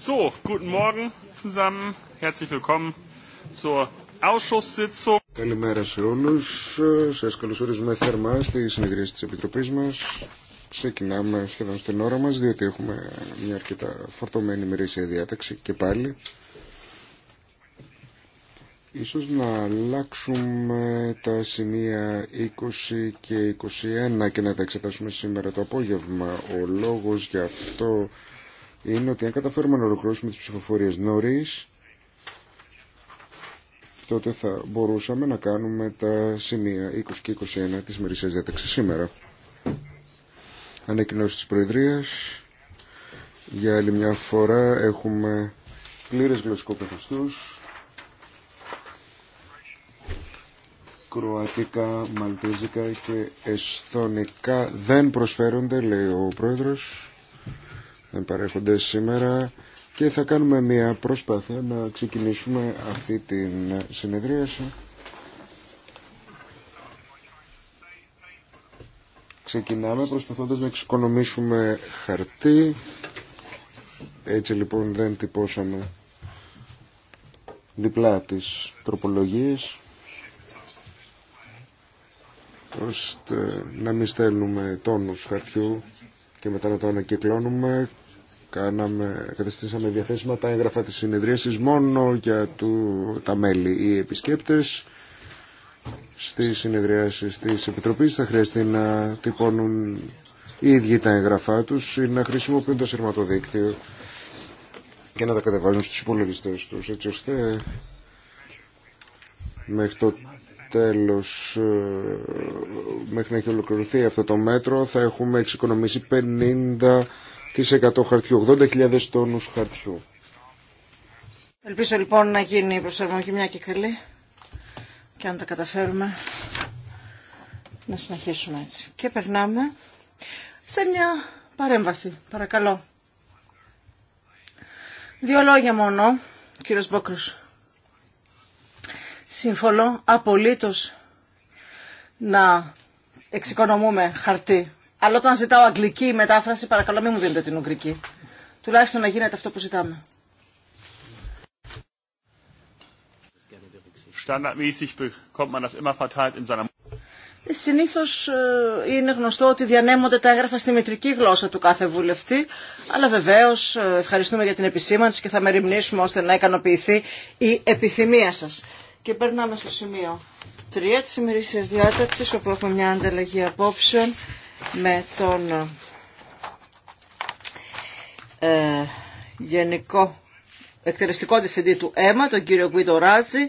So, guten Morgen zusammen. Herzlich willkommen zur Ausschusssitzung. Καλημέρα σε όλους. Σας καλωσορίζουμε θερμά στη συνεδρίαση της Επιτροπής μας. Ξεκινάμε σχεδόν στην ώρα μας, διότι έχουμε μια αρκετά φορτωμένη ημερήσια διάταξη και πάλι. Ίσως να αλλάξουμε τα σημεία 20 και 21 και να τα εξετάσουμε σήμερα το απόγευμα. Ο λόγος για αυτό είναι ότι αν καταφέρουμε να ολοκληρώσουμε τις ψηφοφορίες νωρίς, τότε θα μπορούσαμε να κάνουμε τα σημεία 20 και 21 της μερισσές διάταξης σήμερα. Ανακοινώσει της Προεδρίας. Για άλλη μια φορά έχουμε πλήρες γλωσσικό καθεστώς. Κροατικά, Μαλτέζικα και Εσθονικά δεν προσφέρονται, λέει ο Πρόεδρος δεν παρέχονται σήμερα και θα κάνουμε μια προσπάθεια να ξεκινήσουμε αυτή την συνεδρίαση. Ξεκινάμε προσπαθώντας να εξοικονομήσουμε χαρτί. Έτσι λοιπόν δεν τυπώσαμε διπλά τις τροπολογίες ώστε να μην στέλνουμε τόνους χαρτιού και μετά να το ανακυκλώνουμε κάναμε, καταστήσαμε διαθέσιμα τα έγγραφα της συνεδρίασης μόνο για του, τα μέλη ή επισκέπτες στις συνεδριάσεις της Επιτροπής θα χρειαστεί να τυπώνουν οι ίδιοι τα έγγραφά τους ή να χρησιμοποιούν το σειρματοδίκτυο και να τα κατεβάζουν στους υπολογιστέ τους έτσι ώστε μέχρι το τέλος ε, μέχρι να έχει ολοκληρωθεί αυτό το μέτρο θα έχουμε εξοικονομήσει 50 τις 100 χαρτιού, 80.000 τόνους χαρτιού. Ελπίζω λοιπόν να γίνει η προσαρμογή μια και καλή και αν τα καταφέρουμε να συνεχίσουμε έτσι. Και περνάμε σε μια παρέμβαση. Παρακαλώ. Δύο λόγια μόνο, κύριος Μπόκρος. Συμφωνώ απολύτως να εξοικονομούμε χαρτί αλλά όταν ζητάω αγγλική μετάφραση, παρακαλώ μην μου δίνετε την ουγγρική. Τουλάχιστον να γίνεται αυτό που ζητάμε. Ε, Συνήθω ε, είναι γνωστό ότι διανέμονται τα έγγραφα στη μητρική γλώσσα του κάθε βουλευτή, αλλά βεβαίω ε, ευχαριστούμε για την επισήμανση και θα μεριμνήσουμε ώστε να ικανοποιηθεί η επιθυμία σα. Και περνάμε στο σημείο 3 τη ημερήσια διάταξη, όπου έχουμε μια ανταλλαγή απόψεων με τον ε, Γενικό Εκτελεστικό Διευθυντή του ΕΜΑ, τον κύριο Γκουίντο Ράζη.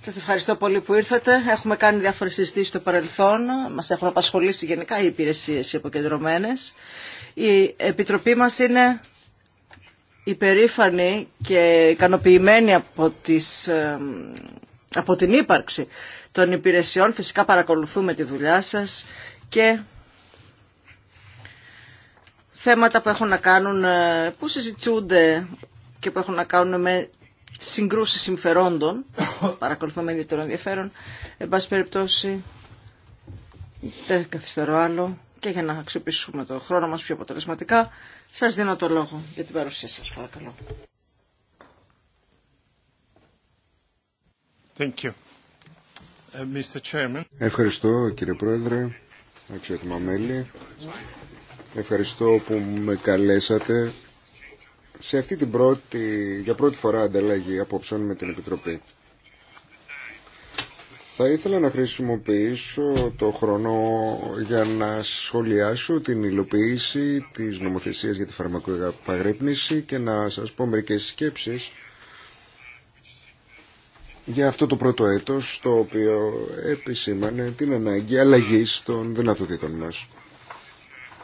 Σας ευχαριστώ πολύ που ήρθατε. Έχουμε κάνει διάφορες συζητήσεις στο παρελθόν. Μας έχουν απασχολήσει γενικά οι υπηρεσίες οι αποκεντρωμένες. Η Επιτροπή μας είναι υπερήφανη και ικανοποιημένη από, τις, ε, από την ύπαρξη των υπηρεσιών. Φυσικά παρακολουθούμε τη δουλειά σας και θέματα που έχουν να κάνουν, ε, που συζητούνται και που έχουν να κάνουν με συγκρούσεις συμφερόντων, παρακολουθούμε με ιδιαίτερο ενδιαφέρον, εν πάση περιπτώσει δεν καθυστερώ άλλο και για να αξιοποιήσουμε το χρόνο μας πιο αποτελεσματικά, σας δίνω το λόγο για την παρουσία σας, παρακαλώ. Thank you. Ε, Mr. Ευχαριστώ κύριε Πρόεδρε, αξιότιμα μέλη. Ευχαριστώ που με καλέσατε σε αυτή την πρώτη, για πρώτη φορά ανταλλαγή απόψεων με την Επιτροπή. Θα ήθελα να χρησιμοποιήσω το χρόνο για να σχολιάσω την υλοποίηση της νομοθεσίας για τη φαρμακοπαγρύπνηση και να σας πω μερικές σκέψεις για αυτό το πρώτο έτος το οποίο επισήμανε την ανάγκη αλλαγής των δυνατοτήτων μας.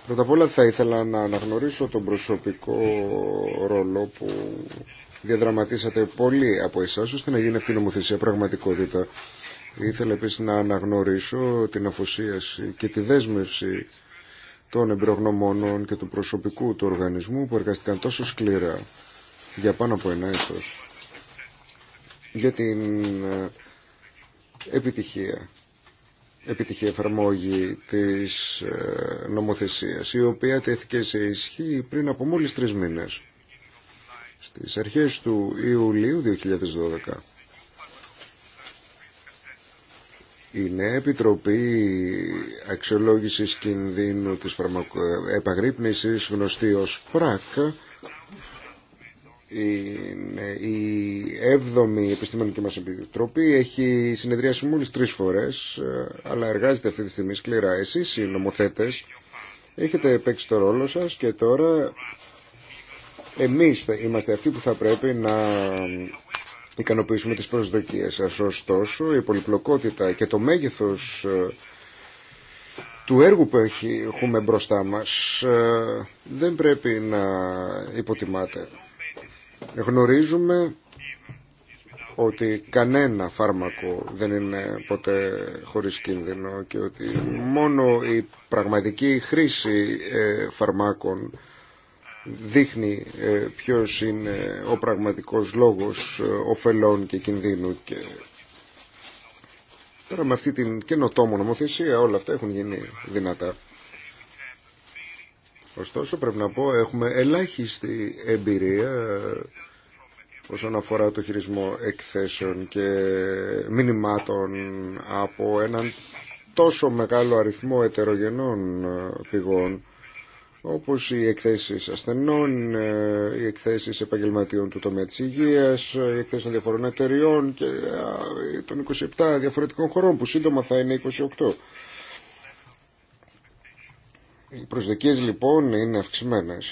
Πρώτα απ' όλα θα ήθελα να αναγνωρίσω τον προσωπικό ρόλο που διαδραματίσατε πολύ από εσάς ώστε να γίνει αυτή η νομοθεσία πραγματικότητα. Ήθελα επίσης να αναγνωρίσω την αφοσίαση και τη δέσμευση των εμπειρογνωμόνων και του προσωπικού του οργανισμού που εργαστηκαν τόσο σκληρά για πάνω από ένα έτος για την επιτυχία επιτυχή εφαρμόγη της ε, νομοθεσίας, η οποία τέθηκε σε ισχύ πριν από μόλις τρεις μήνες, στις αρχές του Ιουλίου 2012. Η νέα Επιτροπή Αξιολόγησης Κινδύνου της φαρμακο... Επαγρύπνησης, γνωστή ως ΠΡΑΚ, η έβδομη επιστημονική μας επιτροπή έχει συνεδρίασει μόλις τρεις φορές ε, αλλά εργάζεται αυτή τη στιγμή σκληρά εσείς οι νομοθέτες έχετε παίξει το ρόλο σας και τώρα εμείς είμαστε αυτοί που θα πρέπει να ικανοποιήσουμε τις προσδοκίες σας ωστόσο η πολυπλοκότητα και το μέγεθος ε, του έργου που έχουμε μπροστά μας ε, δεν πρέπει να υποτιμάται Γνωρίζουμε ότι κανένα φάρμακο δεν είναι ποτέ χωρίς κίνδυνο και ότι μόνο η πραγματική χρήση ε, φαρμάκων δείχνει ε, ποιος είναι ο πραγματικός λόγος ε, ωφελών και κινδύνου και τώρα με αυτή την καινοτόμο νομοθεσία όλα αυτά έχουν γίνει δυνατά. Ωστόσο πρέπει να πω έχουμε ελάχιστη εμπειρία όσον αφορά το χειρισμό εκθέσεων και μηνυμάτων από έναν τόσο μεγάλο αριθμό ετερογενών ε, πηγών όπως οι εκθέσεις ασθενών, ε, οι εκθέσεις επαγγελματιών του τομέα της υγείας, ε, οι εκθέσεις των διαφορών εταιριών και των 27 διαφορετικών χωρών που σύντομα θα είναι 28. Οι προσδοκίες λοιπόν είναι αυξημένες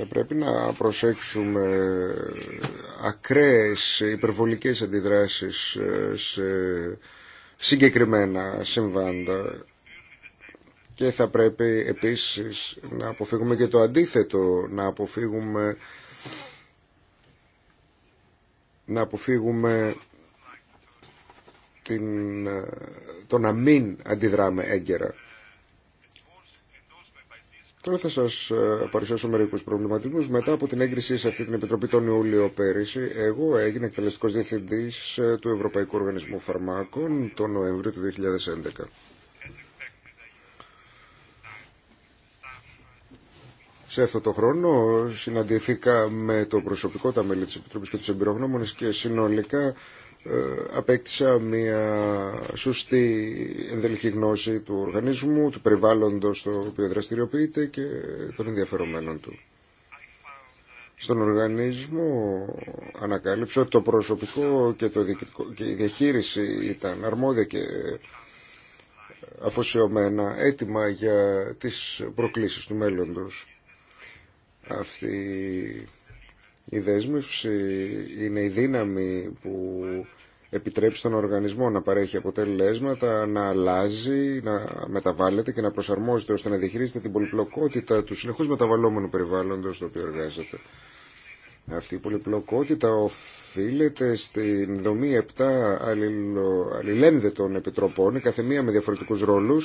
Θα πρέπει να προσέξουμε ακραίες υπερβολικές αντιδράσεις ε, σε συγκεκριμένα συμβάντα και θα πρέπει επίσης να αποφύγουμε και το αντίθετο, να αποφύγουμε να αποφύγουμε την, ε, το να μην αντιδράμε έγκαιρα. Τώρα θα σας ε, παρουσιάσω μερικούς προβληματισμούς. Μετά από την έγκρισή σε αυτή την Επιτροπή τον Ιούλιο πέρυσι, εγώ έγινε εκτελεστικός διευθυντής ε, του Ευρωπαϊκού Οργανισμού Φαρμάκων τον Νοέμβριο του 2011. Σε αυτό το χρόνο συναντηθήκα με το προσωπικό, τα μέλη της Επιτροπής και τους εμπειρογνώμονες και συνολικά ε, απέκτησα μια σωστή ενδελική γνώση του οργανισμού, του περιβάλλοντος το οποίο δραστηριοποιείται και των ενδιαφερομένων του. Στον οργανισμό ανακάλυψα ότι το προσωπικό και, το και η διαχείριση ήταν αρμόδια και ε, αφοσιωμένα, έτοιμα για τις προκλήσεις του μέλλοντος. Αυτή η δέσμευση είναι η δύναμη που επιτρέπει στον οργανισμό να παρέχει αποτελέσματα, να αλλάζει, να μεταβάλλεται και να προσαρμόζεται ώστε να διαχειρίζεται την πολυπλοκότητα του συνεχώ μεταβαλλόμενου περιβάλλοντο στο οποίο εργάζεται. Αυτή η πολυπλοκότητα οφείλεται στην δομή 7 αλληλένδετων επιτροπών, καθεμία με διαφορετικού ρόλου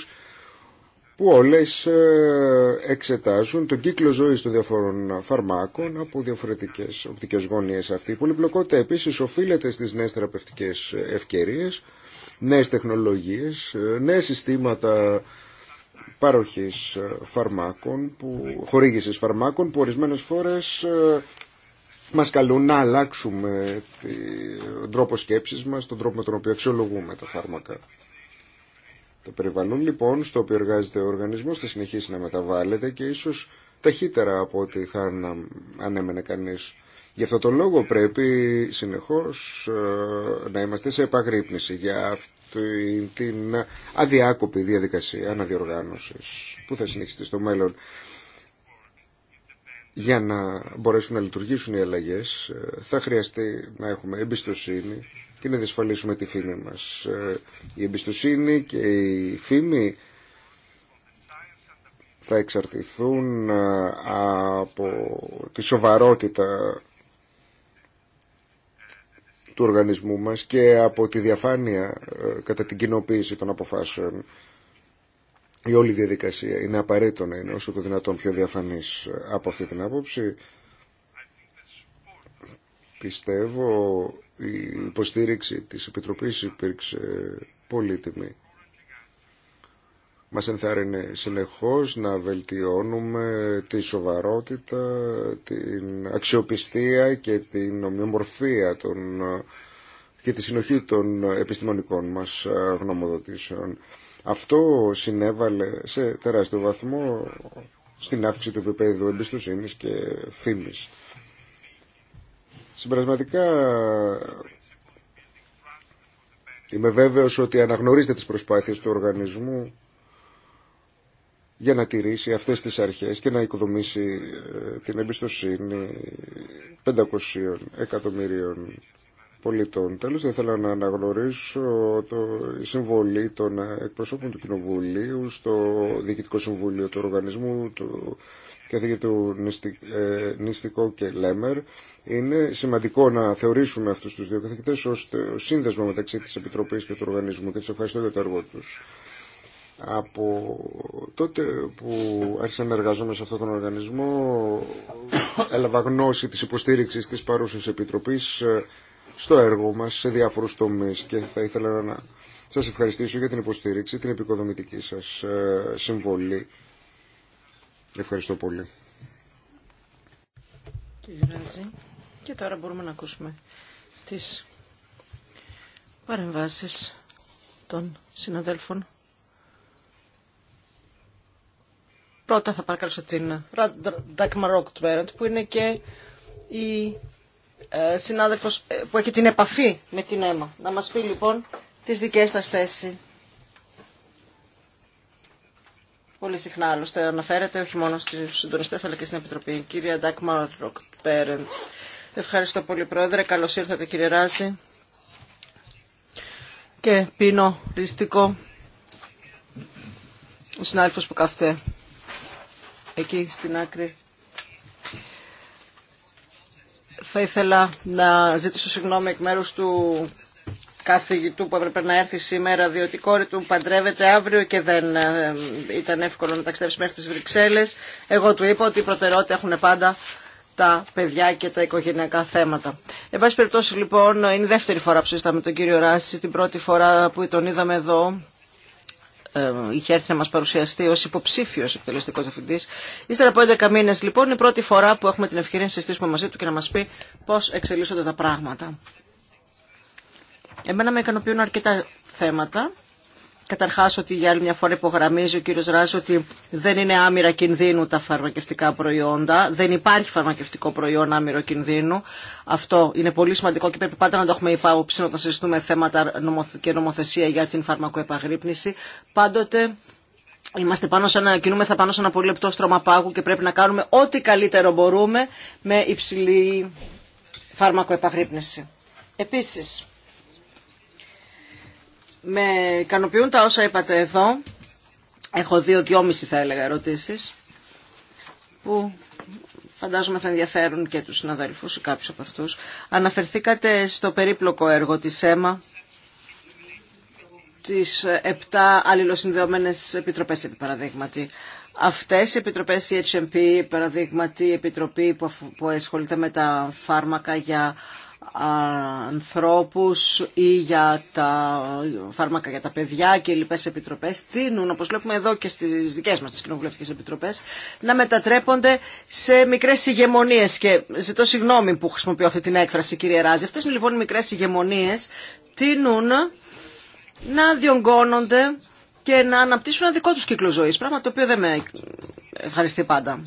που όλες ε, εξετάζουν τον κύκλο ζωής των διαφορών φαρμάκων από διαφορετικές οπτικές γωνίες αυτή. Η πολυπλοκότητα επίσης οφείλεται στις νέες θεραπευτικές ευκαιρίες, νέες τεχνολογίες, ε, νέες συστήματα παροχής ε, φαρμάκων, που, χορήγησης φαρμάκων που ορισμένες φορές μας καλούν να αλλάξουμε τον τρόπο σκέψης μας, τον τρόπο με τον οποίο αξιολογούμε τα φάρμακα. Το περιβαλλον λοιπόν στο οποίο εργάζεται ο οργανισμός θα συνεχίσει να μεταβάλλεται και ίσως ταχύτερα από ό,τι θα ανέμενε κανείς. Γι' αυτό το λόγο πρέπει συνεχώς ε, να είμαστε σε επαγρύπνηση για αυτή την αδιάκοπη διαδικασία αναδιοργάνωσης που θα συνεχιστεί στο μέλλον. Για να μπορέσουν να λειτουργήσουν οι αλλαγές ε, θα χρειαστεί να έχουμε εμπιστοσύνη και να δυσφαλίσουμε τη φήμη μας. Ε, η εμπιστοσύνη και η φήμη θα εξαρτηθούν ε, από τη σοβαρότητα του οργανισμού μας και από τη διαφάνεια ε, κατά την κοινοποίηση των αποφάσεων. Η όλη διαδικασία είναι απαραίτητο να είναι όσο το δυνατόν πιο διαφανής από αυτή την άποψη. Πιστεύω η υποστήριξη της Επιτροπής υπήρξε πολύτιμη. Μας ενθάρρυνε συνεχώς να βελτιώνουμε τη σοβαρότητα, την αξιοπιστία και την ομοιομορφία των, και τη συνοχή των επιστημονικών μας γνωμοδοτήσεων. Αυτό συνέβαλε σε τεράστιο βαθμό στην αύξηση του επίπεδου εμπιστοσύνη και φήμης Συμπερασματικά είμαι βέβαιος ότι αναγνωρίζετε τις προσπάθειες του οργανισμού για να τηρήσει αυτές τις αρχές και να οικοδομήσει ε, την εμπιστοσύνη 500 εκατομμυρίων πολιτών. Τέλος, θα θέλω να αναγνωρίσω το συμβολή των εκπροσώπων του Κοινοβουλίου στο Διοικητικό Συμβούλιο του Οργανισμού, του καθηγητού Νίστικο ε, και Λέμερ. Είναι σημαντικό να θεωρήσουμε αυτού του δύο καθηγητέ ω σύνδεσμο μεταξύ τη Επιτροπή και του οργανισμού και του ευχαριστώ για το έργο του. Από τότε που άρχισα να εργαζόμαι σε αυτόν τον οργανισμό έλαβα γνώση τη υποστήριξης τη παρούσα Επιτροπή ε, στο έργο μα σε διάφορου τομεί. και θα ήθελα να σας ευχαριστήσω για την υποστήριξη, την επικοδομητική σας ε, συμβολή Ευχαριστώ πολύ. Κύριε Και τώρα μπορούμε να ακούσουμε τις παρεμβάσεις των συναδέλφων. Πρώτα θα παρακαλώ την Ντάκμα Ροκ που είναι και η ε, συνάδελφος ε, που έχει την επαφή με την αίμα. Να μας πει λοιπόν τις δικές σας θέσεις. Πολύ συχνά άλλωστε αναφέρεται όχι μόνο στους συντονιστές αλλά και στην Επιτροπή. Κυρία Μάρτροκ, Πέρεντ. Ευχαριστώ πολύ Πρόεδρε. Καλώς ήρθατε κύριε Ράζη. Και πίνω ριστικό. Ο συνάδελφος που κάθεται εκεί στην άκρη. Θα ήθελα να ζητήσω συγγνώμη εκ μέρους του καθηγητού που έπρεπε να έρθει σήμερα διότι η κόρη του παντρεύεται αύριο και δεν ε, ήταν εύκολο να ταξιδέψει μέχρι τις Βρυξέλλες. Εγώ του είπα ότι η προτεραιότητα έχουν πάντα τα παιδιά και τα οικογενειακά θέματα. Εν πάση περιπτώσει λοιπόν είναι η δεύτερη φορά που συζητάμε τον κύριο Ράση, την πρώτη φορά που τον είδαμε εδώ ε, είχε έρθει να μα παρουσιαστεί ω υποψήφιος εκτελεστικό διευθυντής. Ύστερα από 11 μήνες λοιπόν η πρώτη φορά που έχουμε την ευκαιρία να συζητήσουμε μαζί του και να μας πει πώς εξελίσσονται τα πράγματα. Εμένα με ικανοποιούν αρκετά θέματα. Καταρχά ότι για άλλη μια φορά υπογραμμίζει ο κύριο Ράζη ότι δεν είναι άμυρα κινδύνου τα φαρμακευτικά προϊόντα. Δεν υπάρχει φαρμακευτικό προϊόν άμυρο κινδύνου. Αυτό είναι πολύ σημαντικό και πρέπει πάντα να το έχουμε υπόψη όταν συζητούμε θέματα και νομοθεσία για την φαρμακοεπαγρύπνηση. Πάντοτε Είμαστε πάνω σε ένα, κινούμεθα πάνω σε ένα πολύ λεπτό στρώμα πάγου και πρέπει να κάνουμε ό,τι καλύτερο μπορούμε με υψηλή φάρμακο επαγρύπνηση. Επίσης, με ικανοποιούν τα όσα είπατε εδώ. Έχω δύο-δυόμιση θα έλεγα ερωτήσεις που φαντάζομαι θα ενδιαφέρουν και τους συναδέλφους ή κάποιους από αυτούς. Αναφερθήκατε στο περίπλοκο έργο της ΕΜΑ, τις επτά αλληλοσυνδεόμενες επιτροπές, επί παραδείγματι. Αυτές οι επιτροπές, η HMP, παραδείγματι, η επιτροπή που ασχολείται με τα φάρμακα για ανθρώπους ή για τα φάρμακα για τα παιδιά και λοιπές επιτροπές τείνουν, όπως βλέπουμε εδώ και στις δικές μας τις κοινοβουλευτικές επιτροπές, να μετατρέπονται σε μικρές ηγεμονίες και ζητώ συγγνώμη που χρησιμοποιώ αυτή την έκφραση κύριε Ράζη. Αυτές είναι λοιπόν μικρές ηγεμονίες τείνουν να διονγκώνονται και να αναπτύσσουν ένα δικό τους κύκλο ζωής, πράγμα το οποίο δεν με ευχαριστεί πάντα.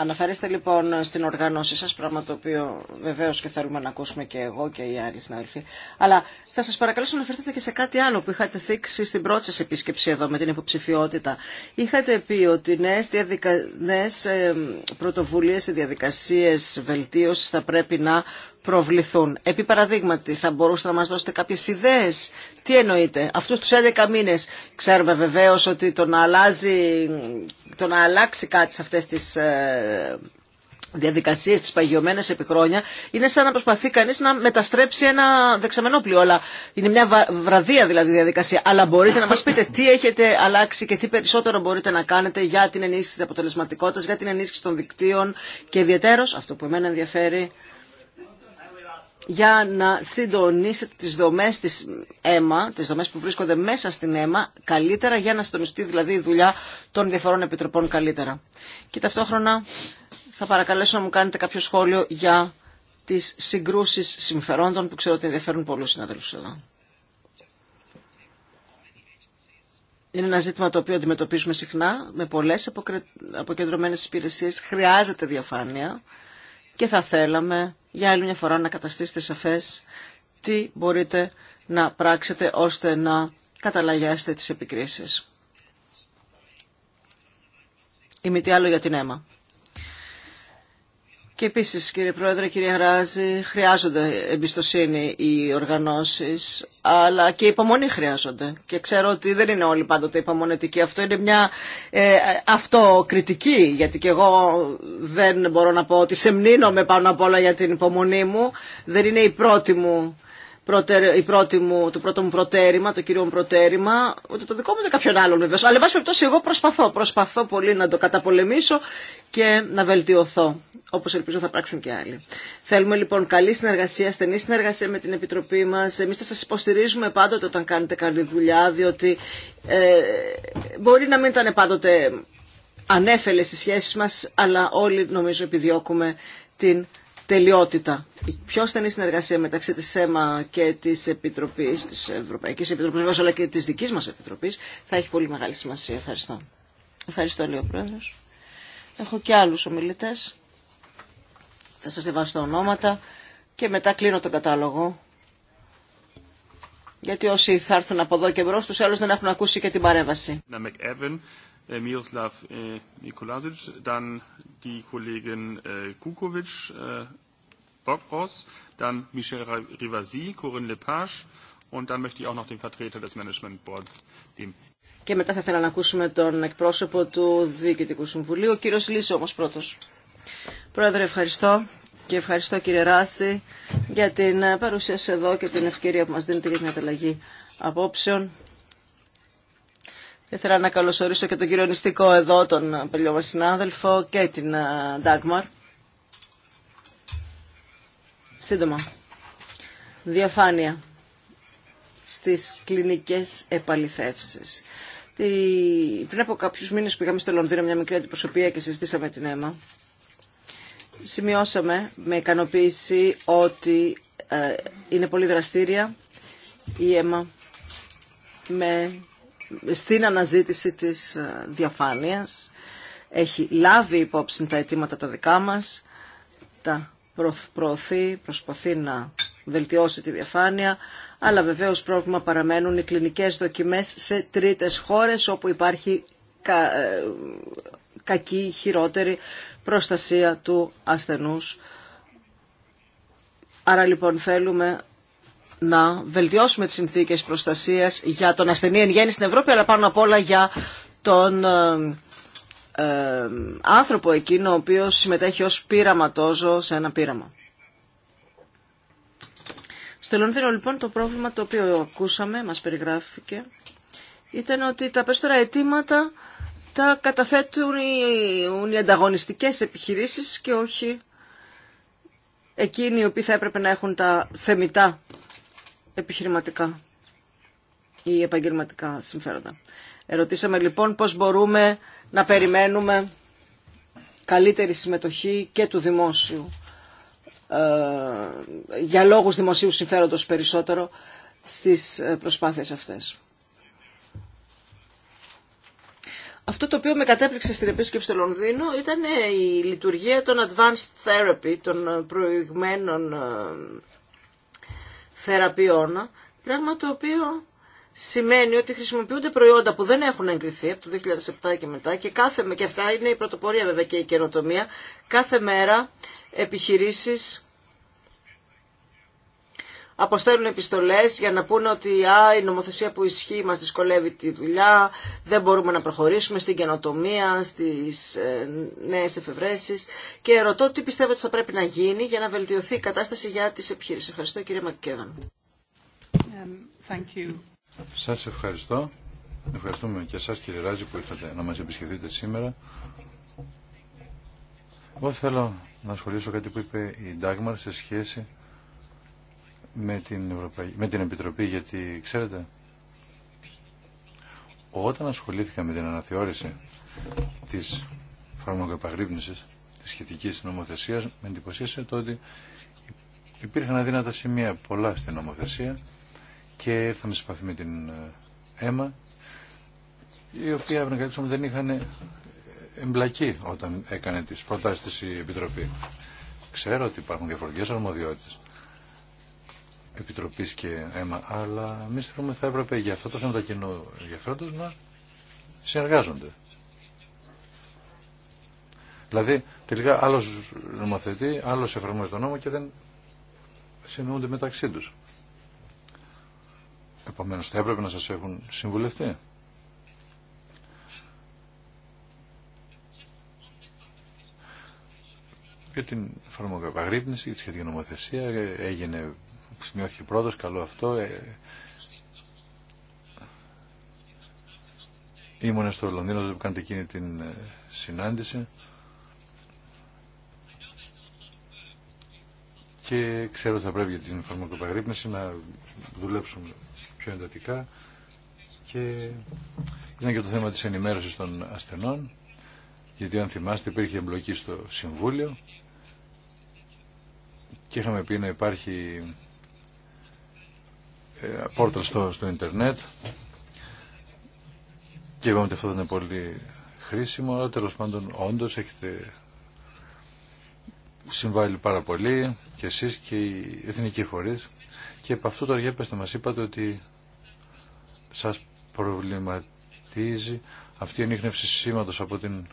Αναφέρεστε λοιπόν στην οργάνωσή σας, πράγμα το οποίο βεβαίως και θέλουμε να ακούσουμε και εγώ και οι άλλοι συναδελφοί. Αλλά θα σας παρακαλώ να αναφερθείτε και σε κάτι άλλο που είχατε θίξει στην πρώτη σας επίσκεψη εδώ με την υποψηφιότητα. Είχατε πει ότι νέες, διαδικα... πρωτοβουλίες ή διαδικασίες βελτίωσης θα πρέπει να προβληθούν. Επί παραδείγματι, θα μπορούσατε να μας δώσετε κάποιες ιδέες. Τι εννοείτε, αυτούς τους 11 μήνες. Ξέρουμε βεβαίως ότι το να, αλλάζει, το να αλλάξει κάτι σε αυτές τις ε, διαδικασίε τι παγιωμένε επί χρόνια, είναι σαν να προσπαθεί κανεί να μεταστρέψει ένα δεξαμενόπλιο. Αλλά είναι μια βραδία δηλαδή διαδικασία. Αλλά μπορείτε να μα πείτε τι έχετε αλλάξει και τι περισσότερο μπορείτε να κάνετε για την ενίσχυση τη αποτελεσματικότητα, για την ενίσχυση των δικτύων και ιδιαίτερω αυτό που εμένα ενδιαφέρει για να συντονίσετε τις δομές της αίμα, τις δομές που βρίσκονται μέσα στην αίμα καλύτερα για να συντονιστεί δηλαδή η δουλειά των διαφορών επιτροπών καλύτερα. Και ταυτόχρονα θα παρακαλέσω να μου κάνετε κάποιο σχόλιο για τις συγκρούσεις συμφερόντων που ξέρω ότι ενδιαφέρουν πολλούς συναδέλφους εδώ. Είναι ένα ζήτημα το οποίο αντιμετωπίζουμε συχνά με πολλές αποκεντρωμένες υπηρεσίες. Χρειάζεται διαφάνεια και θα θέλαμε για άλλη μια φορά να καταστήσετε σαφές τι μπορείτε να πράξετε ώστε να καταλαγιάσετε τις επικρίσεις. Ή τι άλλο για την αίμα. Και επίσης κύριε Πρόεδρε, κύριε Γράζη, χρειάζονται εμπιστοσύνη οι οργανώσεις, αλλά και υπομονή χρειάζονται. Και ξέρω ότι δεν είναι όλοι πάντοτε υπομονετικοί. Αυτό είναι μια ε, αυτοκριτική, γιατί και εγώ δεν μπορώ να πω ότι σεμνήνομαι πάνω απ' όλα για την υπομονή μου. Δεν είναι η πρώτη μου η πρώτη μου, το πρώτο μου προτέρημα, το κύριο μου προτέρημα, ούτε το δικό μου είναι κάποιον άλλον βεβαίω. Αλλά, εν πάση εγώ προσπαθώ, προσπαθώ πολύ να το καταπολεμήσω και να βελτιωθώ. Όπω ελπίζω θα πράξουν και άλλοι. Θέλουμε λοιπόν καλή συνεργασία, στενή συνεργασία με την Επιτροπή μα. Εμεί θα σα υποστηρίζουμε πάντοτε όταν κάνετε καλή δουλειά, διότι ε, μπορεί να μην ήταν πάντοτε ανέφελε οι σχέσει μα, αλλά όλοι νομίζω επιδιώκουμε την τελειότητα. Η πιο στενή συνεργασία μεταξύ τη ΕΜΑ και τη Επιτροπής, της Ευρωπαϊκής Επιτροπής αλλά και τη δικής μας Επιτροπής, θα έχει πολύ μεγάλη σημασία. Ευχαριστώ. Ευχαριστώ, λέει ο Έχω και άλλους ομιλητές. Θα σας διαβάσω τα ονόματα και μετά κλείνω τον κατάλογο. Γιατί όσοι θα έρθουν από εδώ και μπρο, του άλλου δεν έχουν ακούσει και την παρέμβαση. Äh, Miroslav äh, Nikolasic, dann die Kollegin äh, Kukovic, äh, Bobros, dann Michel Rivasi, Corinne Lepage und dann möchte ich auch noch den Vertreter des Management Boards, dem και μετά θα ήθελα να ακούσουμε τον εκπρόσωπο του Διοικητικού Συμβουλίου, ο κύριος Λύση όμως πρώτος. Πρόεδρε, ευχαριστώ και ευχαριστώ κύριε Ράση για την ε, παρουσίαση εδώ και την ευκαιρία που μας δίνετε για την ανταλλαγή απόψεων. Ήθελα να καλωσορίσω και τον κύριο εδώ, τον παλιό μας συνάδελφο και την Ντάγμαρ. Σύντομα. Διαφάνεια στις κλινικές επαληθεύσεις. Πριν από κάποιους μήνες πήγαμε στο Λονδίνο μια μικρή αντιπροσωπεία και συζητήσαμε την αίμα, σημειώσαμε με ικανοποίηση ότι ε, είναι πολύ δραστήρια η αίμα με στην αναζήτηση της ε, διαφάνειας. Έχει λάβει υπόψη τα αιτήματα τα δικά μας, τα προωθεί, προσπαθεί να βελτιώσει τη διαφάνεια, αλλά βεβαίως πρόβλημα παραμένουν οι κλινικές δοκιμές σε τρίτες χώρες όπου υπάρχει κα... Ε, κακή, χειρότερη προστασία του ασθενούς. Άρα λοιπόν θέλουμε να βελτιώσουμε τις συνθήκες προστασίας για τον ασθενή εν γέννη στην Ευρώπη, αλλά πάνω απ' όλα για τον ε, ε, άνθρωπο εκείνο ο οποίος συμμετέχει ως πείραματόζω σε ένα πείραμα. Στο Λονδίνο λοιπόν το πρόβλημα το οποίο ακούσαμε, μας περιγράφηκε, ήταν ότι τα περισσότερα αιτήματα τα καταθέτουν οι, οι ανταγωνιστικές επιχειρήσεις και όχι εκείνοι οι οποίοι θα έπρεπε να έχουν τα θεμητά επιχειρηματικά ή επαγγελματικά συμφέροντα. Ερωτήσαμε λοιπόν πώς μπορούμε να περιμένουμε καλύτερη συμμετοχή και του δημόσιου ε, για λόγους δημοσίου συμφέροντος περισσότερο στις ε, προσπάθειες αυτές. Αυτό το οποίο με κατέπληξε στην επίσκεψη του Λονδίνου ήταν η λειτουργία των advanced therapy, των προηγμένων ε, θεραπείων, πράγμα το οποίο σημαίνει ότι χρησιμοποιούνται προϊόντα που δεν έχουν εγκριθεί από το 2007 και μετά και, κάθε, και αυτά είναι η πρωτοπορία βέβαια και η καινοτομία, κάθε μέρα επιχειρήσεις αποστέλουν επιστολές για να πούνε ότι α, η νομοθεσία που ισχύει μας δυσκολεύει τη δουλειά, δεν μπορούμε να προχωρήσουμε στην καινοτομία, στις ε, νέες εφευρέσεις και ρωτώ τι πιστεύετε ότι θα πρέπει να γίνει για να βελτιωθεί η κατάσταση για τις επιχείρησεις. Ευχαριστώ κύριε Μακκέβαν. Um, σας ευχαριστώ. Ευχαριστούμε και εσάς κύριε Ράζη που ήρθατε να μας επισκεφτείτε σήμερα. Εγώ θέλω να σχολιάσω κάτι που είπε η Ντάγμαρ σε σχέση με την, Ευρωπαϊ... με την Επιτροπή γιατί ξέρετε όταν ασχολήθηκα με την αναθεώρηση της φαρμακοεπαγρύπνησης της σχετικής νομοθεσίας με εντυπωσίασε το ότι υπήρχαν αδύνατα σημεία πολλά στην νομοθεσία και ήρθαμε σε επαφή με την ε, ΕΜΑ η οποία δεν είχαν εμπλακεί όταν έκανε τις προτάσεις της η Επιτροπή. Ξέρω ότι υπάρχουν διαφορετικές αρμοδιότητες Επιτροπή και αίμα, αλλά εμεί θεωρούμε θα έπρεπε για αυτό το θέμα τα κοινού ενδιαφέροντο να συνεργάζονται. Δηλαδή, τελικά άλλος νομοθετεί, άλλος εφαρμόζει τον νόμο και δεν συνεννοούνται μεταξύ τους. Επομένω θα έπρεπε να σας έχουν συμβουλευτεί. Για την φαρμακοπαγρύπνηση, τη σχετική νομοθεσία, έγινε σημειώθηκε πρώτος, καλό αυτό. Ε, στο Λονδίνο κάνετε εκείνη την ε, συνάντηση. Και ξέρω ότι θα πρέπει για την φαρμακοπαγρύπνηση να δουλέψουμε πιο εντατικά. Και είναι και το θέμα της ενημέρωσης των ασθενών, γιατί αν θυμάστε υπήρχε εμπλοκή στο Συμβούλιο και είχαμε πει να υπάρχει ε, πόρτα στο, στο ίντερνετ και είπαμε ότι αυτό δεν είναι πολύ χρήσιμο, αλλά τέλος πάντων όντως έχετε συμβάλει πάρα πολύ και εσείς και οι εθνικοί φορείς και από αυτού το για πέστε μας είπατε ότι σας προβληματίζει αυτή η ενίχνευση σήματος από την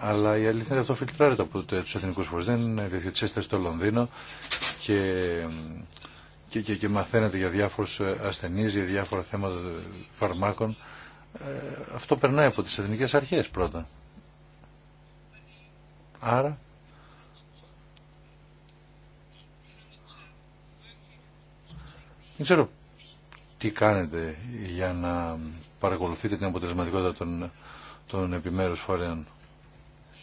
αλλά η αλήθεια είναι αυτό φιλτράρεται από τους εθνικούς φορείς, δεν είναι διαθέτηση στο Λονδίνο και και, και, μαθαίνετε για διάφορους ε, ασθενείς, για διάφορα θέματα ε, φαρμάκων. Ε, αυτό περνάει από τις εθνικές αρχές πρώτα. Άρα... Δεν ξέρω τι κάνετε για να παρακολουθείτε την αποτελεσματικότητα των, των επιμέρους φορέων.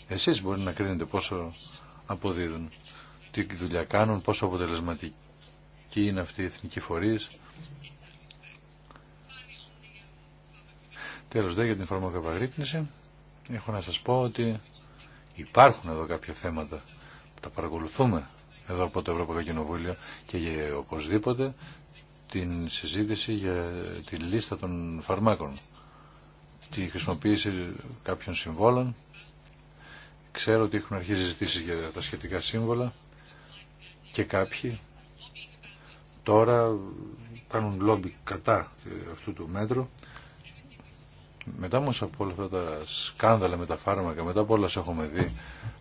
Εσείς μπορείτε να κρίνετε πόσο αποδίδουν, τι δουλειά κάνουν, πόσο αποτελεσματικοί και είναι αυτοί οι εθνικοί φορείς. Τέλος δε για την φαρμακοπαγρύπνηση έχω να σας πω ότι υπάρχουν εδώ κάποια θέματα που τα παρακολουθούμε εδώ από το Ευρωπαϊκό Κοινοβούλιο και για οπωσδήποτε την συζήτηση για τη λίστα των φαρμάκων τη χρησιμοποίηση κάποιων συμβόλων ξέρω ότι έχουν αρχίσει συζητήσει για τα σχετικά σύμβολα και κάποιοι τώρα κάνουν λόμπι κατά αυτού του μέτρου. Μετά όμω από όλα αυτά τα σκάνδαλα με τα φάρμακα, μετά από όλα έχουμε δει,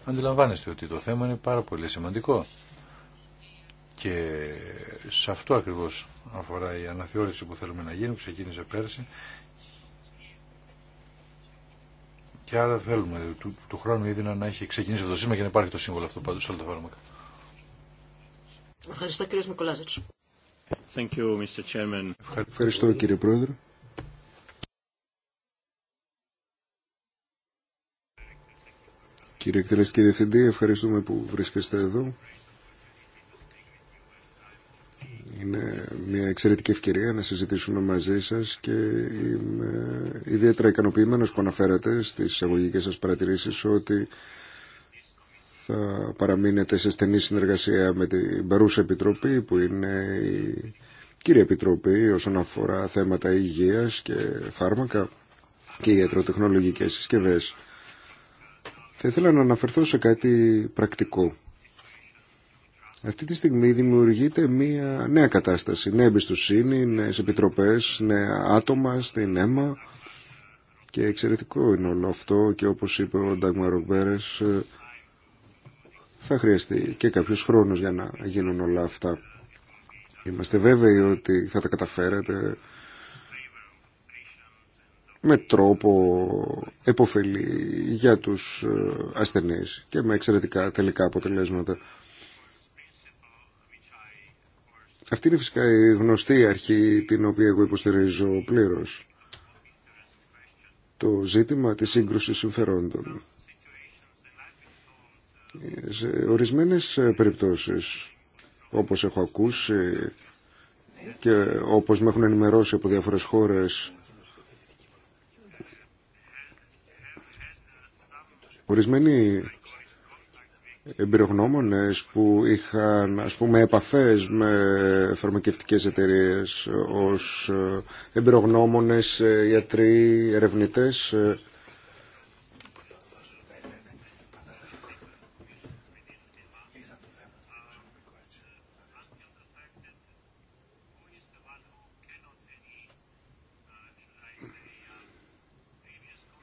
αντιλαμβάνεστε ότι το θέμα είναι πάρα πολύ σημαντικό. Και σε αυτό ακριβώς αφορά η αναθεώρηση που θέλουμε να γίνει, που ξεκίνησε πέρσι. Και άρα θέλουμε του, του χρόνου ήδη να έχει ξεκινήσει αυτό το σήμα και να υπάρχει το σύμβολο αυτό πάντως σε όλα τα φάρμακα. Ευχαριστώ κύριος Ευχαριστώ κύριε Πρόεδρε. Κύριε και Διευθυντή, ευχαριστούμε που βρίσκεστε εδώ. Είναι μια εξαιρετική ευκαιρία να συζητήσουμε μαζί σας και είμαι ιδιαίτερα ικανοποιημένος που αναφέρατε στις εισαγωγικές σας παρατηρήσεις ότι θα παραμείνετε σε στενή συνεργασία με την παρούσα Επιτροπή που είναι η κύρια Επιτροπή όσον αφορά θέματα υγείας και φάρμακα και ιατροτεχνολογικές συσκευές. Θα ήθελα να αναφερθώ σε κάτι πρακτικό. Αυτή τη στιγμή δημιουργείται μια νέα κατάσταση, νέα εμπιστοσύνη, νέες επιτροπές, νέα άτομα στην αίμα και εξαιρετικό είναι όλο αυτό και όπως είπε ο θα χρειαστεί και κάποιος χρόνος για να γίνουν όλα αυτά. Είμαστε βέβαιοι ότι θα τα καταφέρετε με τρόπο επωφελή για τους ε, ασθενείς και με εξαιρετικά τελικά αποτελέσματα. Αυτή είναι φυσικά η γνωστή αρχή την οποία εγώ υποστηρίζω πλήρως. Το ζήτημα της σύγκρουσης συμφερόντων. Σε ορισμένες ε, περιπτώσεις, όπως έχω ακούσει και όπως με έχουν ενημερώσει από διάφορες χώρες, ορισμένοι εμπειρογνώμονες που είχαν ας πούμε επαφές με φαρμακευτικές εταιρείες ως ε, εμπειρογνώμονες, γιατροί, ε, ερευνητές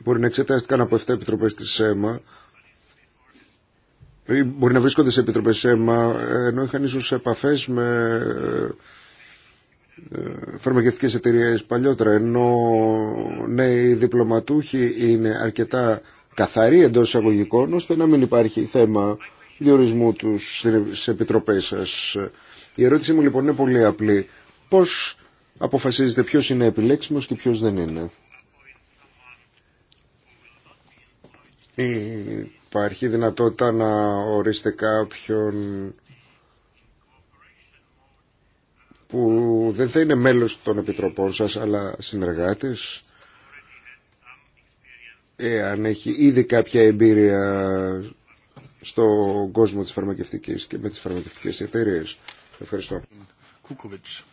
μπορεί να εξετάστηκαν από 7 επιτροπέ τη ΣΕΜΑ ή μπορεί να βρίσκονται σε επιτροπέ ΣΕΜΑ ενώ είχαν ίσω επαφέ με ε, ε, φαρμακευτικές εταιρείε παλιότερα ενώ νέοι διπλωματούχοι είναι αρκετά καθαροί εντό εισαγωγικών ώστε να μην υπάρχει θέμα διορισμού του στι επιτροπές σα. Η ερώτησή μου λοιπόν είναι πολύ απλή. Πώ αποφασίζετε ποιο είναι επιλέξιμο και ποιο δεν είναι. Υπάρχει δυνατότητα να ορίστε κάποιον που δεν θα είναι μέλος των επιτροπών σας αλλά συνεργάτης εάν έχει ήδη κάποια εμπειρία στον κόσμο της φαρμακευτικής και με τις φαρμακευτικές εταιρείες. Ευχαριστώ. Κουκοβιτς.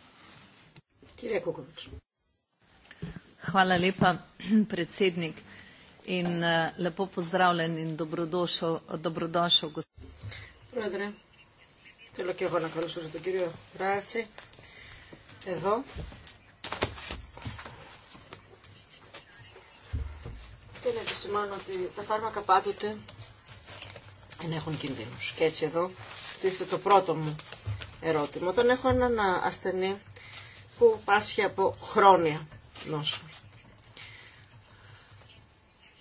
Κύριε Κουκοβιτς. in uh, lepo pozdravljen in dobrodošel. Πρόεδρε, θέλω και εγώ να καλωσορίσω τον κύριο Ράση εδώ. Και να επισημάνω ότι τα φάρμακα πάντοτε ενέχουν κινδύνους. Και έτσι εδώ τίθεται το πρώτο μου ερώτημα. Τον έχω έναν ασθενή που πάσχει από χρόνια νόσο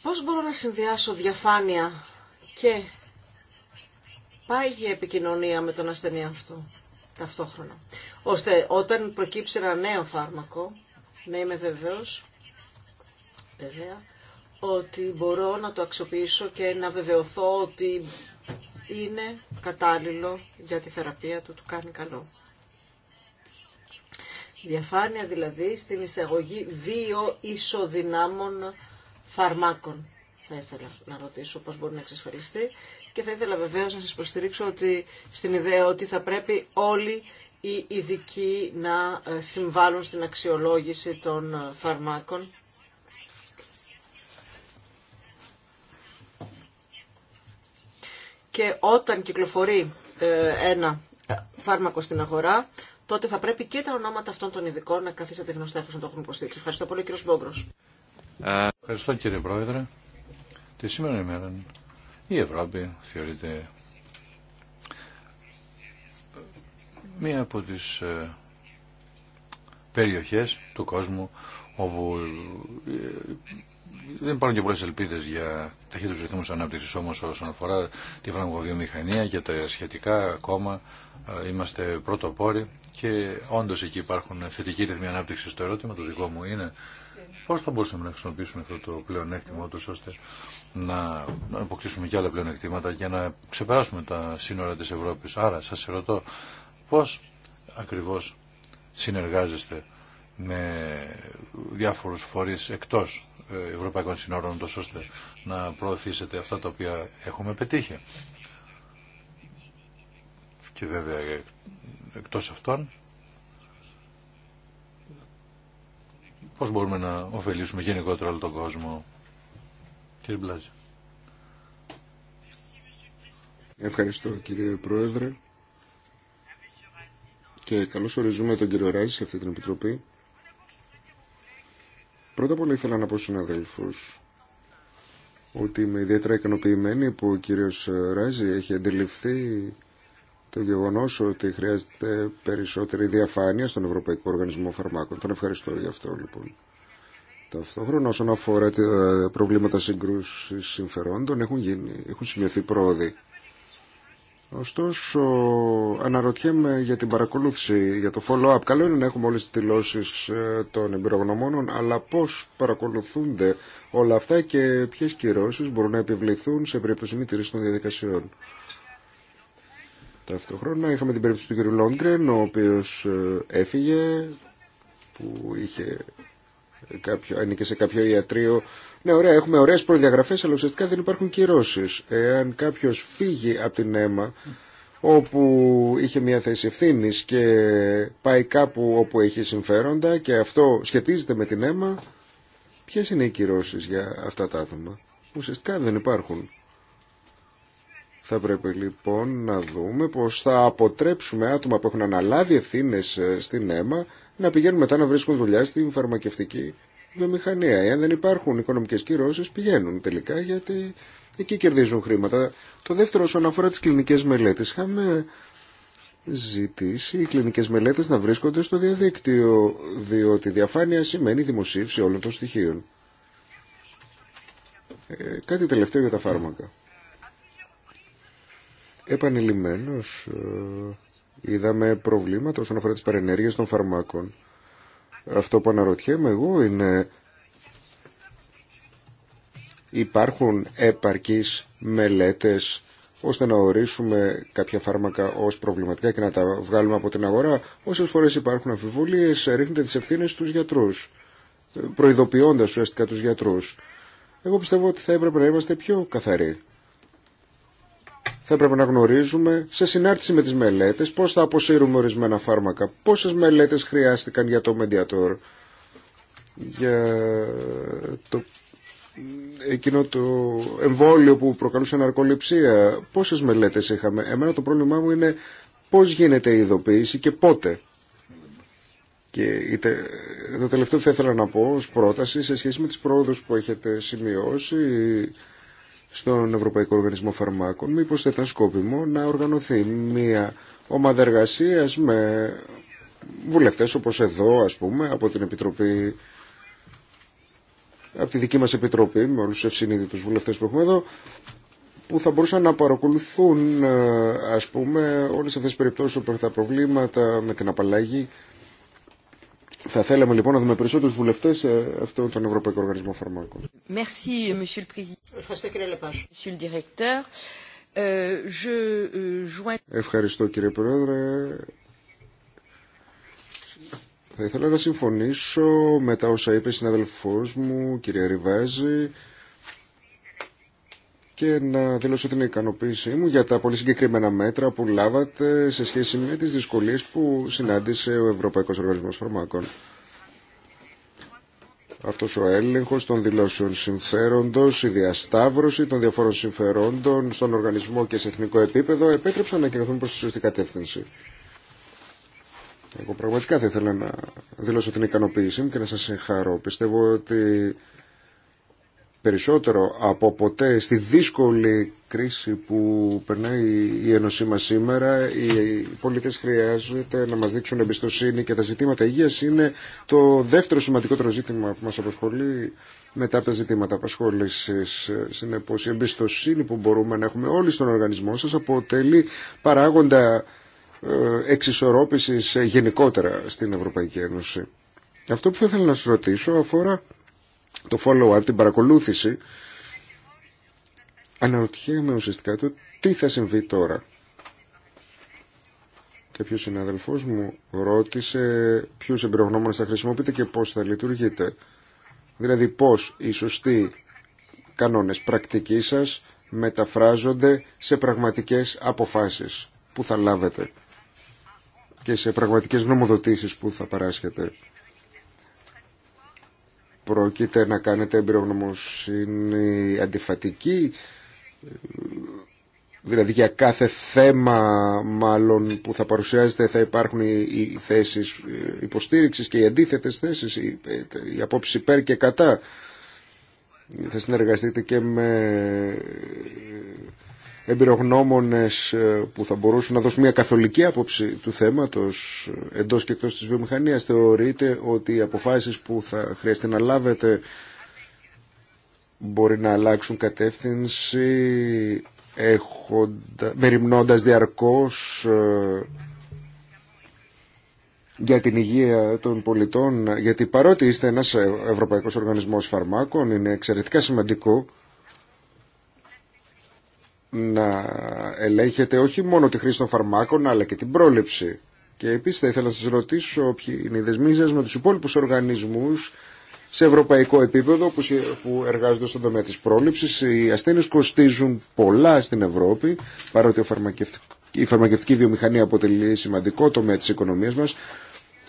Πώς μπορώ να συνδυάσω διαφάνεια και πάγια επικοινωνία με τον ασθενή αυτό ταυτόχρονα. Ώστε όταν προκύψει ένα νέο φάρμακο, να είμαι βεβαίως, βέβαια, ότι μπορώ να το αξιοποιήσω και να βεβαιωθώ ότι είναι κατάλληλο για τη θεραπεία του, του κάνει καλό. Διαφάνεια δηλαδή στην εισαγωγή δύο ισοδυνάμων φαρμάκων. Θα ήθελα να ρωτήσω πώς μπορεί να εξασφαλιστεί και θα ήθελα βεβαίως να σας προστηρίξω ότι, στην ιδέα ότι θα πρέπει όλοι οι ειδικοί να ε, συμβάλλουν στην αξιολόγηση των ε, φαρμάκων. Και όταν κυκλοφορεί ε, ένα φάρμακο στην αγορά, τότε θα πρέπει και τα ονόματα αυτών των ειδικών να καθίσετε γνωστά να το έχουν υποστήριξει. Ευχαριστώ πολύ, κύριο Μπόγκρος. Ευχαριστώ κύριε Πρόεδρε. Τη σήμερα ημέρα η Ευρώπη θεωρείται μία από τις ε, περιοχές του κόσμου όπου ε, δεν υπάρχουν και πολλές ελπίδες για ταχύτερους ρυθμούς ανάπτυξης όμως όσον αφορά τη φραγμοβιομηχανία και τα σχετικά ακόμα ε, είμαστε πρώτο πρωτοπόροι και όντως εκεί υπάρχουν θετικοί ρυθμοί ανάπτυξης. Το ερώτημα το δικό μου είναι Πώς θα μπορούσαμε να χρησιμοποιήσουμε αυτό το πλεονέκτημα, ούτω ώστε να αποκτήσουμε και άλλα πλεονεκτήματα για να ξεπεράσουμε τα σύνορα της Ευρώπης. Άρα σας ρωτώ πώς ακριβώς συνεργάζεστε με διάφορου φορεί εκτός ε, ευρωπαϊκών σύνορων, τόσο ώστε να προωθήσετε αυτά τα οποία έχουμε πετύχει. Και βέβαια εκτός αυτών πώς μπορούμε να ωφελήσουμε γενικότερα όλο τον κόσμο. Κύριε Μπλάζη. Ευχαριστώ κύριε Πρόεδρε και καλώς ορίζουμε τον κύριο Ράζη σε αυτή την Επιτροπή. Πρώτα απ' όλα ήθελα να πω στους συναδέλφους ότι είμαι ιδιαίτερα ικανοποιημένη που ο κύριος Ράζη έχει αντιληφθεί το γεγονό ότι χρειάζεται περισσότερη διαφάνεια στον Ευρωπαϊκό Οργανισμό Φαρμάκων. Τον ευχαριστώ για αυτό λοιπόν. Ταυτόχρονα όσον αφορά τα προβλήματα συγκρούση συμφερόντων έχουν, γίνει, έχουν σημειωθεί πρόοδοι. Ωστόσο, αναρωτιέμαι για την παρακολούθηση, για το follow-up. Καλό είναι να έχουμε όλε τι δηλώσει ε, των εμπειρογνωμόνων, αλλά πώ παρακολουθούνται όλα αυτά και ποιε κυρώσει μπορούν να επιβληθούν σε περίπτωση μη τηρήση των διαδικασιών. Ταυτόχρονα είχαμε την περίπτωση του κ. Λόγκρεν, ο οποίος ε, έφυγε, που είχε κάποιο, ανήκε σε κάποιο ιατρείο. Ναι, ωραία, έχουμε ωραίες προδιαγραφές, αλλά ουσιαστικά δεν υπάρχουν κυρώσεις. Εάν κάποιος φύγει από την αίμα, όπου είχε μια θέση ευθύνη και πάει κάπου όπου έχει συμφέροντα και αυτό σχετίζεται με την αίμα, ποιες είναι οι κυρώσεις για αυτά τα άτομα. Ουσιαστικά δεν υπάρχουν. Θα πρέπει λοιπόν να δούμε πως θα αποτρέψουμε άτομα που έχουν αναλάβει ευθύνε ε, στην αίμα να πηγαίνουν μετά να βρίσκουν δουλειά στην φαρμακευτική βιομηχανία. Εάν δεν υπάρχουν οικονομικές κυρώσεις πηγαίνουν τελικά γιατί εκεί κερδίζουν χρήματα. Το δεύτερο όσον αφορά τις κλινικές μελέτες. Είχαμε ζητήσει οι κλινικές μελέτες να βρίσκονται στο διαδίκτυο διότι διαφάνεια σημαίνει δημοσίευση όλων των στοιχείων. Ε, κάτι τελευταίο για τα φάρμακα επανειλημμένως ε, είδαμε προβλήματα όσον αφορά τις παρενέργειες των φαρμάκων. Αυτό που αναρωτιέμαι εγώ είναι υπάρχουν επαρκείς μελέτες ώστε να ορίσουμε κάποια φάρμακα ως προβληματικά και να τα βγάλουμε από την αγορά. Όσες φορές υπάρχουν αμφιβολίες ρίχνετε τις ευθύνες στους γιατρούς, προειδοποιώντας ουσιαστικά τους γιατρούς. Εγώ πιστεύω ότι θα έπρεπε να είμαστε πιο καθαροί θα έπρεπε να γνωρίζουμε σε συνάρτηση με τις μελέτες πώς θα αποσύρουμε ορισμένα φάρμακα, πόσες μελέτες χρειάστηκαν για το Mediator, για το εκείνο το εμβόλιο που προκαλούσε αναρκοληψία, πόσες μελέτες είχαμε. Εμένα το πρόβλημά μου είναι πώς γίνεται η ειδοποίηση και πότε. Και το τελευταίο που θα ήθελα να πω ως πρόταση σε σχέση με τις πρόοδους που έχετε σημειώσει στον Ευρωπαϊκό Οργανισμό Φαρμάκων, μήπω θα ήταν σκόπιμο να οργανωθεί μια ομάδα εργασία με βουλευτές όπως εδώ ας πούμε από την Επιτροπή από τη δική μας Επιτροπή με όλου τους ευσυνείδητου βουλευτές που έχουμε εδώ που θα μπορούσαν να παρακολουθούν ε, ας πούμε όλες αυτές τις περιπτώσεις όπου τα προβλήματα με την απαλλαγή θα θέλαμε λοιπόν να δούμε περισσότερου βουλευτέ σε αυτόν τον Ευρωπαϊκό Οργανισμό Φαρμάκων. Ευχαριστώ κύριε Πρόεδρε. Θα ήθελα να συμφωνήσω μετά όσα είπε η συναδελφός μου, κυρία Ριβάζη, και να δηλώσω την ικανοποίησή μου για τα πολύ συγκεκριμένα μέτρα που λάβατε σε σχέση με τις δυσκολίες που συνάντησε ο Ευρωπαϊκός Οργανισμός Φαρμάκων. Αυτός ο έλεγχος των δηλώσεων συμφέροντος, η διασταύρωση των διαφόρων συμφερόντων στον οργανισμό και σε εθνικό επίπεδο επέτρεψαν να κινηθούν προς τη σωστή κατεύθυνση. Εγώ πραγματικά θα ήθελα να δηλώσω την ικανοποίησή μου και να σας συγχαρώ. Πιστεύω ότι περισσότερο από ποτέ στη δύσκολη κρίση που περνάει η Ένωσή μας σήμερα οι πολίτες χρειάζεται να μας δείξουν εμπιστοσύνη και τα ζητήματα υγείας είναι το δεύτερο σημαντικότερο ζήτημα που μας απασχολεί μετά από τα ζητήματα απασχόλησης. Συνεπώς η εμπιστοσύνη που μπορούμε να έχουμε όλοι στον οργανισμό σας αποτελεί παράγοντα ε, εξισορρόπησης γενικότερα στην Ευρωπαϊκή Ένωση. Αυτό που θα ήθελα να σας ρωτήσω αφορά το follow-up, την παρακολούθηση, αναρωτιέμαι ουσιαστικά το τι θα συμβεί τώρα. Κάποιο συναδελφό μου ρώτησε ποιου εμπειρογνώμονε θα χρησιμοποιείτε και πώς θα λειτουργείτε. Δηλαδή πώς οι σωστοί κανόνες πρακτικής σας μεταφράζονται σε πραγματικές αποφάσεις που θα λάβετε και σε πραγματικές νομοδοτήσεις που θα παράσχετε. Πρόκειται να κάνετε εμπειρογνωμοσύνη αντιφατική, δηλαδή για κάθε θέμα μάλλον που θα παρουσιάζεται θα υπάρχουν οι θέσεις υποστήριξης και οι αντίθετες θέσεις, η απόψη υπέρ και κατά. Θα συνεργαστείτε και με εμπειρογνώμονες ε, που θα μπορούσαν να δώσουν μια καθολική άποψη του θέματος εντός και εκτός της βιομηχανίας θεωρείτε ότι οι αποφάσεις που θα χρειαστεί να λάβετε μπορεί να αλλάξουν κατεύθυνση έχοντα, μεριμνώντας διαρκώς ε, για την υγεία των πολιτών γιατί παρότι είστε ένας ε, ευρωπαϊκός οργανισμός φαρμάκων είναι εξαιρετικά σημαντικό να ελέγχεται όχι μόνο τη χρήση των φαρμάκων αλλά και την πρόληψη. Και επίσης θα ήθελα να σας ρωτήσω ποιοι είναι οι δεσμοί με τους υπόλοιπους οργανισμούς σε ευρωπαϊκό επίπεδο που εργάζονται στον τομέα της πρόληψης. Οι ασθένειες κοστίζουν πολλά στην Ευρώπη παρότι η φαρμακευτική βιομηχανία αποτελεί σημαντικό τομέα της οικονομίας μας.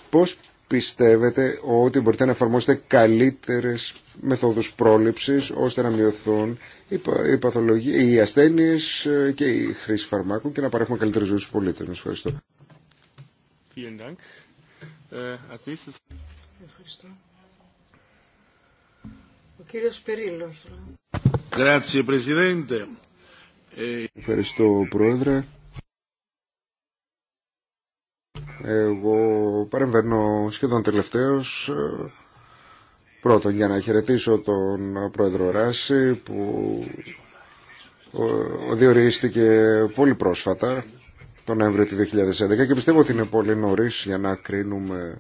Πώς πιστεύετε ότι μπορείτε να εφαρμόσετε καλύτερες μεθόδους πρόληψης ώστε να μειωθούν οι, παθολογίες, οι ασθένειες ε, και η χρήση φαρμάκων και να παρέχουμε καλύτερη ζωή στους πολίτες. Ευχαριστώ. Äh, Ευχαριστώ. Ο κύριος Περίλο. Ε, Ευχαριστώ, Πρόεδρε. Εγώ παρεμβαίνω σχεδόν τελευταίος ε, πρώτον για να χαιρετήσω τον πρόεδρο Ράση που ε, διορίστηκε πολύ πρόσφατα τον Νοέμβριο του 2011 και πιστεύω ότι είναι πολύ νωρίς για να κρίνουμε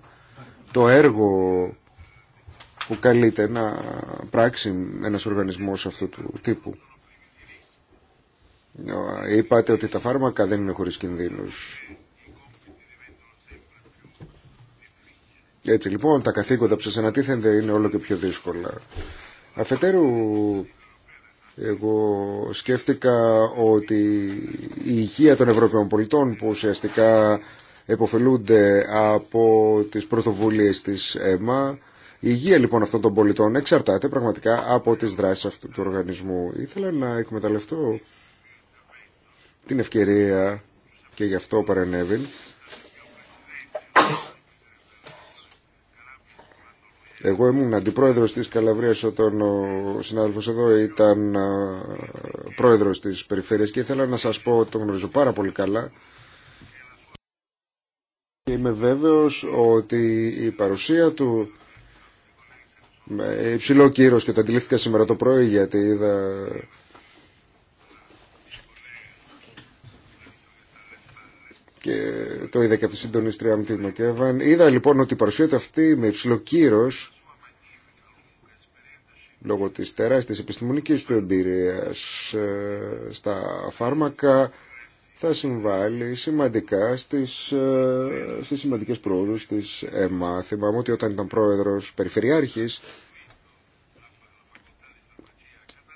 το έργο που καλείται να πράξει ένας οργανισμός αυτού του τύπου. Ε, είπατε ότι τα φάρμακα δεν είναι χωρίς κινδύνους. Έτσι λοιπόν τα καθήκοντα που σας ανατίθενται είναι όλο και πιο δύσκολα. Αφετέρου εγώ σκέφτηκα ότι η υγεία των Ευρωπαίων πολιτών που ουσιαστικά εποφελούνται από τις πρωτοβουλίες της ΕΜΑ η υγεία λοιπόν αυτών των πολιτών εξαρτάται πραγματικά από τις δράσεις αυτού του οργανισμού. Ήθελα να εκμεταλλευτώ την ευκαιρία και γι' αυτό παρενέβην Εγώ ήμουν αντιπρόεδρος της Καλαβρίας όταν ο συνάδελφος εδώ ήταν πρόεδρος της περιφέρειας και ήθελα να σας πω, το γνωρίζω πάρα πολύ καλά, και είμαι βέβαιος ότι η παρουσία του με υψηλό κύρος και το αντιλήφθηκα σήμερα το πρωί γιατί είδα και το είδα και από τη συντονίστρια μου τη Μακέβαν. Είδα λοιπόν ότι παρουσιάζεται αυτή με υψηλό κύρο λόγω της τεράστιας επιστημονική του εμπειρία, ε, στα φάρμακα θα συμβάλλει σημαντικά στις, ε, στις σημαντικές πρόοδους της ΕΜΑ. Θυμάμαι ότι όταν ήταν πρόεδρος περιφερειάρχης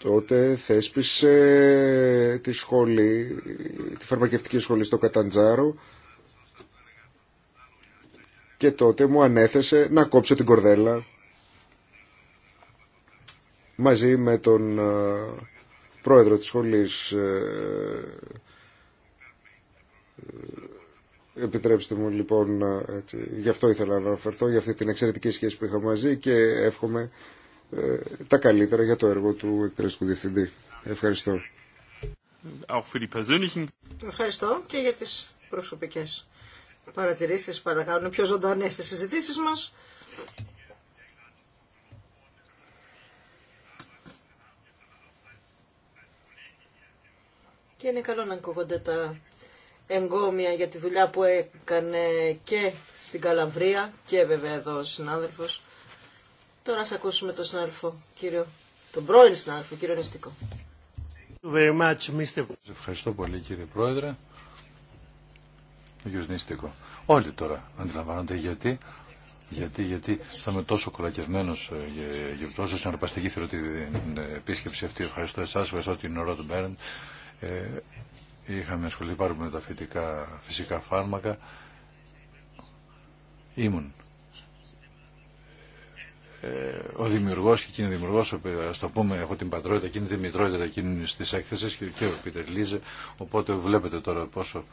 τότε θέσπισε τη σχολή, τη φαρμακευτική σχολή στο Καταντζάρο και τότε μου ανέθεσε να κόψω την κορδέλα μαζί με τον ε, πρόεδρο της σχολής ε, ε, Επιτρέψτε μου λοιπόν, γι' αυτό ήθελα να αναφερθώ, για αυτή την εξαιρετική σχέση που είχα μαζί και εύχομαι ε, τα καλύτερα για το έργο του εκτελεστικού διευθυντή. Ευχαριστώ. Ευχαριστώ και για τις προσωπικές παρατηρήσεις που κάνουν πιο ζωντανές στις συζητήσεις μας. Και είναι καλό να ακούγονται τα εγκόμια για τη δουλειά που έκανε και στην Καλαμβρία και βέβαια εδώ ο συνάδελφος Τώρα ας ακούσουμε τον συνάδελφο, κύριο, τον πρώην συνάδελφο, κύριο Νηστικό. Ευχαριστώ πολύ κύριε Πρόεδρε. Κύριο Όλοι τώρα αντιλαμβάνονται γιατί γιατί, γιατί θα είμαι τόσο κολακευμένο ε, για τόσο συναρπαστική θεωρώ την ε, επίσκεψη αυτή. Ευχαριστώ εσά, ευχαριστώ την ώρα του Μπέρντ. Ε, είχαμε ασχοληθεί πάρα πολύ με τα φυτικά, φυσικά φάρμακα. Ήμουν ε, ο δημιουργός και εκείνη δημιουργός, α το πούμε, έχω την πατρότητα, εκείνη τη μητρότητα εκείνη στις έκθεσεις και, ο Πίτερ Λίζε, οπότε βλέπετε τώρα πόσο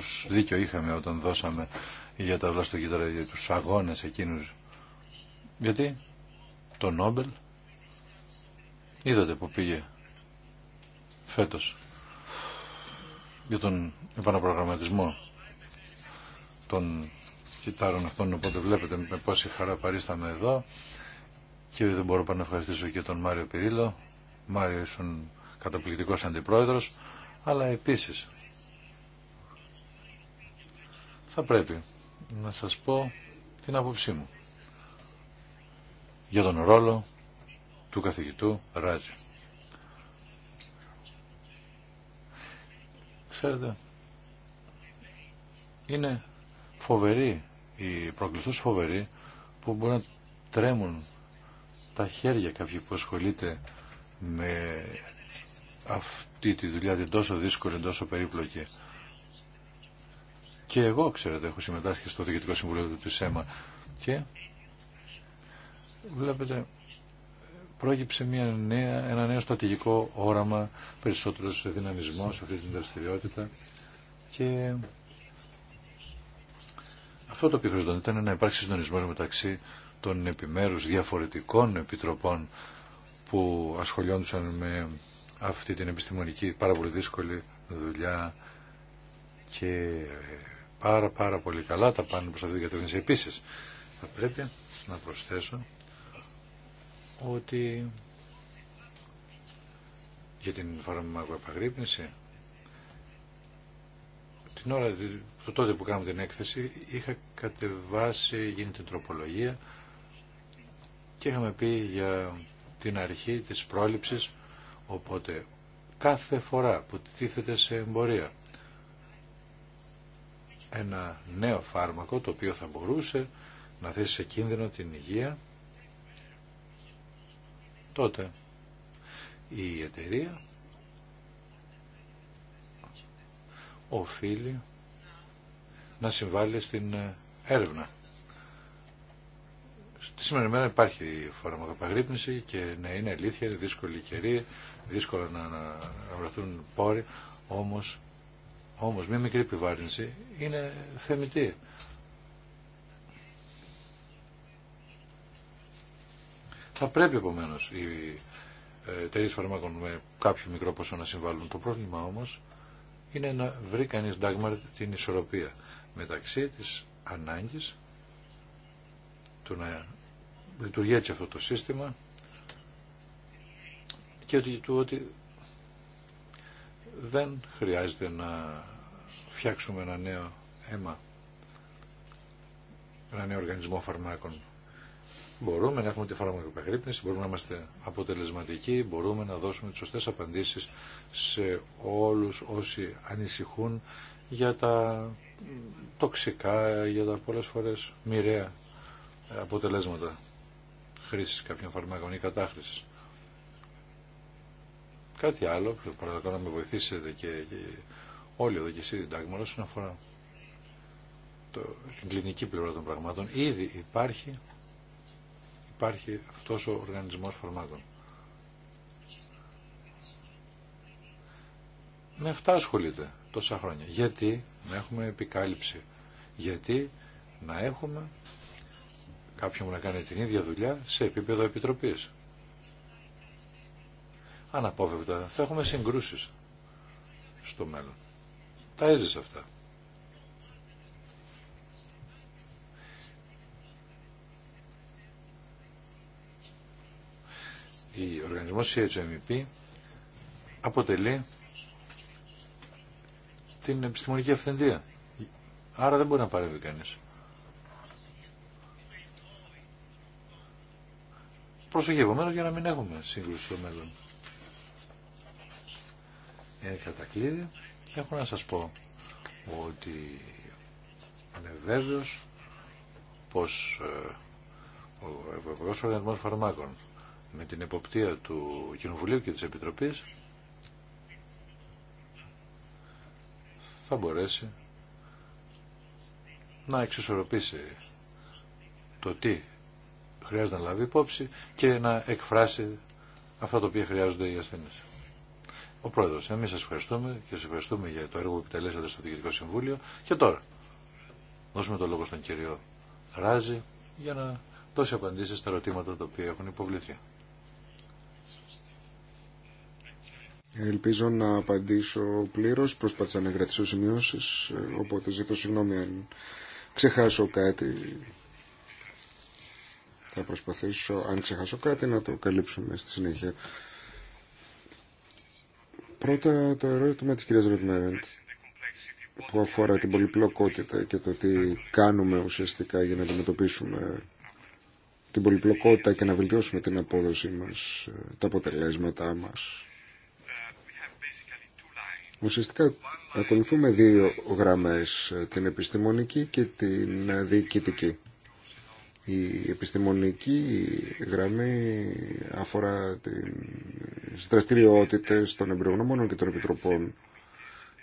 σου δίκιο είχαμε όταν δώσαμε για τα κύτταρα, για του αγώνες εκείνους. Γιατί το Νόμπελ, είδατε που πήγε φέτος για τον επαναπρογραμματισμό των κοιτάρων αυτών, οπότε βλέπετε με πόση χαρά παρίσταμε εδώ και δεν μπορώ να ευχαριστήσω και τον Μάριο Πυρίλο. Μάριο ήσουν καταπληκτικός αντιπρόεδρος, αλλά επίσης θα πρέπει να σας πω την άποψή μου για τον ρόλο του καθηγητού Ράζι. Ξέρετε, είναι φοβερή οι προκληθούς φοβεροί που μπορεί να τρέμουν τα χέρια κάποιοι που ασχολείται με αυτή τη δουλειά την τόσο δύσκολη, την τόσο περίπλοκη. Και εγώ, ξέρετε, έχω συμμετάσχει στο Διοικητικό Συμβουλίο του ΣΕΜΑ και βλέπετε πρόκειψε μια νέα, ένα νέο στρατηγικό όραμα, περισσότερος δυναμισμό, σε αυτή την δραστηριότητα αυτό το οποίο χρειαζόταν ήταν να υπάρξει συντονισμό μεταξύ των επιμέρους διαφορετικών επιτροπών που ασχολιόντουσαν με αυτή την επιστημονική πάρα πολύ δύσκολη δουλειά και πάρα πάρα πολύ καλά τα πάνε προς αυτή την κατεύθυνση. Επίσης θα πρέπει να προσθέσω ότι για την φαρμακοεπαγρύπνηση την ώρα το τότε που κάναμε την έκθεση είχα κατεβάσει, γίνει την τροπολογία και είχαμε πει για την αρχή της πρόληψης οπότε κάθε φορά που τίθεται σε εμπορία ένα νέο φάρμακο το οποίο θα μπορούσε να θέσει σε κίνδυνο την υγεία τότε η εταιρεία οφείλει να συμβάλλει στην ε, έρευνα. Στη σήμερα μέρα υπάρχει φαρμακοπαγρύπνηση και ναι, είναι αλήθεια, είναι δύσκολη η καιρή, δύσκολο να, να, βρεθούν πόροι, όμως, όμως μια μικρή επιβάρυνση είναι θεμητή. Θα πρέπει επομένω οι ε, εταιρείε φαρμάκων με κάποιο μικρό ποσό να συμβάλλουν. Το πρόβλημα όμως είναι να βρει κανείς Ντάγμαρ την ισορροπία μεταξύ της ανάγκης του να λειτουργεί έτσι αυτό το σύστημα και ότι, του ότι δεν χρειάζεται να φτιάξουμε ένα νέο αίμα, ένα νέο οργανισμό φαρμάκων μπορούμε να έχουμε τη φαρμακοπαγρύπνηση, μπορούμε να είμαστε αποτελεσματικοί, μπορούμε να δώσουμε τις σωστές απαντήσεις σε όλους όσοι ανησυχούν για τα τοξικά, για τα πολλές φορές μοιραία αποτελέσματα χρήσης κάποιων φαρμάκων ή κατάχρησης. Κάτι άλλο που παρακαλώ να με βοηθήσετε και, και όλοι εδώ και εσύ όσον αφορά το, την κλινική πλευρά των πραγμάτων ήδη υπάρχει υπάρχει αυτός ο οργανισμός φορμάτων. Με αυτά ασχολείται τόσα χρόνια. Γιατί να έχουμε επικάλυψη. Γιατί να έχουμε κάποιον που να κάνει την ίδια δουλειά σε επίπεδο επιτροπής. Αναπόφευκτα θα έχουμε συγκρούσεις στο μέλλον. Τα έζησα αυτά. Ο οργανισμός CHMP αποτελεί την επιστημονική αυθεντία. Άρα δεν μπορεί να παρεύει κανείς. Προσοχή επομένως για να μην έχουμε σύγκρουση στο μέλλον. Εν κατακλείδη έχω να σας πω ότι είναι βέβαιος πως ο Ευρωπαϊκός Οργανισμός Φαρμάκων με την εποπτεία του Κοινοβουλίου και της Επιτροπής θα μπορέσει να εξισορροπήσει το τι χρειάζεται να λάβει υπόψη και να εκφράσει αυτά τα οποία χρειάζονται οι ασθενείς. Ο Πρόεδρος, εμείς σας ευχαριστούμε και σας ευχαριστούμε για το έργο που επιτελέσατε στο Διοικητικό Συμβούλιο και τώρα δώσουμε το λόγο στον κύριο Ράζη για να δώσει απαντήσεις στα ερωτήματα τα οποία έχουν υποβληθεί. Ελπίζω να απαντήσω πλήρως. Προσπάθησα να κρατήσω σημειώσεις, οπότε ζητώ συγγνώμη αν ξεχάσω κάτι. Θα προσπαθήσω, αν ξεχάσω κάτι, να το καλύψουμε στη συνέχεια. Πρώτα το ερώτημα της κυρίας Ροτμέρεντ που αφορά την πολυπλοκότητα και το τι κάνουμε ουσιαστικά για να αντιμετωπίσουμε την πολυπλοκότητα και να βελτιώσουμε την απόδοση μας, τα αποτελέσματά μας Ουσιαστικά ακολουθούμε δύο γραμμές, την επιστημονική και την διοικητική. Η επιστημονική γραμμή αφορά τις δραστηριότητες των εμπειρογνωμόνων και των επιτροπών.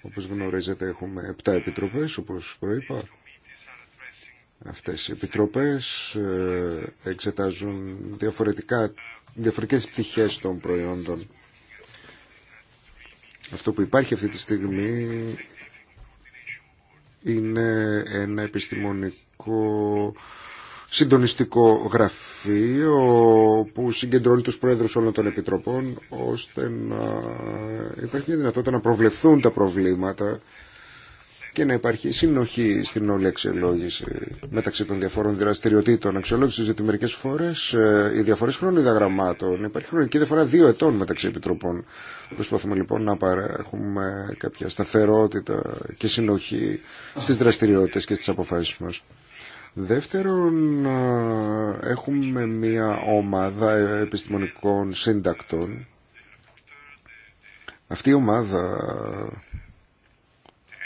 Όπως γνωρίζετε έχουμε επτά επιτροπές, όπως προείπα. Αυτές οι επιτροπές ε, εξετάζουν διαφορετικά, διαφορετικές πτυχές των προϊόντων. Αυτό που υπάρχει αυτή τη στιγμή είναι ένα επιστημονικό συντονιστικό γραφείο που συγκεντρώνει τους πρόεδρους όλων των επιτροπών ώστε να υπάρχει μια δυνατότητα να προβλεφθούν τα προβλήματα και να υπάρχει συνοχή στην όλη αξιολόγηση μεταξύ των διαφόρων δραστηριοτήτων. Αξιολόγηση γιατί μερικέ φορέ ε, οι διαφορέ διαγραμμάτων, υπάρχει χρονική διαφορά δύο ετών μεταξύ επιτροπών. Προσπαθούμε λοιπόν να παρέχουμε κάποια σταθερότητα και συνοχή στι δραστηριότητε και στι αποφάσει μα. Δεύτερον, ε, έχουμε μια ομάδα επιστημονικών σύντακτων. Αυτή η ομάδα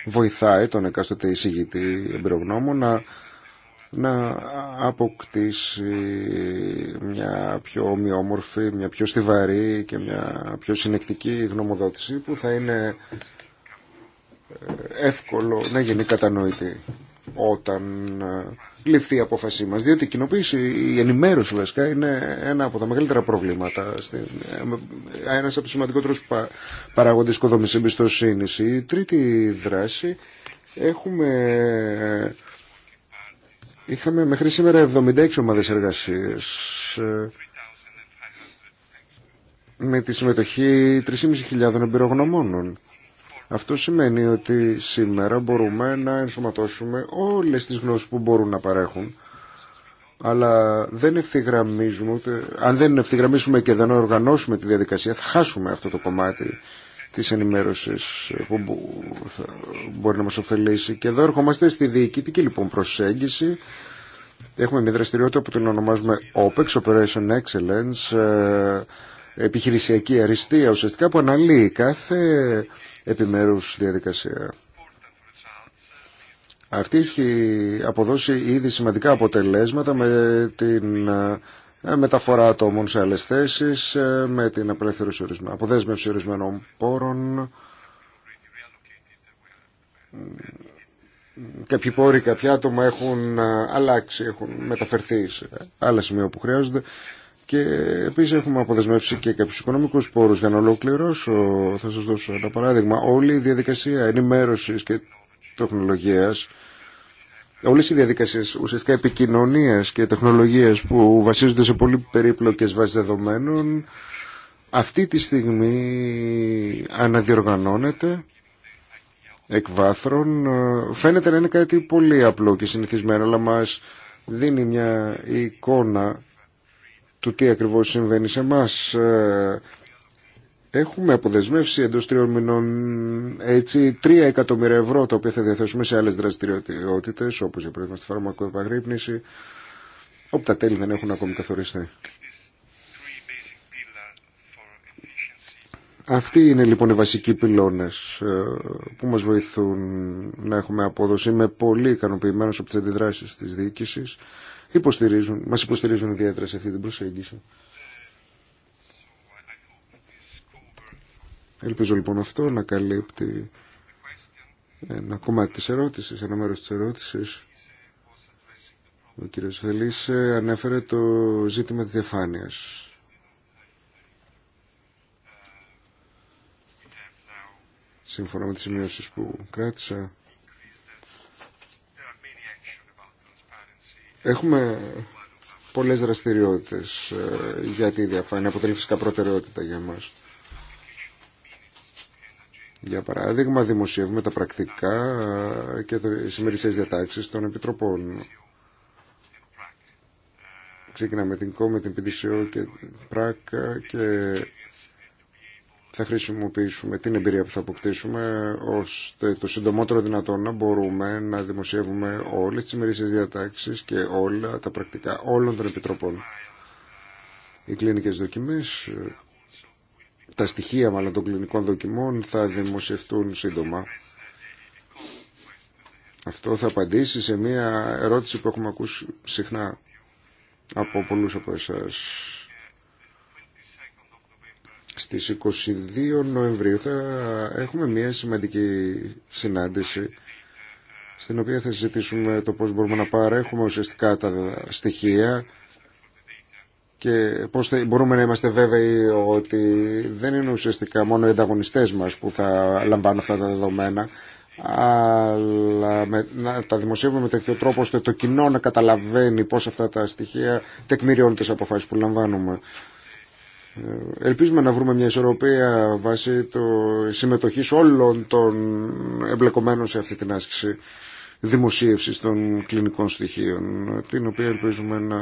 βοηθάει τον εκάστοτε εισηγητή να, να αποκτήσει μια πιο ομοιόμορφη, μια πιο στιβαρή και μια πιο συνεκτική γνωμοδότηση που θα είναι ε, εύκολο να γίνει κατανοητή όταν ε, ληφθεί η απόφασή μα, διότι η κοινοποίηση, η ενημέρωση βασικά είναι ένα από τα μεγαλύτερα προβλήματα, ε, Ένα από του σημαντικότερου παράγοντε οικοδομή εμπιστοσύνη. Η τρίτη δράση έχουμε... Είχαμε μέχρι σήμερα 76 ομάδες εργασίας ε, με τη συμμετοχή 3.500 εμπειρογνωμόνων. Αυτό σημαίνει ότι σήμερα μπορούμε να ενσωματώσουμε όλες τις γνώσεις που μπορούν να παρέχουν αλλά δεν ευθυγραμμίζουμε ούτε, αν δεν ευθυγραμμίσουμε και δεν οργανώσουμε τη διαδικασία θα χάσουμε αυτό το κομμάτι της ενημέρωσης που μπορεί να μας ωφελήσει και εδώ ερχόμαστε στη διοικητική λοιπόν προσέγγιση έχουμε μια δραστηριότητα που την ονομάζουμε OPEX, Operation Excellence ε, επιχειρησιακή αριστεία ουσιαστικά που αναλύει κάθε επιμέρους διαδικασία. Αυτή έχει αποδώσει ήδη σημαντικά αποτελέσματα με την ε, μεταφορά ατόμων σε άλλες θέσεις, ε, με την απελευθέρωση αποδέσμευση ορισμένων πόρων. Κάποιοι πόροι, κάποια άτομα έχουν ε, αλλάξει, έχουν μεταφερθεί σε άλλα σημεία που χρειάζονται και επίσης έχουμε αποδεσμεύσει και κάποιου οικονομικού πόρους για να ολοκληρώσω. Θα σας δώσω ένα παράδειγμα. Όλη η διαδικασία ενημέρωση και τεχνολογίας Όλες οι διαδικασίες ουσιαστικά επικοινωνίας και τεχνολογίας που βασίζονται σε πολύ περίπλοκες βάσεις δεδομένων αυτή τη στιγμή αναδιοργανώνεται εκ βάθρων. Φαίνεται να είναι κάτι πολύ απλό και συνηθισμένο, αλλά μας δίνει μια εικόνα του τι ακριβώς συμβαίνει σε εμά. Ε, έχουμε αποδεσμεύσει εντός τριών μηνών έτσι 3 εκατομμύρια ευρώ τα οποία θα διαθέσουμε σε άλλες δραστηριότητες όπως για παράδειγμα στη φαρμακοεπαγρύπνηση όπου τα τέλη δεν έχουν ακόμη καθοριστεί. Αυτοί είναι λοιπόν οι βασικοί πυλώνες ε, που μας βοηθούν να έχουμε απόδοση. Είμαι πολύ ικανοποιημένος από τις αντιδράσεις της διοίκησης υποστηρίζουν, μας υποστηρίζουν ιδιαίτερα σε αυτή την προσέγγιση. Ελπίζω λοιπόν αυτό να καλύπτει ένα κομμάτι της ερώτησης, ένα μέρος της ερώτησης. Ο κύριος Φελής ε, ανέφερε το ζήτημα της διαφάνειας. Σύμφωνα με τις σημειώσεις που κράτησα, Έχουμε πολλές δραστηριότητες ε, για τη διαφάνεια. Αποτελεί φυσικά προτεραιότητα για μας. Για παράδειγμα, δημοσιεύουμε τα πρακτικά ε, και τις ημερησίες διατάξεις των επιτροπών. Ξεκινάμε την ΚΟ με την ΠΙΔΙΣΙΟ και την ΠΡΑΚ ε, και θα χρησιμοποιήσουμε την εμπειρία που θα αποκτήσουμε ώστε το συντομότερο δυνατόν να μπορούμε να δημοσιεύουμε όλες τις ημερήσεις διατάξεις και όλα τα πρακτικά όλων των επιτροπών. Οι κλινικές δοκιμές, τα στοιχεία μάλλον των κλινικών δοκιμών θα δημοσιευτούν σύντομα. Αυτό θα απαντήσει σε μια ερώτηση που έχουμε ακούσει συχνά από πολλούς από εσάς στις 22 Νοεμβρίου θα έχουμε μια σημαντική συνάντηση στην οποία θα συζητήσουμε το πώς μπορούμε να παρέχουμε ουσιαστικά τα στοιχεία και πώς μπορούμε να είμαστε βέβαιοι ότι δεν είναι ουσιαστικά μόνο οι ανταγωνιστές μας που θα λαμβάνουν αυτά τα δεδομένα αλλά να τα δημοσιεύουμε με τέτοιο τρόπο ώστε το κοινό να καταλαβαίνει πώς αυτά τα στοιχεία τεκμηριώνουν τις αποφάσεις που λαμβάνουμε. Ελπίζουμε να βρούμε μια ισορροπία βάσει το συμμετοχής όλων των εμπλεκομένων σε αυτή την άσκηση δημοσίευσης των κλινικών στοιχείων, την οποία ελπίζουμε να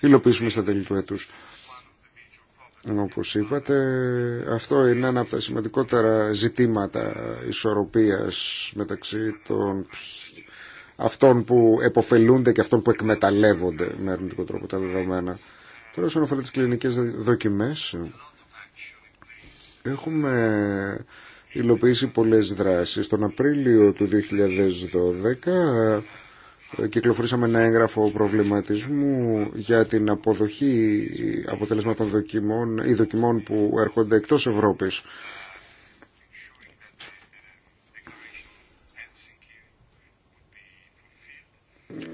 υλοποιήσουμε στα τέλη του έτους. Όπως είπατε, αυτό είναι ένα από τα σημαντικότερα ζητήματα ισορροπίας μεταξύ των αυτών που εποφελούνται και αυτών που εκμεταλλεύονται με αρνητικό τρόπο τα δεδομένα. Τώρα όσον αφορά τις κλινικές δοκιμές, έχουμε υλοποιήσει πολλές δράσεις. Τον Απρίλιο του 2012 ε, κυκλοφορήσαμε ένα έγγραφο προβληματισμού για την αποδοχή αποτελεσμάτων δοκιμών ή δοκιμών που έρχονται εκτός Ευρώπης.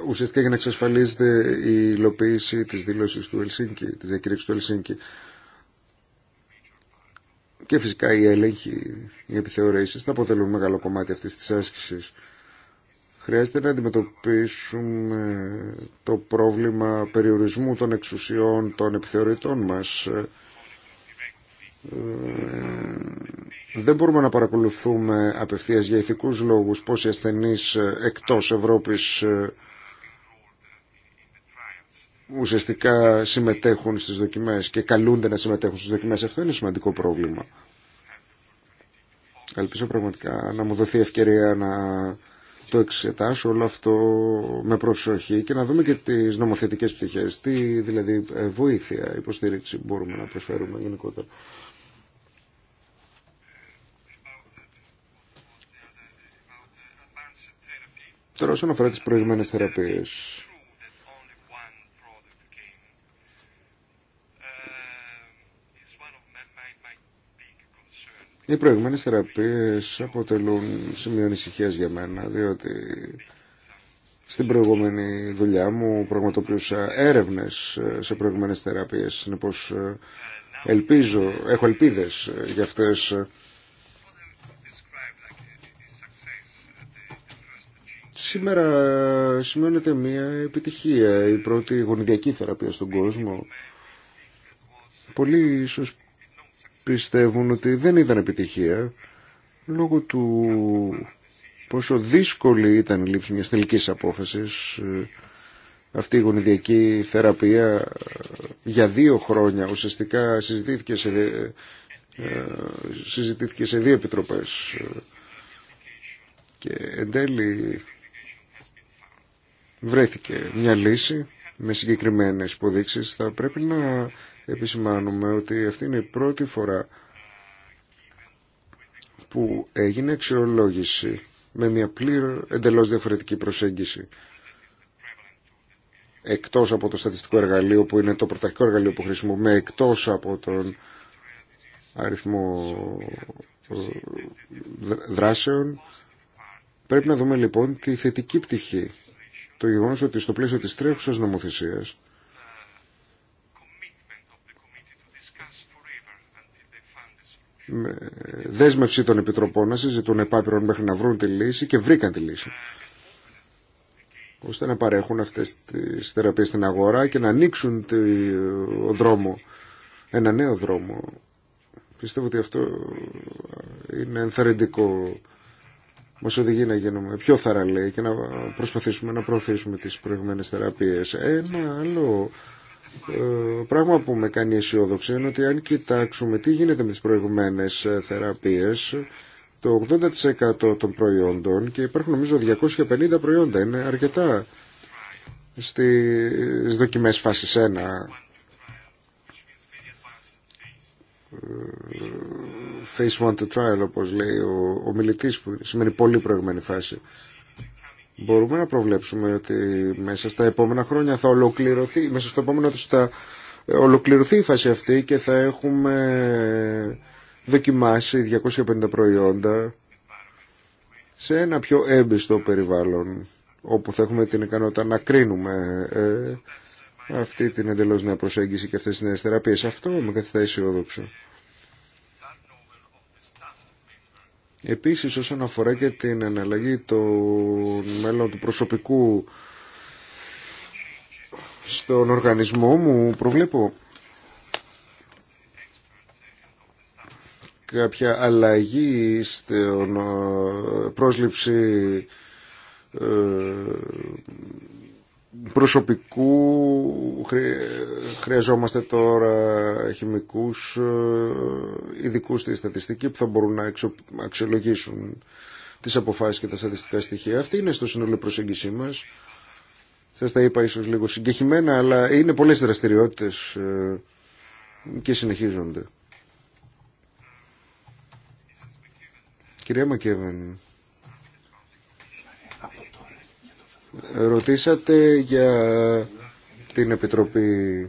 ουσιαστικά για να εξασφαλίζεται η υλοποίηση της δήλωσης του Ελσίνκη, της διακήρυξης του Ελσίνκη. Και φυσικά οι έλεγχοι, οι επιθεωρήσεις θα αποτελούν μεγάλο κομμάτι αυτής της άσκησης. Χρειάζεται να αντιμετωπίσουμε το πρόβλημα περιορισμού των εξουσιών των επιθεωρητών μας. Ε, δεν μπορούμε να παρακολουθούμε απευθείας για ηθικούς λόγους πώς οι ασθενείς εκτός Ευρώπης ε, ουσιαστικά συμμετέχουν στις δοκιμές και καλούνται να συμμετέχουν στις δοκιμές. Αυτό είναι σημαντικό πρόβλημα. Ελπίζω πραγματικά να μου δοθεί ευκαιρία να το εξετάσω όλο αυτό με προσοχή και να δούμε και τις νομοθετικές πτυχές. Τι δηλαδή ε, βοήθεια, υποστήριξη μπορούμε να προσφέρουμε γενικότερα. Τώρα όσον αφορά τις προηγουμένες θεραπείες, Οι προηγούμενε θεραπείε αποτελούν σημείο ανησυχία για μένα, διότι στην προηγούμενη δουλειά μου πραγματοποιούσα έρευνε σε προηγούμενε θεραπείε. Συνεπώ, ελπίζω, έχω ελπίδε για αυτέ. Σήμερα σημειώνεται μια επιτυχία, η πρώτη γονιδιακή θεραπεία στον κόσμο. Πολύ ίσως πιστεύουν ότι δεν ήταν επιτυχία λόγω του πόσο δύσκολη ήταν η λήψη μιας τελικής απόφασης ε, αυτή η γονιδιακή θεραπεία ε, για δύο χρόνια ουσιαστικά συζητήθηκε σε, ε, συζητήθηκε σε δύο επιτροπές και εν τέλει βρέθηκε μια λύση με συγκεκριμένες υποδείξεις θα πρέπει να επισημάνουμε ότι αυτή είναι η πρώτη φορά που έγινε αξιολόγηση με μια πλήρω εντελώς διαφορετική προσέγγιση εκτός από το στατιστικό εργαλείο που είναι το πρωταρχικό εργαλείο που χρησιμοποιούμε εκτός από τον αριθμό ε, δράσεων πρέπει να δούμε λοιπόν τη θετική πτυχή το γεγονός ότι στο πλαίσιο της τρέχουσας νομοθεσίας δέσμευση των επιτροπών να συζητούν επάπειρον μέχρι να βρουν τη λύση και βρήκαν τη λύση ώστε να παρέχουν αυτές τις θεραπείες στην αγορά και να ανοίξουν το δρόμο, ένα νέο δρόμο. Πιστεύω ότι αυτό είναι ενθαρρυντικό. Μα οδηγεί να γίνουμε πιο θαραλέοι και να προσπαθήσουμε να προωθήσουμε τις προηγουμένες θεραπείες. Ένα άλλο ε, πράγμα που με κάνει αισιόδοξη είναι ότι αν κοιτάξουμε τι γίνεται με τις προηγουμένες ε, θεραπείες, το 80% των προϊόντων και υπάρχουν νομίζω 250 προϊόντα, είναι αρκετά στις δοκιμές φάσης 1 face 1 to trial όπως λέει ο, ο μιλητής που σημαίνει πολύ προηγμένη φάση μπορούμε να προβλέψουμε ότι μέσα στα επόμενα χρόνια θα ολοκληρωθεί, μέσα στο επόμενο θα ε, ολοκληρωθεί η φάση αυτή και θα έχουμε δοκιμάσει 250 προϊόντα σε ένα πιο έμπιστο περιβάλλον όπου θα έχουμε την ικανότητα να κρίνουμε ε, αυτή την εντελώς νέα προσέγγιση και αυτές τις νέες θεραπείες. Αυτό με καθιστά αισιοδόξο. Επίσης όσον αφορά και την εναλλαγή το μέλλον του προσωπικού στον οργανισμό μου προβλέπω κάποια αλλαγή στην ε, πρόσληψη ε, προσωπικού χρειαζόμαστε τώρα χημικούς ε, ειδικού στη στατιστική που θα μπορούν να αξιολογήσουν τις αποφάσεις και τα στατιστικά στοιχεία. Αυτή είναι στο σύνολο προσέγγισή μας. Σας τα είπα ίσως λίγο συγκεχημένα, αλλά είναι πολλές δραστηριότητες ε, και συνεχίζονται. Κυρία Μακέβεν, Ρωτήσατε για την Επιτροπή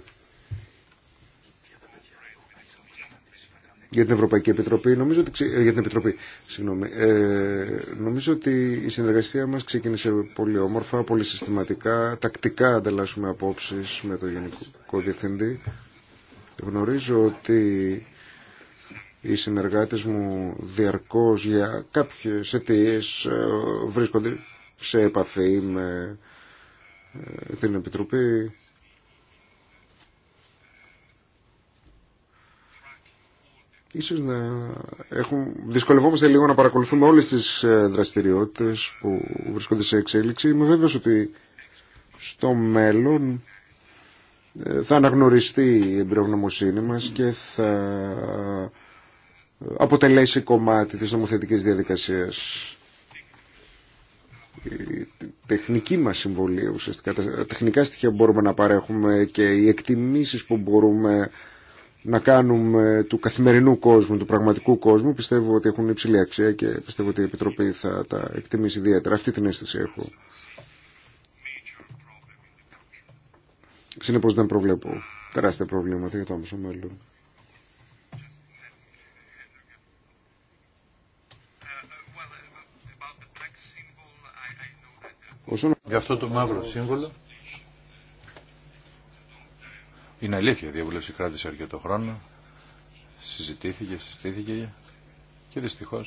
για την Ευρωπαϊκή Επιτροπή, νομίζω ότι, ε, για την Επιτροπή, ε, νομίζω ότι η συνεργασία μας ξεκίνησε πολύ όμορφα, πολύ συστηματικά, τακτικά ανταλλάσσουμε απόψεις με τον Γενικό Διευθυντή. Γνωρίζω ότι οι συνεργάτες μου διαρκώς για κάποιες αιτίε ε, βρίσκονται σε επαφή με ε, την Επιτροπή. Ίσως να έχουν... δυσκολευόμαστε λίγο να παρακολουθούμε όλες τις ε, δραστηριότητες που βρίσκονται σε εξέλιξη. Είμαι βέβαιος ότι στο μέλλον ε, θα αναγνωριστεί η εμπειρογνωμοσύνη μας και θα αποτελέσει κομμάτι της νομοθετικής διαδικασίας τεχνική μας συμβολή ουσιαστικά, τα τεχνικά στοιχεία που μπορούμε να παρέχουμε και οι εκτιμήσεις που μπορούμε να κάνουμε του καθημερινού κόσμου, του πραγματικού κόσμου, πιστεύω ότι έχουν υψηλή αξία και πιστεύω ότι η Επιτροπή θα τα εκτιμήσει ιδιαίτερα. Αυτή την αίσθηση έχω. Συνεπώς δεν προβλέπω τεράστια προβλήματα για το άμεσο μέλλον. Για αυτό το μαύρο σύμβολο είναι αλήθεια. Η διαβούλευση κράτησε αρκετό χρόνο. Συζητήθηκε, συζητήθηκε και δυστυχώ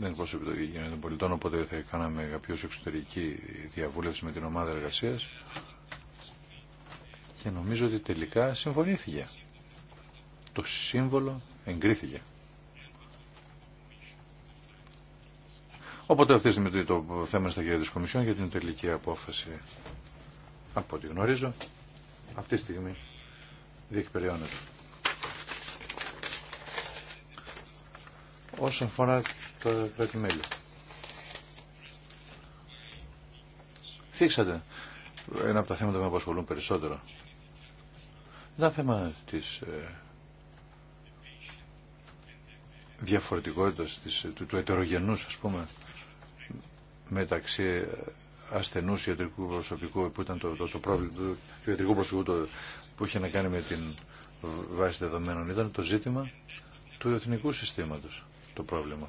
δεν πρόσωπε το ίδιο των πολιτών. Οπότε θα κάναμε κάποιο εξωτερική διαβούλευση με την ομάδα εργασία και νομίζω ότι τελικά συμφωνήθηκε. Το σύμβολο εγκρίθηκε. Οπότε αυτή τη το θέμα στα χέρια τη Κομισιόν για την τελική απόφαση. Από ό,τι γνωρίζω, αυτή τη στιγμή διεκπεριώνεται. Όσον αφορά τα κράτη-μέλη. Θίξατε ένα από τα θέματα που με απασχολούν περισσότερο. είναι θέμα της ε, διαφορετικότητας του, του ετερογενούς ας πούμε μεταξύ ασθενούς ιατρικού προσωπικού που ήταν το, το, πρόβλημα του ιατρικού προσωπικού που είχε να κάνει με την βάση δεδομένων ήταν το ζήτημα του εθνικού συστήματος το πρόβλημα.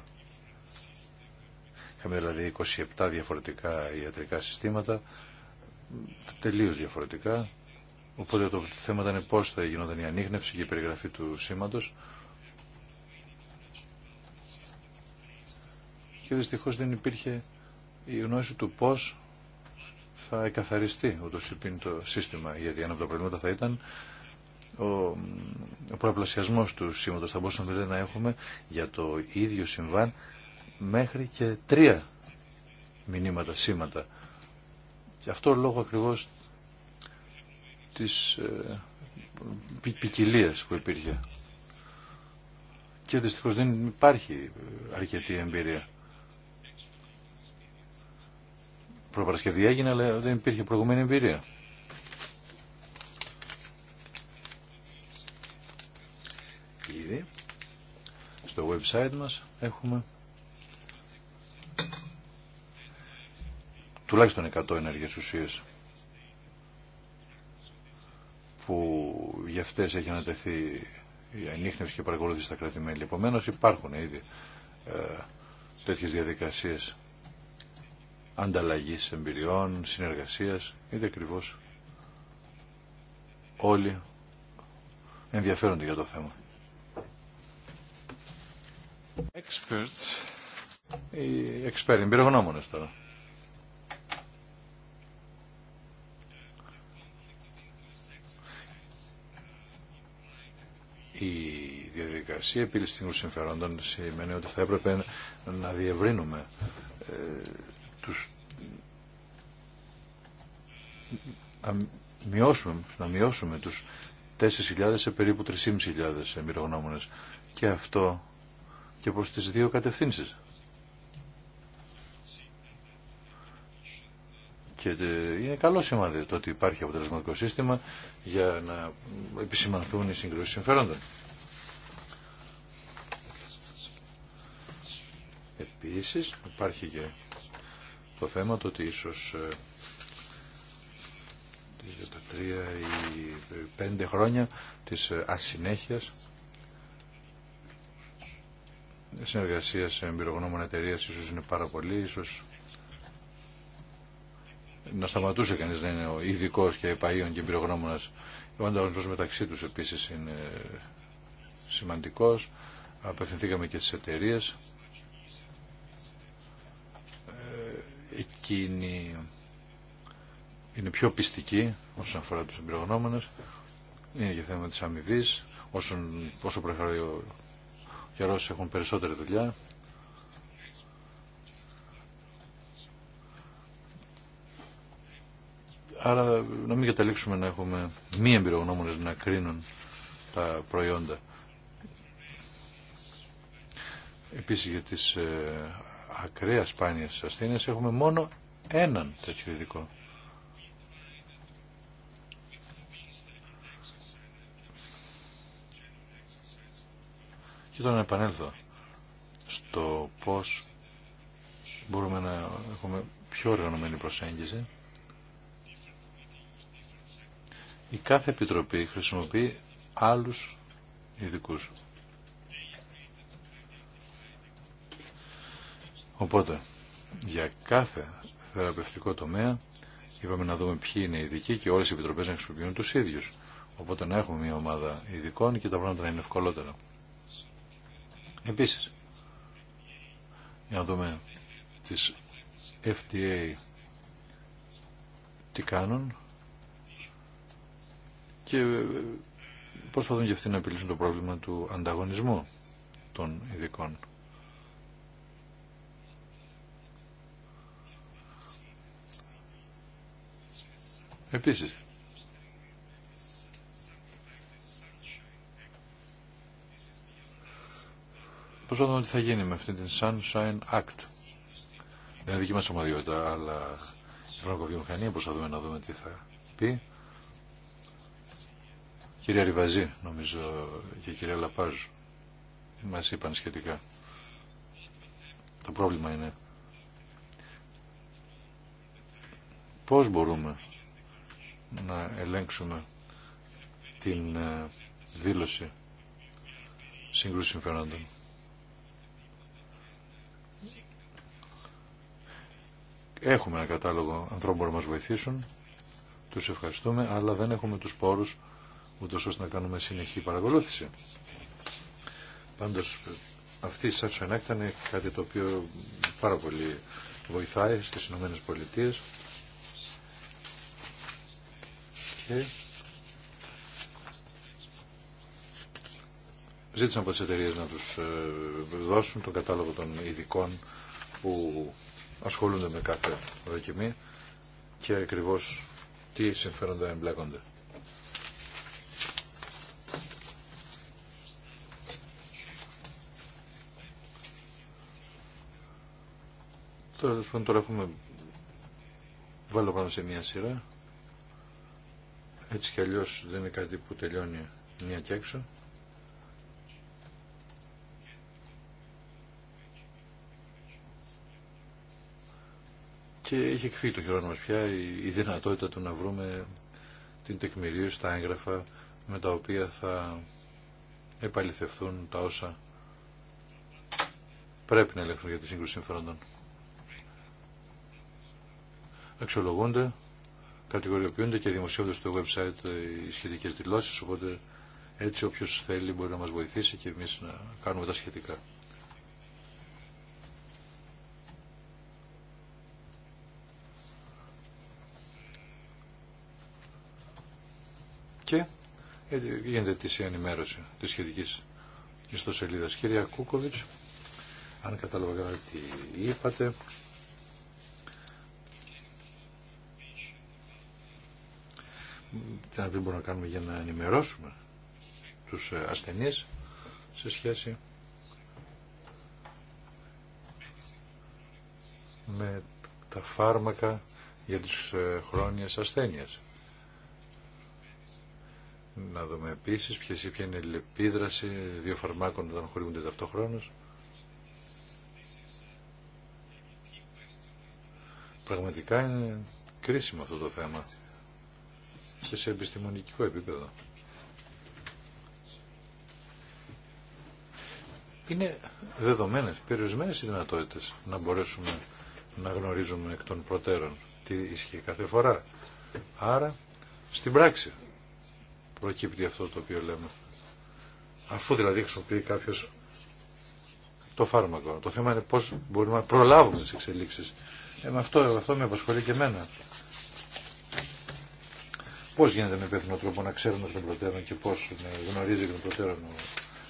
Είχαμε δηλαδή 27 διαφορετικά ιατρικά συστήματα, τελείως διαφορετικά, οπότε το θέμα ήταν πώς θα γινόταν η ανείχνευση και η περιγραφή του σήματος. Και δυστυχώς δεν υπήρχε η γνώση του πώς θα εκαθαριστεί ούτως υπήν το σύστημα, γιατί ένα από τα προβλήματα θα ήταν ο, ο προαπλασιασμός του σήματος. Θα μπορούσαμε δηλαδή να έχουμε για το ίδιο συμβάν μέχρι και τρία μηνύματα, σήματα. Και αυτό λόγω ακριβώς της ε, ποικιλία που υπήρχε. Και δυστυχώ δεν υπάρχει αρκετή εμπειρία. προπαρασκευή έγινε, αλλά δεν υπήρχε προηγούμενη εμπειρία. Ήδη στο website μας έχουμε τουλάχιστον 100 ενεργές ουσίες που για αυτές έχει ανατεθεί η ανείχνευση και παρακολούθηση στα κράτη-μέλη. Επομένως υπάρχουν ήδη ε, τέτοιες διαδικασίες ανταλλαγής εμπειριών, συνεργασίας, είτε ακριβώ όλοι ενδιαφέρονται για το θέμα. Experts. Οι εξπέρι, εμπειρογνώμονες τώρα. Η διαδικασία επίλυση των συμφερόντων σημαίνει ότι θα έπρεπε να διευρύνουμε ε, τους να μειώσουμε, να μειώσουμε τους 4.000 σε περίπου 3.500 εμπειρογνώμονες και αυτό και προς τις δύο κατευθύνσεις. Και ε, είναι καλό σημάδι το ότι υπάρχει αποτελεσματικό σύστημα για να επισημανθούν οι συγκρούσεις συμφέροντα. Επίσης υπάρχει και το θέμα, το ότι ίσως ε, τα τρία ή ε, πέντε χρόνια της ε, ασυνέχειας συνεργασία εμπειρογνώμων εταιρεία ίσως είναι πάρα πολύ, ίσως να σταματούσε κανείς να είναι ο ειδικό και επαείων και εμπειρογνώμονας. Ο ανταγωνισμός μεταξύ τους επίσης είναι σημαντικός. Απευθυνθήκαμε και στις εταιρείε είναι πιο πιστική όσον αφορά τους εμπειρογνώμενες είναι και θέμα της αμοιβή, όσο, όσο προχωράει ο καιρός έχουν περισσότερη δουλειά. Άρα να μην καταλήξουμε να έχουμε μη εμπειρογνώμονες να κρίνουν τα προϊόντα. Επίσης για τις ε, ακραία σπάνιες ασθένειες έχουμε μόνο έναν τέτοιο ειδικό. Και τώρα να επανέλθω στο πώς μπορούμε να έχουμε πιο οργανωμένη προσέγγιση. Η κάθε επιτροπή χρησιμοποιεί άλλους ειδικού. Οπότε, για κάθε θεραπευτικό τομέα. Είπαμε να δούμε ποιοι είναι οι ειδικοί και όλες οι επιτροπές να χρησιμοποιούν τους ίδιους. Οπότε να έχουμε μια ομάδα ειδικών και τα πράγματα να είναι ευκολότερα. Επίσης, για να δούμε τις FDA τι κάνουν και ε, πώς δουν και αυτοί να επιλύσουν το πρόβλημα του ανταγωνισμού των ειδικών. Επίσης, πώς θα δούμε τι θα γίνει με αυτή την Sunshine Act. Δεν είναι δική μας ομαδιότητα, αλλά η φαρμακοβιομηχανία πώς θα δούμε να δούμε τι θα πει. Κυρία Ριβαζή, νομίζω, και κυρία Λαπάζου, μας είπαν σχετικά. Το πρόβλημα είναι πώς μπορούμε να ελέγξουμε την ε, δήλωση σύγκρουση συμφερόντων. Έχουμε ένα κατάλογο ανθρώπων που μας βοηθήσουν, τους ευχαριστούμε, αλλά δεν έχουμε τους πόρους ούτω ώστε να κάνουμε συνεχή παρακολούθηση. Πάντως αυτή η Σάτσο είναι κάτι το οποίο πάρα πολύ βοηθάει στις Ηνωμένες Πολιτείες. ζήτησαν από τι εταιρείε να τους ε, δώσουν τον κατάλογο των ειδικών που ασχολούνται με κάθε δοκιμή και ακριβώς τι συμφέροντα εμπλέκονται. Τώρα, λοιπόν, τώρα έχουμε βάλει πάνω σε μία σειρά. Έτσι κι αλλιώς δεν είναι κάτι που τελειώνει μία και έξω. Και έχει εκφύγει το χειρόνο μας πια η δυνατότητα του να βρούμε την τεκμηρίωση τα έγγραφα με τα οποία θα επαληθευθούν τα όσα πρέπει να ελέγχουν για τη σύγκρουση συμφερόντων. Αξιολογούνται κατηγοριοποιούνται και δημοσιεύονται στο website οι σχετικέ δηλώσει. Οπότε έτσι όποιο θέλει μπορεί να μα βοηθήσει και εμεί να κάνουμε τα σχετικά. Και γίνεται η ενημέρωση τη σχετική ιστοσελίδα. Κύριε Κούκοβιτ, αν κατάλαβα καλά τι είπατε, τι να μπορούμε να κάνουμε για να ενημερώσουμε τους ε, ασθενείς σε σχέση με τα φάρμακα για τις ε, χρόνιες ασθένειες. Να δούμε επίσης ποια είναι η λεπίδραση δύο φαρμάκων όταν χωρίζονται ταυτόχρονος. Πραγματικά είναι κρίσιμο αυτό το θέμα και σε επιστημονικό επίπεδο. Είναι δεδομένες, περιορισμένες οι δυνατότητες να μπορέσουμε να γνωρίζουμε εκ των προτέρων τι ισχύει κάθε φορά. Άρα, στην πράξη προκύπτει αυτό το οποίο λέμε. Αφού δηλαδή χρησιμοποιεί κάποιος το φάρμακο. Το θέμα είναι πώς μπορούμε να προλάβουμε τις εξελίξεις. Ε, με αυτό, αυτό με απασχολεί και εμένα. Πώς γίνεται με υπεύθυνο τρόπο να ξέρουμε τον προτέρων και πώς γνωρίζει τον προτέρων ο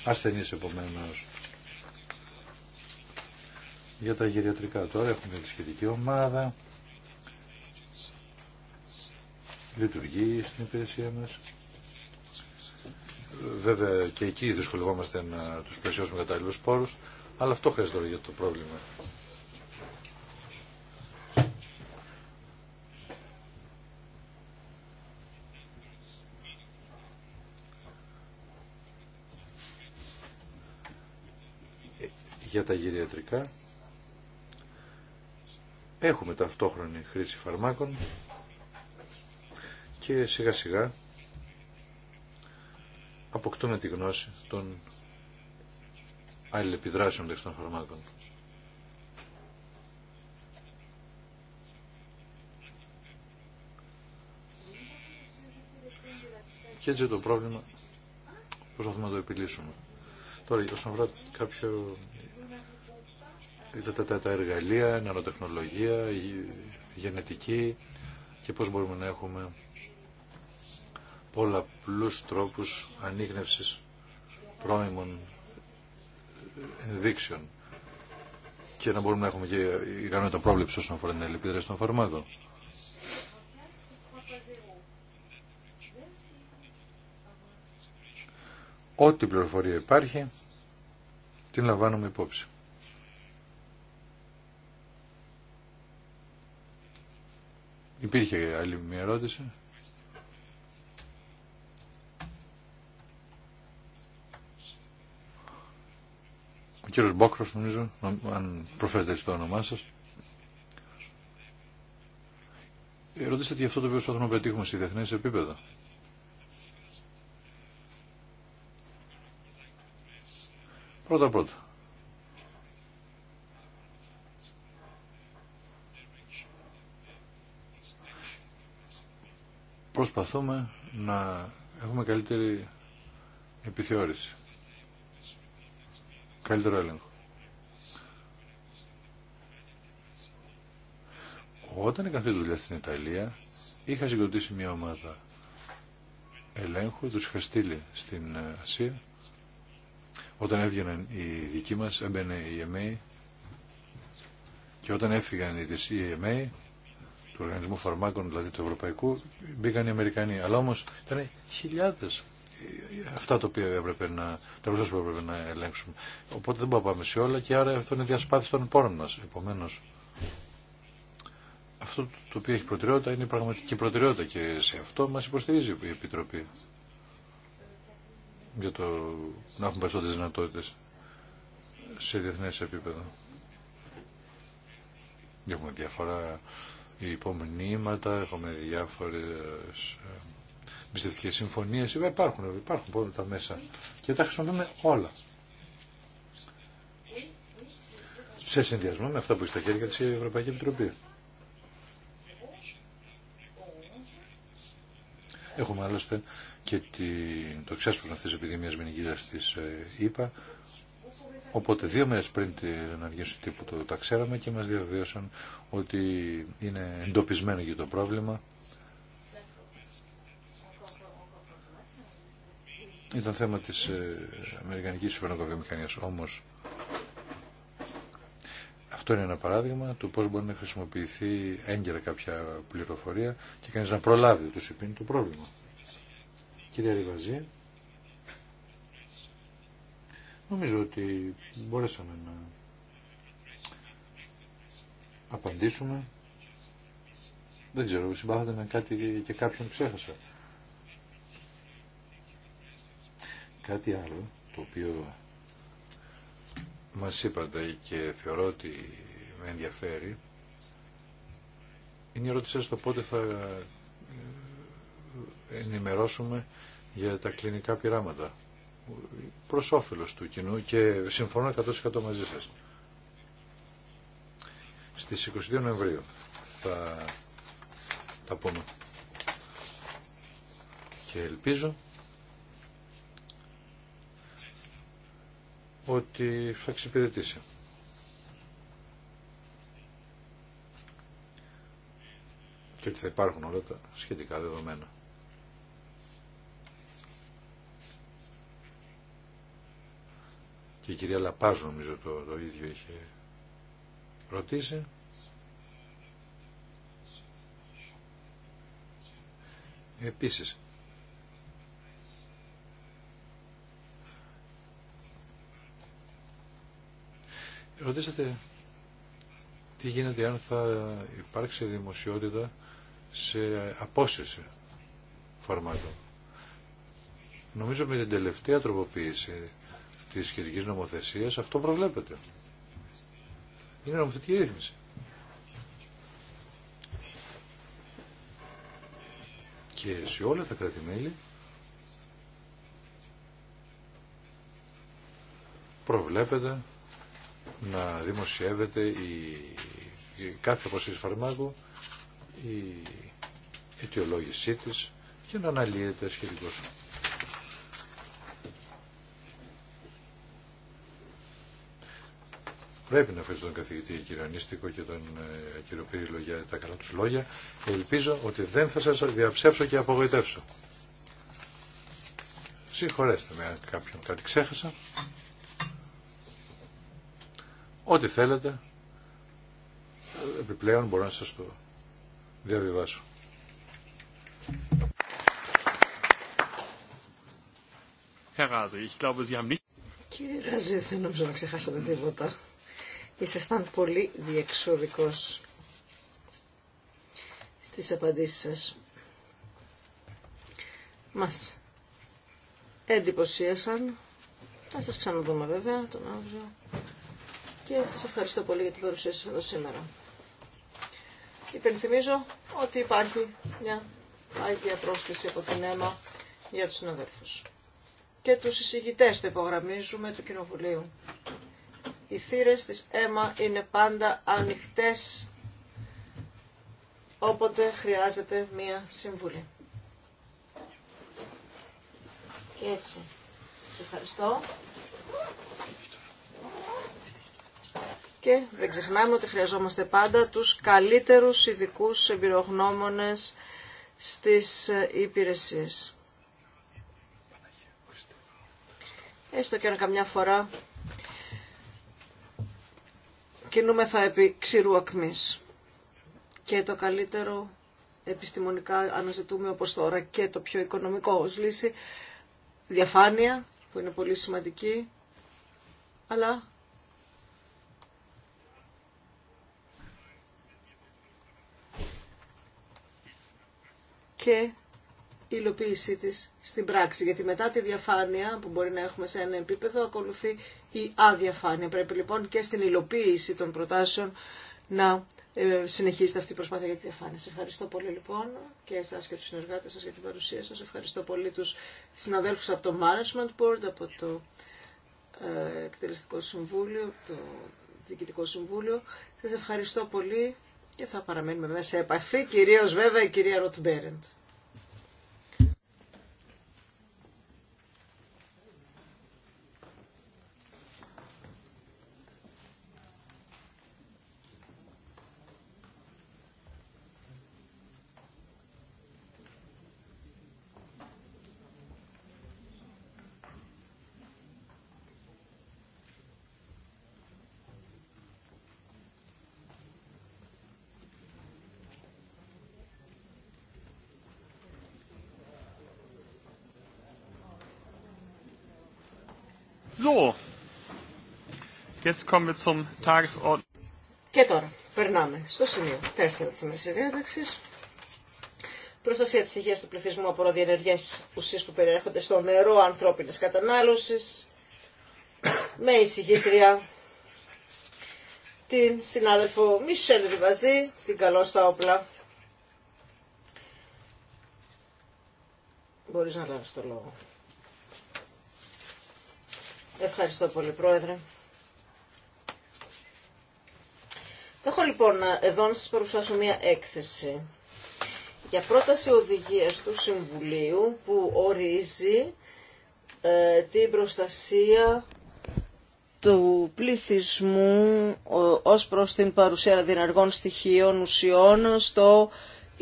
ασθενή επομένως. Για τα γεριατρικά τώρα έχουμε τη σχετική ομάδα. Λειτουργεί στην υπηρεσία μας. Βέβαια και εκεί δυσκολευόμαστε να του πλαισιώσουμε κατάλληλους πόρους, αλλά αυτό χρειάζεται για το πρόβλημα. για τα γυριατρικά. Έχουμε ταυτόχρονη χρήση φαρμάκων και σιγά σιγά αποκτούμε τη γνώση των αλληλεπιδράσεων των φαρμάκων. Και έτσι το πρόβλημα προσπαθούμε να το επιλύσουμε. Τώρα, όσον αφορά κάποιο... Τα, τα, τα εργαλεία, νανοτεχνολογία, γενετική και πώς μπορούμε να έχουμε πολλαπλούς τρόπους ανείχνευσης πρώιμων ενδείξεων και να μπορούμε να έχουμε και ικανότητα πρόβλεψη όσον αφορά την ελληπίδραση των φαρμάκων. Ό,τι πληροφορία υπάρχει την λαμβάνουμε υπόψη. Υπήρχε άλλη μια ερώτηση. Ο κύριος Μπόκρος νομίζω, αν προφέρετε το όνομά σας. Ρωτήσατε για αυτό το οποίο σώθουμε να πετύχουμε σε διεθνές επίπεδο. Πρώτα πρώτα. Προσπαθούμε να έχουμε καλύτερη επιθεώρηση. Καλύτερο έλεγχο. Όταν έκανα αυτή τη δουλειά στην Ιταλία, είχα συγκροτήσει μια ομάδα ελέγχου, τους είχα στείλει στην Ασία ε, όταν έβγαιναν οι δικοί μας έμπαινε η EMA και όταν έφυγαν οι της EMA του Οργανισμού Φαρμάκων, δηλαδή του Ευρωπαϊκού, μπήκαν οι Αμερικανοί. Αλλά όμως ήταν χιλιάδες αυτά τα οποία έπρεπε να, τα που έπρεπε να ελέγξουμε. Οπότε δεν μπορούμε να πάμε σε όλα και άρα αυτό είναι διασπάθηση των πόρων μας. Επομένως, αυτό το οποίο έχει προτεραιότητα είναι η πραγματική προτεραιότητα και σε αυτό μας υποστηρίζει η Επιτροπή για το να έχουν περισσότερες δυνατότητες σε διεθνές επίπεδο. Έχουμε διάφορα υπομνήματα, έχουμε διάφορες ε, πιστευτικές συμφωνίες. Υπάρχουν, υπάρχουν όλα τα μέσα και τα χρησιμοποιούμε όλα. Σε συνδυασμό με αυτά που έχει στα χέρια της Ευρωπαϊκή Επιτροπή. Έχουμε άλλωστε και το ξέσπασμα αυτή τη επιδημία μηνυγίδα τη ΕΠΑ. Οπότε δύο μέρε πριν την του τύπου το τα ξέραμε και μας διαβίωσαν ότι είναι εντοπισμένο για το πρόβλημα. Ήταν θέμα της ε, Αμερικανικής Φερνοκοβιομηχανίας όμως. Αυτό είναι ένα παράδειγμα του πώς μπορεί να χρησιμοποιηθεί έγκαιρα κάποια πληροφορία και κανεί να προλάβει το συμπίνει το πρόβλημα. Κύριε Ριβαζή, νομίζω ότι μπορέσαμε να απαντήσουμε. Δεν ξέρω, συμπάθατε με κάτι και κάποιον ξέχασα. Κάτι άλλο, το οποίο μας είπατε και θεωρώ ότι με ενδιαφέρει, είναι η ερώτηση το πότε θα ενημερώσουμε για τα κλινικά πειράματα προς όφελος του κοινού και συμφωνώ 100% μαζί σας. Στις 22 Νοεμβρίου θα τα πούμε. Και ελπίζω ότι θα εξυπηρετήσει. Και ότι θα υπάρχουν όλα τα σχετικά δεδομένα. και η κυρία Λαπάζ νομίζω το, το ίδιο είχε ρωτήσει. Επίσης, ρωτήσατε τι γίνεται αν θα υπάρξει δημοσιότητα σε απόσυρση φορμάτων. Νομίζω με την τελευταία τροποποίηση της σχετικής νομοθεσίας αυτό προβλέπεται. Είναι νομοθετική ρύθμιση. Και σε όλα τα κράτη-μέλη προβλέπεται να δημοσιεύεται η, η κάθε αποσύς φαρμάκου η αιτιολόγησή της και να αναλύεται σχετικώς. Πρέπει να ευχαριστώ τον καθηγητή κύριο και τον ε, κύριο για τα καλά τους λόγια. Ελπίζω ότι δεν θα σα διαψεύσω και απογοητεύσω. Συγχωρέστε με αν κάποιον κάτι ξέχασα. Ό,τι θέλετε, επιπλέον μπορώ να σας το διαβιβάσω. Κύριε Ράζη, δεν νομίζω να ξεχάσατε τίποτα. Ήσασταν πολύ διεξοδικός στις απαντήσεις σας. Μας εντυπωσίασαν. Θα σας ξαναδούμε βέβαια τον αύριο. Και σας ευχαριστώ πολύ για την παρουσία σας εδώ σήμερα. Υπενθυμίζω ότι υπάρχει μια άγια πρόσκληση από την αίμα για τους συναδέλφους. Και τους εισηγητές το υπογραμμίζουμε του Κοινοβουλίου οι θύρες της αίμα είναι πάντα ανοιχτές όποτε χρειάζεται μία συμβουλή. Και έτσι. Σας ευχαριστώ. Και δεν ξεχνάμε ότι χρειαζόμαστε πάντα τους καλύτερους ειδικού εμπειρογνώμονες στις ε, υπηρεσίες. Έστω και αν καμιά φορά κινούμεθα επί ξηρού ακμής. Και το καλύτερο επιστημονικά αναζητούμε όπως τώρα και το πιο οικονομικό ως λύση, διαφάνεια που είναι πολύ σημαντική, αλλά και η υλοποίησή της στην πράξη. Γιατί μετά τη διαφάνεια που μπορεί να έχουμε σε ένα επίπεδο ακολουθεί η αδιαφάνεια. Πρέπει λοιπόν και στην υλοποίηση των προτάσεων να ε, συνεχίζεται αυτή η προσπάθεια για τη διαφάνεια. Σας ευχαριστώ πολύ λοιπόν και εσά και του συνεργάτε σας για την παρουσία σας. Ευχαριστώ πολύ τους συναδέλφους από το Management Board, από το ε, Εκτελεστικό Συμβούλιο, το Διοικητικό Συμβούλιο. Σας ευχαριστώ πολύ και θα παραμένουμε μέσα σε επαφή, Κυρίω βέβαια η κυρία Ροτμπέρεντ. So. Jetzt Και τώρα περνάμε στο σημείο 4 της ημερικής διάταξης. Προστασία της υγείας του πληθυσμού από ροδιενεργές ουσίες που περιέχονται στο νερό ανθρώπινες κατανάλωσης. Με εισηγήτρια την συνάδελφο Μισελ Ριβαζή, την καλό στα όπλα. Μπορείς να λάβεις το λόγο. Ευχαριστώ πολύ, Πρόεδρε. Έχω λοιπόν εδώ να σας παρουσιάσω μία έκθεση για πρόταση οδηγίας του Συμβουλίου που ορίζει ε, την προστασία του πληθυσμού ε, ως προς την παρουσία δυναργών στοιχείων ουσιών στο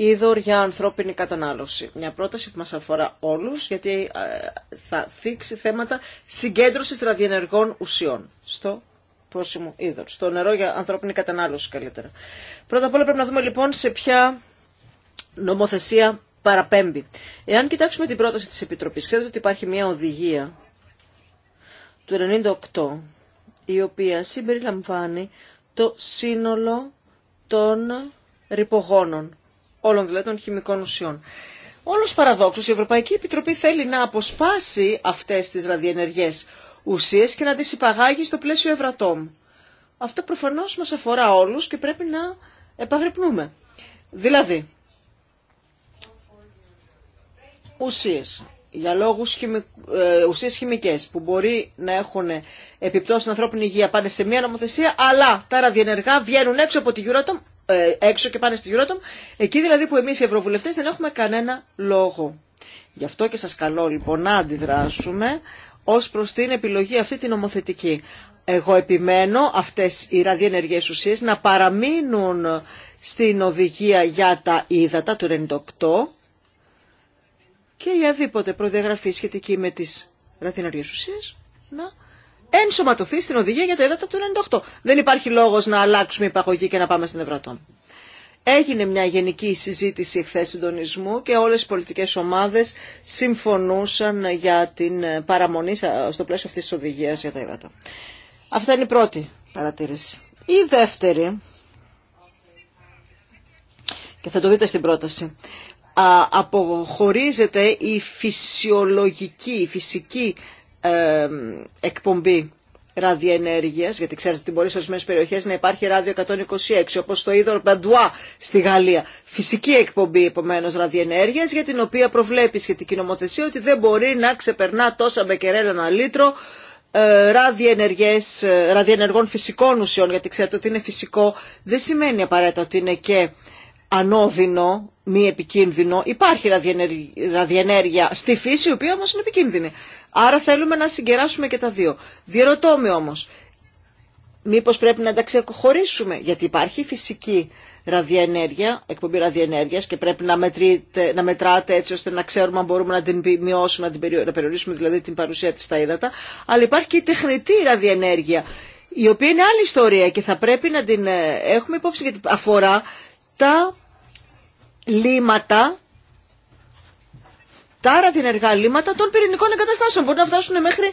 είδωρ για ανθρώπινη κατανάλωση. Μια πρόταση που μας αφορά όλους γιατί ε, θα θίξει θέματα συγκέντρωσης ραδιενεργών ουσιών στο πόσιμο είδωρ, στο νερό για ανθρώπινη κατανάλωση καλύτερα. Πρώτα απ' όλα πρέπει να δούμε λοιπόν σε ποια νομοθεσία παραπέμπει. Εάν κοιτάξουμε την πρόταση της Επιτροπής, ξέρετε ότι υπάρχει μια οδηγία του 98 η οποία συμπεριλαμβάνει το σύνολο των ρηπογόνων όλων δηλαδή των χημικών ουσιών. Όλος παραδόξω, η Ευρωπαϊκή Επιτροπή θέλει να αποσπάσει αυτές τις ραδιενεργέ ουσίες και να τις υπαγάγει στο πλαίσιο Ευρατόμ. Αυτό προφανώς μας αφορά όλους και πρέπει να επαγρυπνούμε. Δηλαδή, ουσίες για λόγου χημικ... Ε, χημικές που μπορεί να έχουν επιπτώσει στην ανθρώπινη υγεία πάνε σε μία νομοθεσία, αλλά τα ραδιενεργά βγαίνουν έξω από τη Euratom ε, έξω και πάνε στη Γιουρότομ, εκεί δηλαδή που εμείς οι ευρωβουλευτές δεν έχουμε κανένα λόγο. Γι' αυτό και σας καλώ λοιπόν να αντιδράσουμε ως προς την επιλογή αυτή την νομοθετική. Εγώ επιμένω αυτές οι ραδιενεργές ουσίες να παραμείνουν στην οδηγία για τα ύδατα του 98 και η αδίποτε προδιαγραφή σχετική με τις ραδιενεργές ουσίες να ενσωματωθεί στην οδηγία για τα έδατα του 98. Δεν υπάρχει λόγος να αλλάξουμε υπαγωγή και να πάμε στην Ευρωτών. Έγινε μια γενική συζήτηση χθε συντονισμού και όλες οι πολιτικές ομάδες συμφωνούσαν για την παραμονή στο πλαίσιο αυτής της οδηγίας για τα έδατα. Αυτά είναι η πρώτη παρατήρηση. Η δεύτερη, και θα το δείτε στην πρόταση, αποχωρίζεται η φυσιολογική, η φυσική εκπομπή ραδιενέργειας, γιατί ξέρετε ότι μπορεί σε ορισμένε περιοχές να υπάρχει ράδιο 126, όπως το είδωρο Μπαντουά στη Γαλλία. Φυσική εκπομπή επομένως ραδιενέργειας, για την οποία προβλέπει σχετική νομοθεσία ότι δεν μπορεί να ξεπερνά τόσα μπεκερέλα ένα λίτρο ε, ε, ραδιενεργών φυσικών ουσιών, γιατί ξέρετε ότι είναι φυσικό, δεν σημαίνει απαραίτητα ότι είναι και ανώδυνο, μη επικίνδυνο. Υπάρχει ραδιενέργεια στη φύση, η οποία όμως είναι επικίνδυνη. Άρα θέλουμε να συγκεράσουμε και τα δύο. Διερωτώ με όμως, μήπως πρέπει να τα ξεχωρίσουμε, γιατί υπάρχει φυσική ραδιενέργεια, εκπομπή ραδιενέργειας και πρέπει να, μετρείτε, να μετράτε έτσι ώστε να ξέρουμε αν μπορούμε να την μειώσουμε, να, την περιορίσουμε, δηλαδή την παρουσία της στα ύδατα, αλλά υπάρχει και η τεχνητή ραδιενέργεια, η οποία είναι άλλη ιστορία και θα πρέπει να την ε, έχουμε υπόψη γιατί αφορά τα λίματα τάρα την εργαλήματα των πυρηνικών εγκαταστάσεων. Μπορεί να φτάσουν μέχρι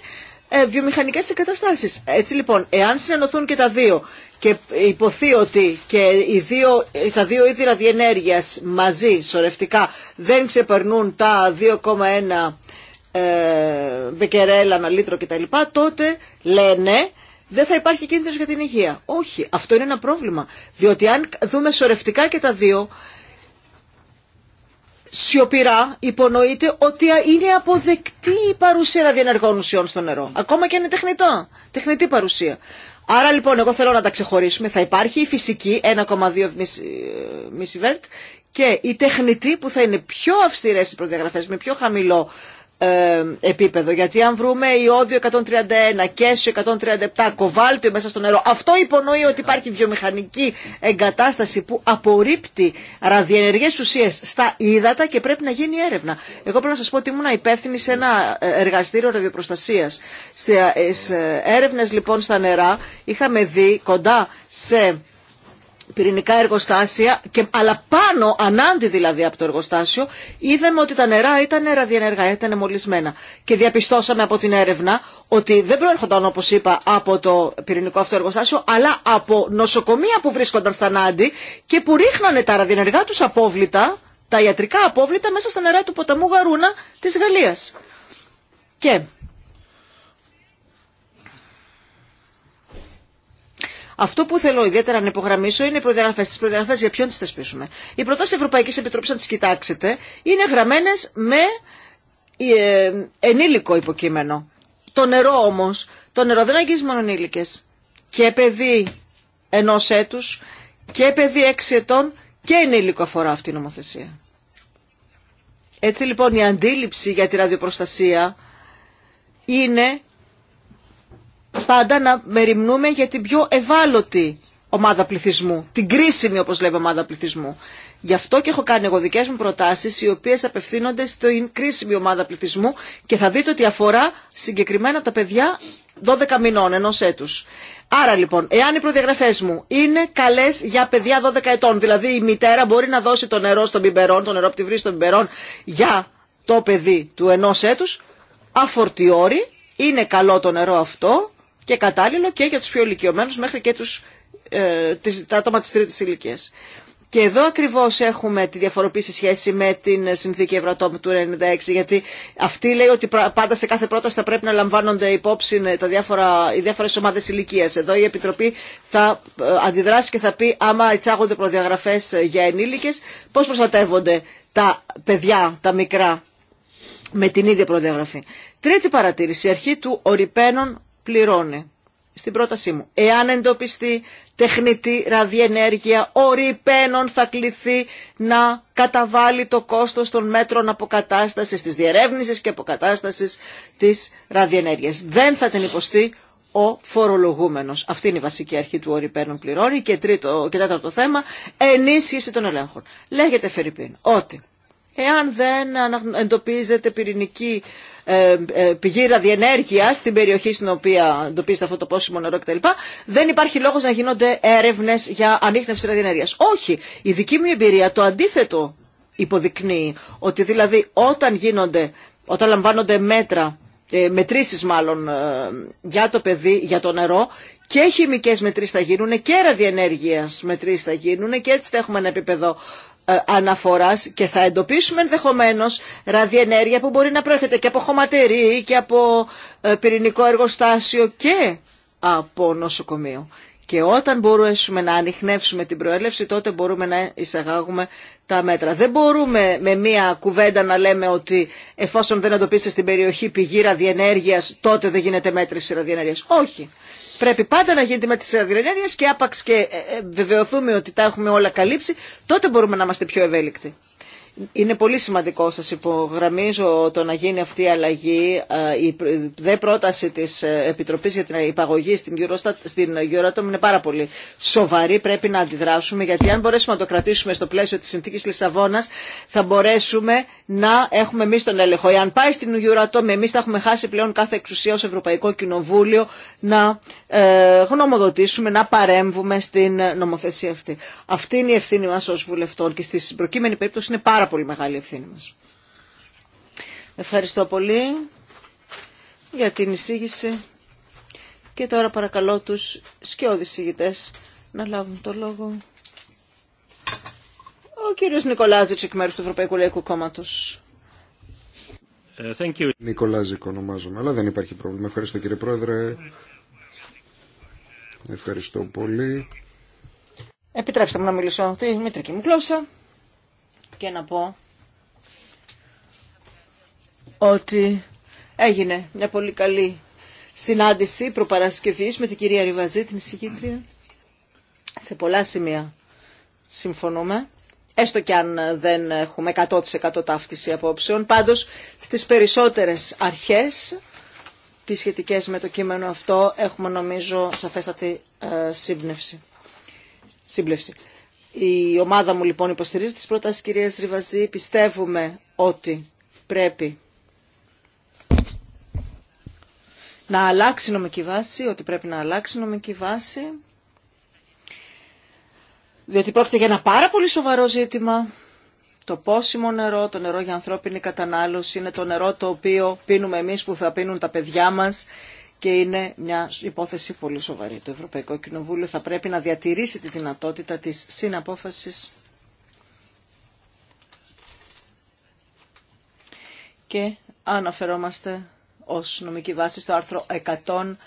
ε, βιομηχανικέ εγκαταστάσει. Έτσι λοιπόν, εάν συνενωθούν και τα δύο και υποθεί ότι και οι δύο, τα δύο είδη ραδιενέργεια μαζί σωρευτικά δεν ξεπερνούν τα 2,1 ε, μπεκερέλα, ένα λίτρο κτλ. τότε λένε δεν θα υπάρχει κίνδυνος για την υγεία. Όχι, αυτό είναι ένα πρόβλημα. Διότι αν δούμε σωρευτικά και τα δύο, σιωπηρά υπονοείται ότι είναι αποδεκτή η παρουσία ραδιενεργών ουσιών στο νερό. Ακόμα και αν είναι τεχνητό. τεχνητή παρουσία. Άρα λοιπόν εγώ θέλω να τα ξεχωρίσουμε. Θα υπάρχει η φυσική 1,2 μισιβέρτ ε, και η τεχνητή που θα είναι πιο αυστηρές οι προδιαγραφές με πιο χαμηλό ε, επίπεδο. Γιατί αν βρούμε ιόδιο 131, κέσιο 137, κοβάλτιο μέσα στο νερό, αυτό υπονοεί ότι υπάρχει βιομηχανική εγκατάσταση που απορρίπτει ραδιενεργέ ουσίε στα ύδατα και πρέπει να γίνει έρευνα. Εγώ πρέπει να σα πω ότι ήμουν υπεύθυνη σε ένα ε, εργαστήριο ραδιοπροστασία. Στι ε, έρευνε λοιπόν στα νερά είχαμε δει κοντά σε πυρηνικά εργοστάσια, και, αλλά πάνω, ανάντι δηλαδή από το εργοστάσιο, είδαμε ότι τα νερά ήταν ραδιενεργά, ήταν μολυσμένα. Και διαπιστώσαμε από την έρευνα ότι δεν προέρχονταν, όπω είπα, από το πυρηνικό αυτό εργοστάσιο, αλλά από νοσοκομεία που βρίσκονταν στα Νάντι και που ρίχνανε τα ραδιενεργά του απόβλητα, τα ιατρικά απόβλητα, μέσα στα νερά του ποταμού Γαρούνα τη Γαλλία. Και Αυτό που θέλω ιδιαίτερα να υπογραμμίσω είναι οι προδιαγραφέ. Τι προδιαγραφέ για ποιον τι θεσπίσουμε. Οι προτάσει Ευρωπαϊκή Επιτροπή, αν τι κοιτάξετε, είναι γραμμένε με ε, ενήλικο υποκείμενο. Το νερό όμω, το νερό δεν αγγίζει μόνο ενήλικε. Και παιδί ενό έτου και παιδί έξι ετών και ενήλικο αφορά αυτή η νομοθεσία. Έτσι λοιπόν η αντίληψη για τη ραδιοπροστασία είναι πάντα να μεριμνούμε για την πιο ευάλωτη ομάδα πληθυσμού, την κρίσιμη όπως λέμε ομάδα πληθυσμού. Γι' αυτό και έχω κάνει εγώ δικές μου προτάσεις οι οποίες απευθύνονται στην κρίσιμη ομάδα πληθυσμού και θα δείτε ότι αφορά συγκεκριμένα τα παιδιά 12 μηνών ενό έτου. Άρα λοιπόν, εάν οι προδιαγραφέ μου είναι καλέ για παιδιά 12 ετών, δηλαδή η μητέρα μπορεί να δώσει το νερό στον πιμπερόν, το νερό από τη βρύση των πιμπερών για το παιδί του ενό έτου, αφορτιόρι, είναι καλό το νερό αυτό, και κατάλληλο και για τους πιο ηλικιωμένους μέχρι και τους, ε, τα άτομα της τρίτης ηλικίας. Και εδώ ακριβώς έχουμε τη διαφοροποίηση σχέση με την συνθήκη Ευρωτομ του 1996, γιατί αυτή λέει ότι πάντα σε κάθε πρόταση θα πρέπει να λαμβάνονται υπόψη ε, τα διάφορα, οι διάφορες ομάδες ηλικίας. Εδώ η Επιτροπή θα ε, αντιδράσει και θα πει άμα ετσάγονται προδιαγραφές για ενήλικες, πώς προστατεύονται τα παιδιά, τα μικρά, με την ίδια προδιαγραφή. Τρίτη παρατήρηση, αρχή του οριπένων πληρώνει. Στην πρότασή μου. Εάν εντοπιστεί τεχνητή ραδιενέργεια, ο ρηπαίνων θα κληθεί να καταβάλει το κόστος των μέτρων αποκατάστασης, της διερεύνησης και αποκατάστασης της ραδιενέργειας. Δεν θα την υποστεί ο φορολογούμενος. Αυτή είναι η βασική αρχή του ορυπαίνων πληρώνει. Και, τρίτο, και τέταρτο θέμα, ενίσχυση των ελέγχων. Λέγεται Φερρυπίν ότι εάν δεν εντοπίζεται πυρηνική ε, ε, πηγή ραδιενέργεια στην περιοχή στην οποία εντοπίζεται αυτό το πόσιμο νερό κτλ. Δεν υπάρχει λόγο να γίνονται έρευνε για ανείχνευση ραδιενέργεια. Όχι. Η δική μου εμπειρία το αντίθετο υποδεικνύει. Ότι δηλαδή όταν γίνονται, όταν λαμβάνονται μέτρα ε, μετρήσεις μάλλον για το παιδί, για το νερό και χημικές μετρήσεις θα γίνουν και ραδιενέργειας μετρήσεις θα γίνουν και έτσι θα έχουμε ένα επίπεδο ε, αναφοράς και θα εντοπίσουμε ενδεχομένως ραδιενέργεια που μπορεί να προέρχεται και από χωματερή και από ε, πυρηνικό εργοστάσιο και από νοσοκομείο. Και όταν μπορούμε να ανοιχνεύσουμε την προέλευση, τότε μπορούμε να εισαγάγουμε τα μέτρα. Δεν μπορούμε με μία κουβέντα να λέμε ότι εφόσον δεν εντοπίσετε στην περιοχή πηγή ραδιενέργειας τότε δεν γίνεται μέτρηση ραδιενέργεια. Όχι πρέπει πάντα να γίνεται με τις ενέργειες και άπαξ και ε, ε, βεβαιωθούμε ότι τα έχουμε όλα καλύψει, τότε μπορούμε να είμαστε πιο ευέλικτοι. Είναι πολύ σημαντικό, σας υπογραμμίζω, το να γίνει αυτή η αλλαγή. Ε, η δε πρόταση της ε, Επιτροπής για την υπαγωγή στην Eurostat, στην Euratom είναι πάρα πολύ σοβαρή. Πρέπει να αντιδράσουμε, γιατί αν μπορέσουμε να το κρατήσουμε στο πλαίσιο της συνθήκης Λισαβόνας, θα μπορέσουμε να έχουμε εμεί τον έλεγχο. Εάν πάει στην Euratom, εμείς θα έχουμε χάσει πλέον κάθε εξουσία ως Ευρωπαϊκό Κοινοβούλιο να ε, γνωμοδοτήσουμε, να παρέμβουμε στην νομοθεσία αυτή. Αυτή είναι η ευθύνη μα ως βουλευτών και στην προκείμενη περίπτωση είναι πάρα πολύ μεγάλη ευθύνη μας. Ευχαριστώ πολύ για την εισήγηση και τώρα παρακαλώ τους σκιώδης εισηγητές να λάβουν το λόγο. Ο κύριος Νικολάζης εκ μέρους του Ευρωπαϊκού Λαϊκού Κόμματος. Ε, thank ονομάζομαι, αλλά δεν υπάρχει πρόβλημα. Ευχαριστώ κύριε Πρόεδρε. Ευχαριστώ πολύ. Επιτρέψτε μου να μιλήσω τη μητρική μου γλώσσα και να πω ότι έγινε μια πολύ καλή συνάντηση προπαρασκευής με την κυρία Ριβαζή, την εισηγήτρια. Σε πολλά σημεία συμφωνούμε, έστω και αν δεν έχουμε 100% ταύτιση απόψεων. Πάντως, στις περισσότερες αρχές, τις σχετικές με το κείμενο αυτό, έχουμε νομίζω σαφέστατη ε, σύμπνευση. σύμπλευση. Η ομάδα μου λοιπόν υποστηρίζει τις προτάσεις κυρίας Ριβαζή. Πιστεύουμε ότι πρέπει να αλλάξει νομική βάση, ότι πρέπει να αλλάξει νομική βάση, διότι πρόκειται για ένα πάρα πολύ σοβαρό ζήτημα. Το πόσιμο νερό, το νερό για ανθρώπινη κατανάλωση, είναι το νερό το οποίο πίνουμε εμείς που θα πίνουν τα παιδιά μας και είναι μια υπόθεση πολύ σοβαρή. Το Ευρωπαϊκό Κοινοβούλιο θα πρέπει να διατηρήσει τη δυνατότητα της συναπόφασης και αναφερόμαστε ως νομική βάση στο άρθρο 191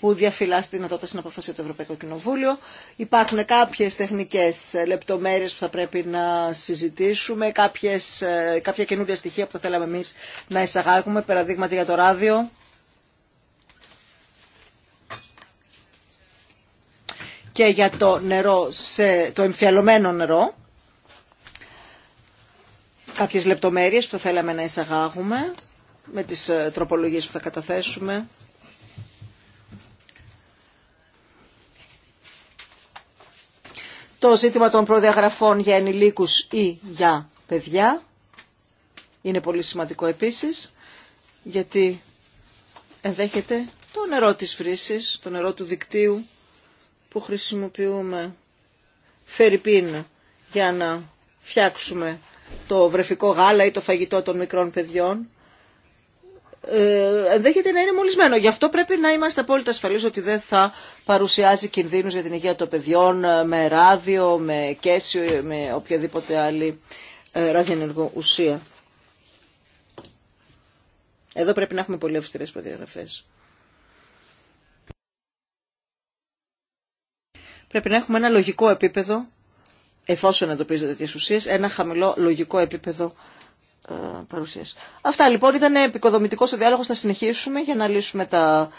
που διαφυλάσσει τη δυνατότητα στην αποφασία του Ευρωπαϊκού Κοινοβούλιο. Υπάρχουν κάποιες τεχνικές ε, λεπτομέρειες που θα πρέπει να συζητήσουμε, κάποιες, ε, κάποια καινούργια στοιχεία που θα θέλαμε εμείς να εισαγάγουμε, παραδείγματι για το ράδιο. και για το νερό, σε, το εμφιαλωμένο νερό. Κάποιες λεπτομέρειες που θα θέλαμε να εισαγάγουμε με τις ε, τροπολογίες που θα καταθέσουμε. το ζήτημα των προδιαγραφών για ενηλίκους ή για παιδιά. Είναι πολύ σημαντικό επίσης, γιατί ενδέχεται το νερό της βρύσης, το νερό του δικτύου που χρησιμοποιούμε φεριπίν για να φτιάξουμε το βρεφικό γάλα ή το φαγητό των μικρών παιδιών ενδέχεται να είναι μολυσμένο. Γι' αυτό πρέπει να είμαστε απόλυτα ασφαλείς ότι δεν θα παρουσιάζει κινδύνους για την υγεία των παιδιών ε, με ράδιο, με κέσιο, ε, με οποιαδήποτε άλλη ε, ραδιενεργό ουσία. Εδώ πρέπει να έχουμε πολύ αυστηρές προδιαγραφές. Πρέπει να έχουμε ένα λογικό επίπεδο, εφόσον εντοπίζετε τέτοιες ουσίες, ένα χαμηλό λογικό επίπεδο ε, παρουσίαση. Αυτά λοιπόν ήταν επικοδομητικό ο διάλογος, θα συνεχίσουμε για να λύσουμε τα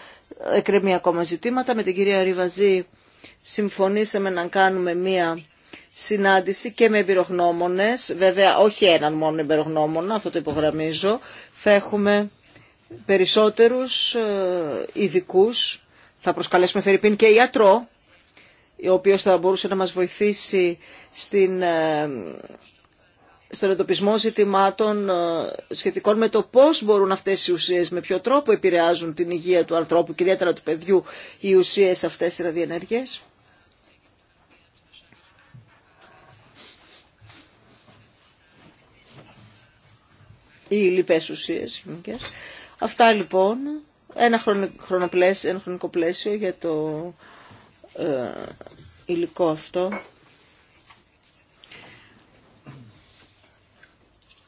εκκρεμή ακόμα ζητήματα. Με την κυρία Ριβαζή συμφωνήσαμε να κάνουμε μία συνάντηση και με εμπειρογνώμονε. βέβαια όχι έναν μόνο εμπειρογνώμονα, αυτό το υπογραμμίζω, θα έχουμε περισσότερους ε, ειδικού. θα προσκαλέσουμε Φερρυπίν και ιατρό, ο οποίος θα μπορούσε να μας βοηθήσει στην ε, στον εντοπισμό ζητημάτων ε, σχετικών με το πώς μπορούν αυτές οι ουσίες, με ποιο τρόπο επηρεάζουν την υγεία του ανθρώπου και ιδιαίτερα του παιδιού οι ουσίες αυτές οι ραδιενέργειε. Ή λοιπές ουσίες Αυτά λοιπόν, ένα, ένα χρονικό πλαίσιο για το ε, υλικό αυτό.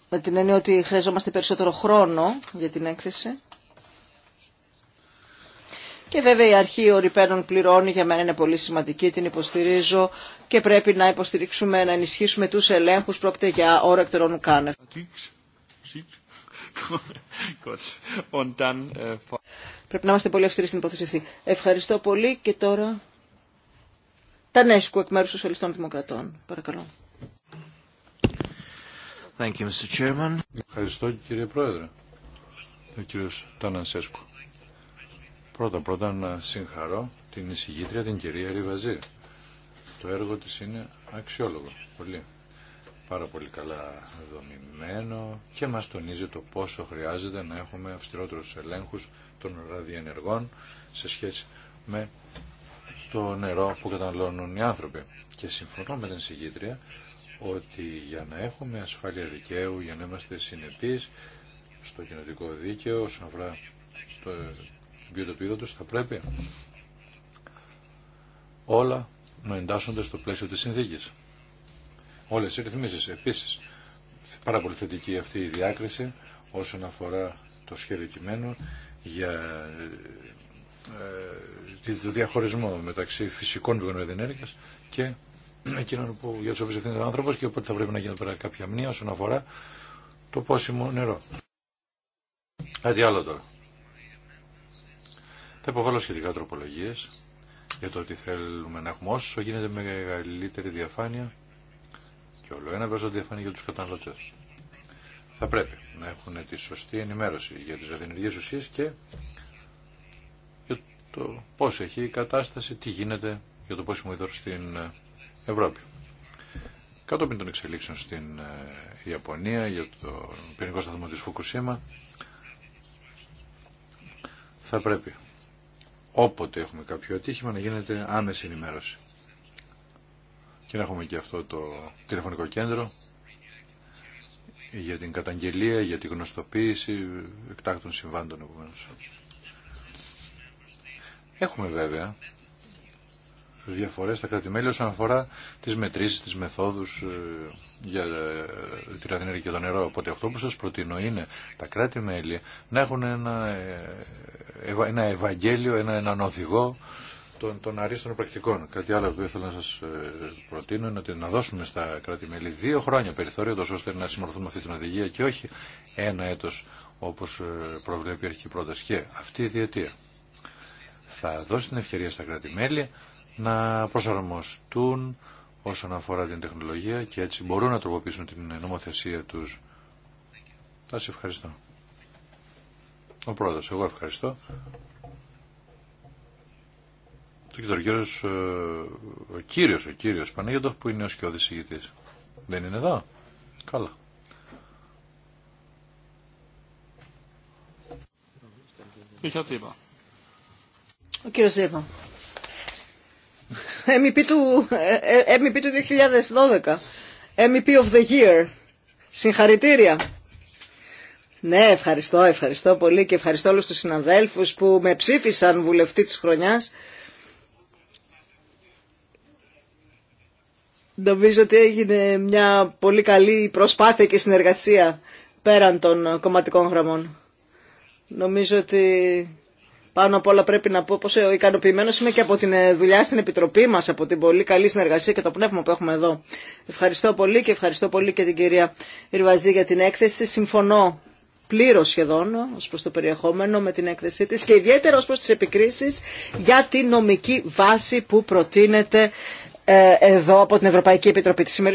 με την έννοια ότι χρειαζόμαστε περισσότερο χρόνο για την έκθεση. Και βέβαια η αρχή ορυπαίνων πληρώνει για μένα είναι πολύ σημαντική, την υποστηρίζω και πρέπει να υποστηρίξουμε, να ενισχύσουμε τους ελέγχους, πρόκειται για όρο εκτερών κάνευ. Ε, πρέπει να είμαστε πολύ αυστηροί στην υπόθεση αυτή. Ευχαριστώ πολύ και τώρα τα Νέσκου εκ μέρους Σοσιαλιστών Δημοκρατών. Παρακαλώ. Ευχαριστώ κύριε Πρόεδρε. Ο κύριος Τανανσέσκου. Πρώτα πρώτα να συγχαρώ την εισηγήτρια την κυρία Ριβαζή. Το έργο της είναι αξιόλογο. Πολύ. Πάρα πολύ καλά δομημένο και μας τονίζει το πόσο χρειάζεται να έχουμε αυστηρότερους ελέγχους των ραδιενεργών σε σχέση με το νερό που καταναλώνουν οι άνθρωποι. Και συμφωνώ με την συγκήτρια ότι για να έχουμε ασφάλεια δικαίου, για να είμαστε συνεπείς στο κοινοτικό δίκαιο, όσον αφορά το βιοτοπίδο τους, θα πρέπει όλα να εντάσσονται στο πλαίσιο της συνθήκης. Όλες οι ρυθμίσεις. Επίσης, πάρα πολύ θετική αυτή η διάκριση όσον αφορά το σχέδιο κειμένου για ε, ε, το διαχωρισμό μεταξύ φυσικών πηγών ενέργεια και εκείνων που για του οποίου ευθύνεται ο άνθρωπο και οπότε θα πρέπει να γίνεται πέρα κάποια μνήμα όσον αφορά το πόσιμο νερό. Κάτι άλλο τώρα. Θα υποβάλω σχετικά τροπολογίε για το ότι θέλουμε να έχουμε όσο γίνεται μεγαλύτερη διαφάνεια και όλο ένα περισσότερο διαφάνεια για του καταναλωτέ. Θα πρέπει να έχουν τη σωστή ενημέρωση για τι βαθενεργέ ουσίε και για το πώ έχει η κατάσταση, τι γίνεται για το πόσιμο υδρό στην Ευρώπη. Κατόπιν των εξελίξεων στην ε, Ιαπωνία για το πυρηνικό σταθμό της Φουκουσίμα θα πρέπει όποτε έχουμε κάποιο ατύχημα να γίνεται άμεση ενημέρωση. Και να έχουμε και αυτό το τηλεφωνικό κέντρο για την καταγγελία, για την γνωστοποίηση εκτάκτων συμβάντων Έχουμε βέβαια διαφορές στα κράτη-μέλη όσον αφορά τις μετρήσεις, τις μεθόδους ε, για ε, την Αθηνέρη και το νερό. Οπότε αυτό που σας προτείνω είναι τα κράτη-μέλη να έχουν ένα, ε, ένα ευαγγέλιο, ένα, έναν οδηγό των, των αρίστων πρακτικών. Κάτι άλλο που ήθελα να σας προτείνω είναι ότι να δώσουμε στα κράτη-μέλη δύο χρόνια περιθώριο ώστε να συμμορφωθούν με αυτή την οδηγία και όχι ένα έτος όπως προβλέπει η αρχική πρόταση. Και αυτή η διετία θα δώσει την ευκαιρία στα κράτη-μέλη να προσαρμοστούν όσον αφορά την τεχνολογία και έτσι μπορούν να τροποποιήσουν την νομοθεσία τους. Θα ευχαριστώ. Ο πρόεδρος, εγώ ευχαριστώ. Το κύριο ε, ο κύριος, ο κύριος, ο κύριος που είναι ο σκιώδης Δεν είναι εδώ. Καλά. Ο κύριος Ζήπα. MEP του, ε, ε, e του 2012. MEP of the year. Συγχαρητήρια. Ναι, ευχαριστώ, ευχαριστώ πολύ και ευχαριστώ όλους τους συναδέλφους που με ψήφισαν βουλευτή της χρονιάς. Νομίζω ότι έγινε μια πολύ καλή προσπάθεια και συνεργασία πέραν των κομματικών γραμμών. Νομίζω ότι πάνω απ' όλα πρέπει να πω πόσο ε, ικανοποιημένο είμαι και από την ε, δουλειά στην Επιτροπή μας, από την πολύ καλή συνεργασία και το πνεύμα που έχουμε εδώ. Ευχαριστώ πολύ και ευχαριστώ πολύ και την κυρία Ιρβαζή για την έκθεση. Συμφωνώ πλήρως σχεδόν ως προς το περιεχόμενο με την έκθεσή της και ιδιαίτερα ως προ τι επικρίσεις για τη νομική βάση που προτείνεται ε, εδώ από την Ευρωπαϊκή Επιτροπή. Τη με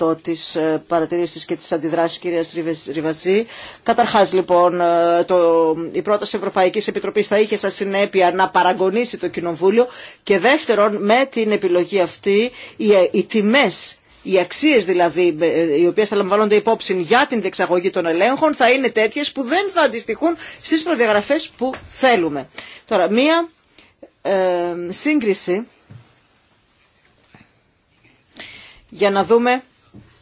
100% τις ε, παρατηρήσεις και της τη κυρία Ριβαζή. Καταρχά, λοιπόν ε, το, η πρόταση ευρωπαϊκή επιτροπή θα είχε σαν συνέπεια να παραγωνίσει το Κοινοβούλιο και δεύτερον με την επιλογή αυτή οι, οι τιμές οι αξίες δηλαδή οι οποίες θα λαμβάνονται υπόψη για την διεξαγωγή των ελέγχων θα είναι τέτοιες που δεν θα αντιστοιχούν στις προδιαγραφές που θέλουμε. Τώρα, μία ε, σύγκριση για να δούμε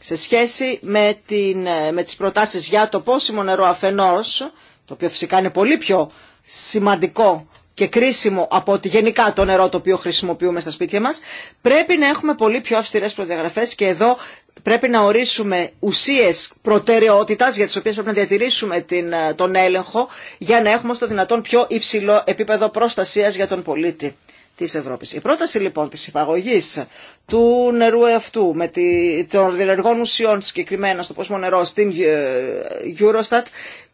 σε σχέση με, την, ε, με τις προτάσεις για το πόσιμο νερό αφενός, το οποίο φυσικά είναι πολύ πιο σημαντικό και κρίσιμο από ότι γενικά το νερό το οποίο χρησιμοποιούμε στα σπίτια μας, πρέπει να έχουμε πολύ πιο αυστηρές προδιαγραφές και εδώ πρέπει να ορίσουμε ουσίες προτεραιότητας για τις οποίες πρέπει να διατηρήσουμε την, ε, τον έλεγχο για να έχουμε στο δυνατόν πιο υψηλό επίπεδο προστασίας για τον πολίτη της Ευρώπης. Η πρόταση λοιπόν της υπαγωγής του νερού αυτού με τη, των διενεργών ουσιών συγκεκριμένα στο πόσμο νερό στην ε, Eurostat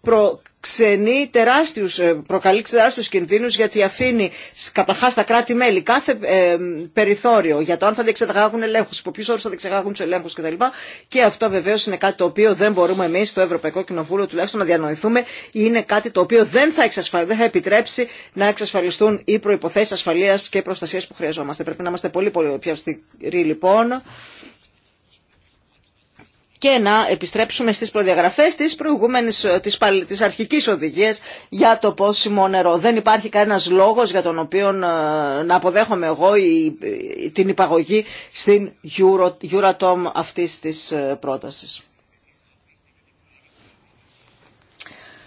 προξενεί τεράστιους, ε, προκαλεί τεράστιους κινδύνους γιατί αφήνει καταρχά τα κράτη-μέλη κάθε ε, περιθώριο για το αν θα διεξεγάγουν ελέγχους, υπό ποιους όρους θα διεξεγάγουν τους ελέγχους κτλ. Και αυτό βεβαίως είναι κάτι το οποίο δεν μπορούμε εμείς στο Ευρωπαϊκό Κοινοβούλιο τουλάχιστον να διανοηθούμε. Είναι κάτι το οποίο δεν θα, εξασφαλ, δεν θα επιτρέψει να εξασφαλιστούν οι προϋποθέσεις ασφαλείας και προστασίας που χρειαζόμαστε. Πρέπει να είμαστε πολύ πολύ πιο αυστηροί λοιπόν και να επιστρέψουμε στις προδιαγραφές της προηγούμενης, ε, της, της αρχικής οδηγίας για το πόσιμο νερό. Δεν υπάρχει κανένας λόγος για τον οποίο ε, να αποδέχομαι εγώ την υπαγωγή στην Euro, Euratom αυτής της ε, πρότασης.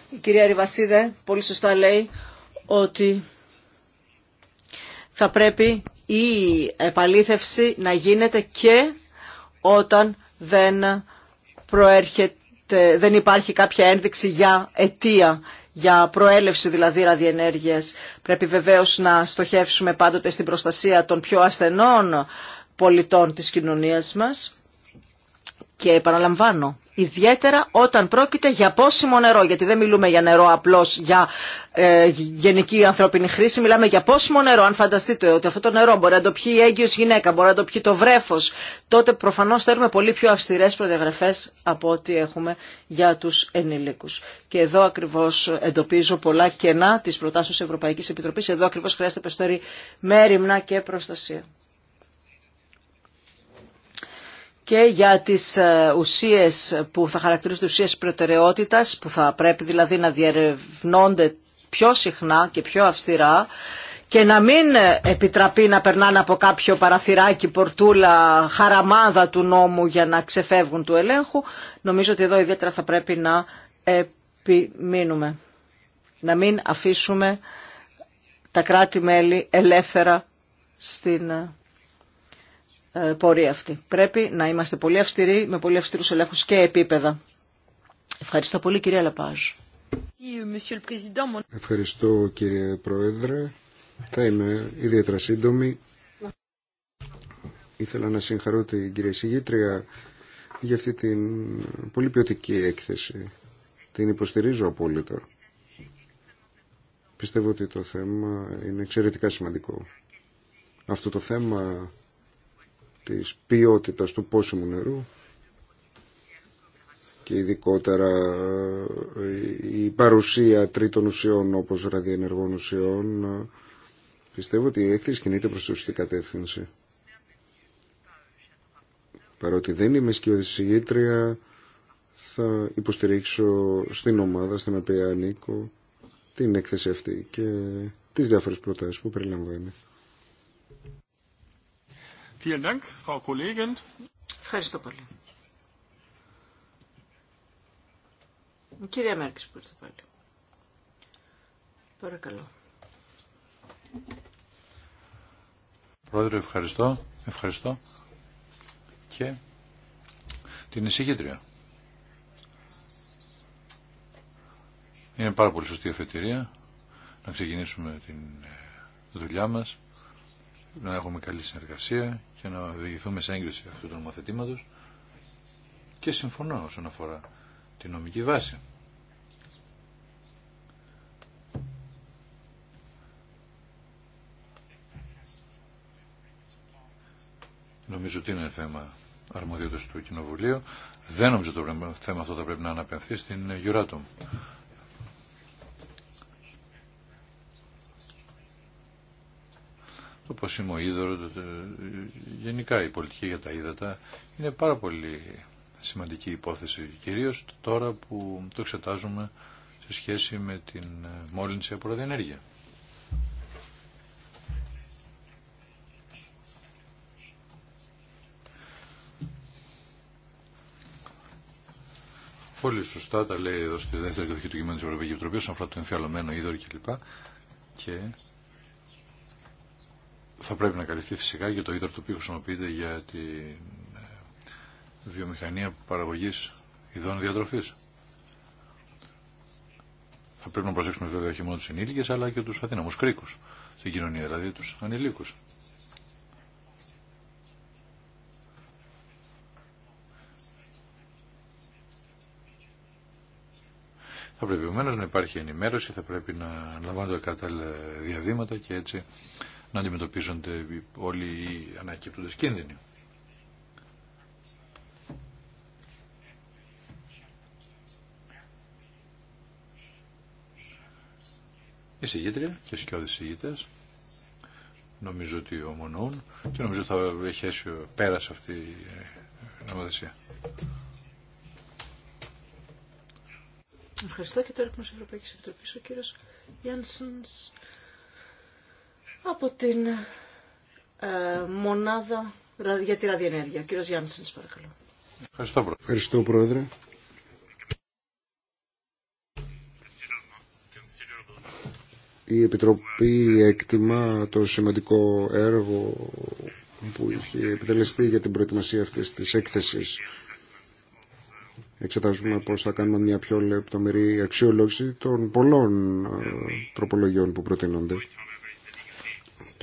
Η κυρία Ριβασίδε πολύ σωστά λέει ότι θα πρέπει η επαλήθευση να γίνεται και όταν δεν προέρχεται, δεν υπάρχει κάποια ένδειξη για αιτία, για προέλευση δηλαδή ραδιενέργειας. Πρέπει βεβαίως να στοχεύσουμε πάντοτε στην προστασία των πιο ασθενών πολιτών της κοινωνίας μας. Και επαναλαμβάνω, ιδιαίτερα όταν πρόκειται για πόσιμο νερό, γιατί δεν μιλούμε για νερό απλώς για ε, γενική ανθρώπινη χρήση, μιλάμε για πόσιμο νερό. Αν φανταστείτε ότι αυτό το νερό μπορεί να το πιει η έγκυος γυναίκα, μπορεί να το πιει το βρέφος, τότε προφανώς θέλουμε πολύ πιο αυστηρές προδιαγραφές από ό,τι έχουμε για τους ενηλίκους. Και εδώ ακριβώς εντοπίζω πολλά κενά της προτάσεως Ευρωπαϊκής Επιτροπής, εδώ ακριβώς χρειάζεται περισσότερη μέρημνα και προστασία. και για τις ε, ουσίες που θα χαρακτηρίζονται ουσίες προτεραιότητας, που θα πρέπει δηλαδή να διερευνώνται πιο συχνά και πιο αυστηρά και να μην ε, επιτραπεί να περνάνε από κάποιο παραθυράκι, πορτούλα, χαραμάδα του νόμου για να ξεφεύγουν του ελέγχου, νομίζω ότι εδώ ιδιαίτερα θα πρέπει να επιμείνουμε. Να μην αφήσουμε τα κράτη-μέλη ελεύθερα στην ε, ε, πορεία αυτή. Πρέπει να είμαστε πολύ αυστηροί, με πολύ αυστηρούς ελέγχους και επίπεδα. Ευχαριστώ πολύ κυρία Λαπάζ. Ευχαριστώ κύριε Πρόεδρε. Θα είμαι ιδιαίτερα σύντομη. Ήθελα να συγχαρώ την κυρία Συγήτρια για αυτή την πολύ ποιοτική έκθεση. Την υποστηρίζω απόλυτα. Πιστεύω ότι το θέμα είναι εξαιρετικά σημαντικό. Αυτό το θέμα της ποιότητας του πόσιμου νερού και ειδικότερα ε, η παρουσία τρίτων ουσιών όπως ραδιενεργών ουσιών ε, πιστεύω ότι η έκθεση κινείται προς τη σωστή κατεύθυνση. Παρότι δεν είμαι σκοιοδηση θα υποστηρίξω στην ομάδα στην οποία ανήκω την έκθεση αυτή και τις διάφορες προτάσεις που περιλαμβάνει. Ευχαριστώ πολύ. κυρία Μέρκης που ήρθε πάλι. Παρακαλώ. Πρόεδρε, ευχαριστώ. Ευχαριστώ. Και την εισηγήτρια. Είναι πάρα πολύ σωστή αφετηρία να ξεκινήσουμε την δουλειά μας, να έχουμε καλή συνεργασία και να οδηγηθούμε σε έγκριση αυτού του νομοθετήματος και συμφωνώ όσον αφορά τη νομική βάση. Νομίζω ότι είναι θέμα αρμοδιότητας του Κοινοβουλίου. Δεν νομίζω ότι το θέμα αυτό θα πρέπει να αναπαινθεί στην Euratom. το ποσίμο είδωρο, γενικά η πολιτική για τα ύδατα είναι πάρα πολύ σημαντική υπόθεση, κυρίως τώρα που το εξετάζουμε σε σχέση με την ε, μόλυνση από ενέργεια. Πολύ σωστά τα λέει εδώ στη δεύτερη Κατοχή του κειμένου της Ευρωπαϊκή Επιτροπής όσον αφορά το εμφιαλωμένο είδωρο κλπ. και θα πρέπει να καλυφθεί φυσικά για το ίδιο το οποίο χρησιμοποιείται για τη ε, βιομηχανία παραγωγής ειδών διατροφής. Θα πρέπει να προσέξουμε βέβαια όχι μόνο του ενήλικε αλλά και του αδύναμου κρίκου, στην κοινωνία, δηλαδή του ανηλίκους. Θα πρέπει ομένως να υπάρχει ενημέρωση, θα πρέπει να λαμβάνονται κατάλληλα διαδήματα και έτσι να αντιμετωπίζονται όλοι οι ανακύπτοντες κίνδυνοι. Η συγγήτρια και σκιώδης συγγήτες νομίζω ότι ομονοούν και νομίζω ότι θα έχει έσιο πέρας αυτή η ε, νομοθεσία. Ευχαριστώ και τώρα έχουμε στην Ευρωπαϊκή Επιτροπή ο κύριος Γιάννσενς από την ε, μονάδα για τη ραδιενέργεια. Ο κύριος Γιάννης, σας παρακαλώ. Ευχαριστώ, Πρόεδρε. Ευχαριστώ, Πρόεδρε. Η Επιτροπή εκτιμά το σημαντικό έργο που είχε επιτελεστεί για την προετοιμασία αυτής της έκθεσης. Εξετάζουμε πώς θα κάνουμε μια πιο λεπτομερή αξιολόγηση των πολλών ε, τροπολογιών που προτείνονται.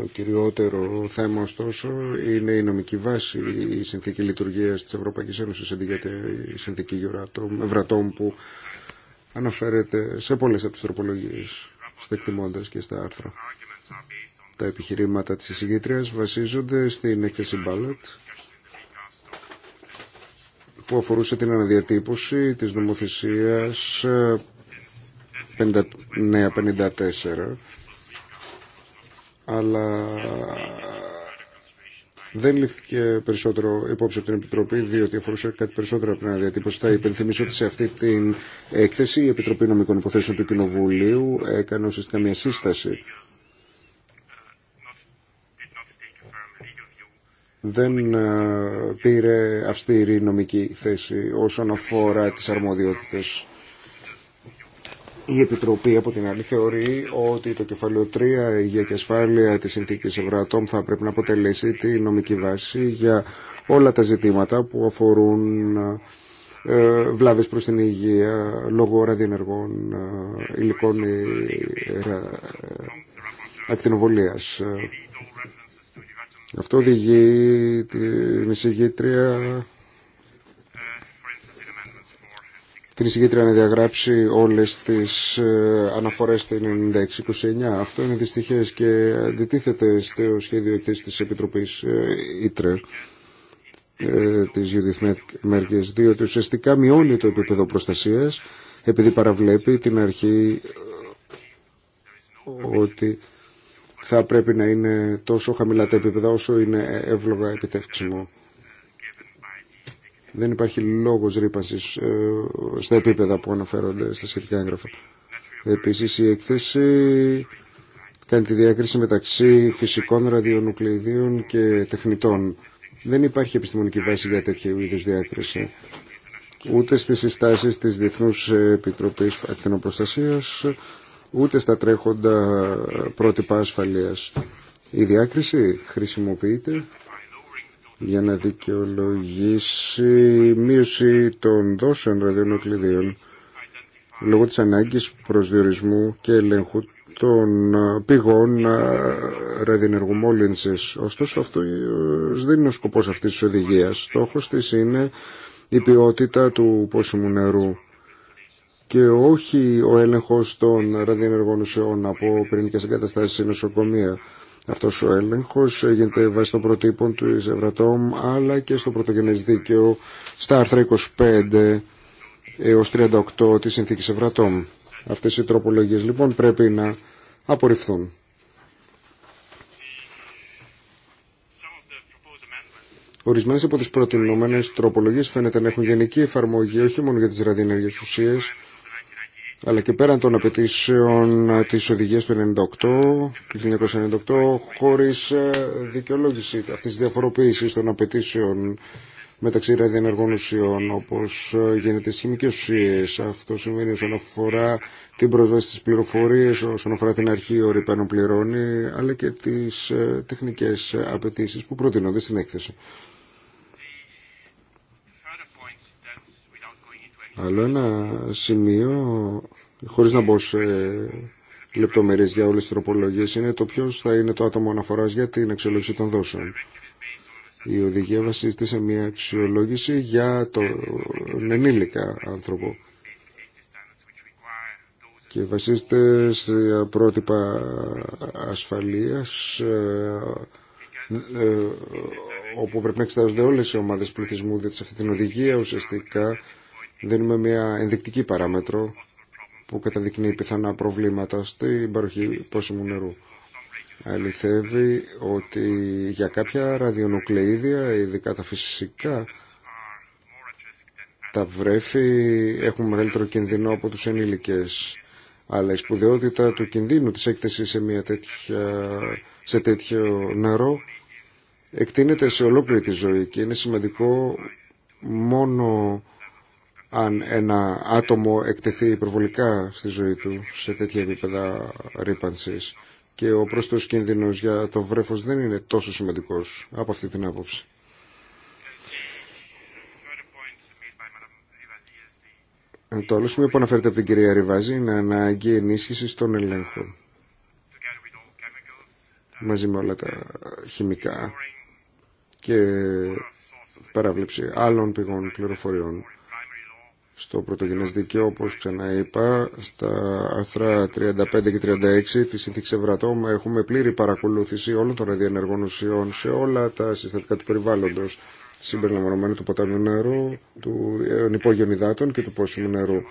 Το κυριότερο θέμα, ωστόσο, είναι η νομική βάση, η συνθήκη λειτουργία τη Ευρωπαϊκή Ένωση, αντί για τη συνθήκη Ευρατών που αναφέρεται σε πολλέ από τι τροπολογίε, στα εκτιμώντα και στα άρθρα. Τα επιχειρήματα της εισηγήτριας βασίζονται στην έκθεση Ballot που αφορούσε την αναδιατύπωση της νομοθεσίας 54 αλλά δεν λήφθηκε περισσότερο υπόψη από την Επιτροπή, διότι αφορούσε κάτι περισσότερο από την αδιατύπωση. Θα υπενθυμίσω ότι σε αυτή την έκθεση η Επιτροπή Νομικών Υποθέσεων του Κοινοβουλίου έκανε ουσιαστικά μια σύσταση. Δεν ε, πήρε αυστηρή νομική θέση όσον αφορά τις αρμοδιότητες η Επιτροπή από την άλλη θεωρεί ότι το κεφάλαιο 3 Υγεία και Ασφάλεια της Συνθήκης ευρωατόμ θα πρέπει να αποτελέσει τη νομική βάση για όλα τα ζητήματα που αφορούν ε, βλάβες προς την υγεία λόγω ραδιενεργών ε, υλικών ή ε, ακτινοβολίας. Αυτό οδηγεί την εισηγήτρια την εισηγήτρια να διαγράψει όλες τις ε, αναφορές στην 96-29. Αυτό είναι δυστυχές και αντιτίθεται στο σχέδιο εκθέσης της Επιτροπής ε, Ήτρε ε, της Judith Merkes, διότι ουσιαστικά μειώνει το επίπεδο προστασίας επειδή παραβλέπει την αρχή ότι θα πρέπει να είναι τόσο χαμηλά τα επίπεδα όσο είναι εύλογα επιτεύξιμο δεν υπάρχει λόγος ρήπασης ε, στα επίπεδα που αναφέρονται στα σχετικά έγγραφα. Επίσης η εκθέση κάνει τη διάκριση μεταξύ φυσικών ραδιονουκλειδίων και τεχνητών. Δεν υπάρχει επιστημονική βάση για τέτοιου είδους διάκριση. Ούτε στις συστάσεις της Διεθνούς Επιτροπής Ακτινοπροστασίας, ούτε στα τρέχοντα πρότυπα ασφαλείας. Η διάκριση χρησιμοποιείται για να δικαιολογήσει μείωση των δόσεων ραδιονοκλειδίων λόγω της ανάγκης προσδιορισμού και ελέγχου των πηγών ραδιενεργού Ωστόσο αυτό δεν είναι ο σκοπός αυτής της οδηγίας. Στόχος της είναι η ποιότητα του πόσιμου νερού και όχι ο έλεγχος των ραδιενεργών ουσιών από πυρηνικές εγκαταστάσεις σε νοσοκομεία. Αυτό ο έλεγχο γίνεται βάσει των προτύπων του Ευρατόμ αλλά και στο πρωτογενέ δίκαιο στα άρθρα 25 έω 38 τη συνθήκη Ευρατόμ. Αυτέ οι τροπολογίε λοιπόν πρέπει να απορριφθούν. Ορισμένε από τι προτινόμενε τροπολογίε φαίνεται να έχουν γενική εφαρμογή όχι μόνο για τι ραδιενέργειε ουσίε, αλλά και πέραν των απαιτήσεων ε, της οδηγίας του 98, 1998 χωρίς ε, δικαιολόγηση αυτής της διαφοροποίησης των απαιτήσεων μεταξύ ραδιενεργών ουσιών όπως ε, γίνεται στις χημικές ουσίες. Αυτό σημαίνει όσον αφορά την πρόσβαση της πληροφορίε, όσον αφορά την αρχή πάνω πληρώνει, αλλά και τις τεχνικές απαιτήσεις που προτείνονται στην έκθεση. Άλλο ένα σημείο, χωρίς να μπω σε για όλες τις τροπολογίες, είναι το ποιος θα είναι το άτομο αναφοράς για την αξιολόγηση των δόσεων. Η οδηγία βασίζεται σε μια αξιολόγηση για τον ενήλικα άνθρωπο και βασίζεται σε πρότυπα ασφαλείας ε, ε, όπου πρέπει να εξετάζονται όλες οι ομάδες πληθυσμού διότι σε αυτή την οδηγία ουσιαστικά δίνουμε μια ενδεικτική παράμετρο που καταδεικνύει πιθανά προβλήματα στην παροχή πόσιμου νερού. Αληθεύει ότι για κάποια ραδιονουκλεΐδια, ειδικά τα φυσικά, τα βρέφη έχουν μεγαλύτερο κινδυνό από τους ενήλικες. Αλλά η σπουδαιότητα του κινδύνου της έκθεσης σε, μια τέτοια, σε τέτοιο νερό εκτείνεται σε ολόκληρη τη ζωή και είναι σημαντικό μόνο αν ένα άτομο εκτεθεί υπερβολικά στη ζωή του σε τέτοια επίπεδα ρήπανση. Και ο πρόσθετος κίνδυνος για το βρέφος δεν είναι τόσο σημαντικός από αυτή την άποψη. Το άλλο σημείο που αναφέρεται από την κυρία Ριβάζη είναι ανάγκη ενίσχυση των ελέγχων. Μαζί με όλα τα χημικά και παράβλεψη άλλων πηγών πληροφοριών στο πρωτογενές δίκαιο, όπως ξαναείπα, στα άρθρα 35 και 36 τη συνθήκη Ευρατόμ έχουμε πλήρη παρακολούθηση όλων των ραδιενεργών ουσιών σε όλα τα συστατικά του περιβάλλοντος, συμπεριλαμβανομένου του ποτάμιου νερού, του ε, υπόγειων υδάτων και του πόσιμου νερού.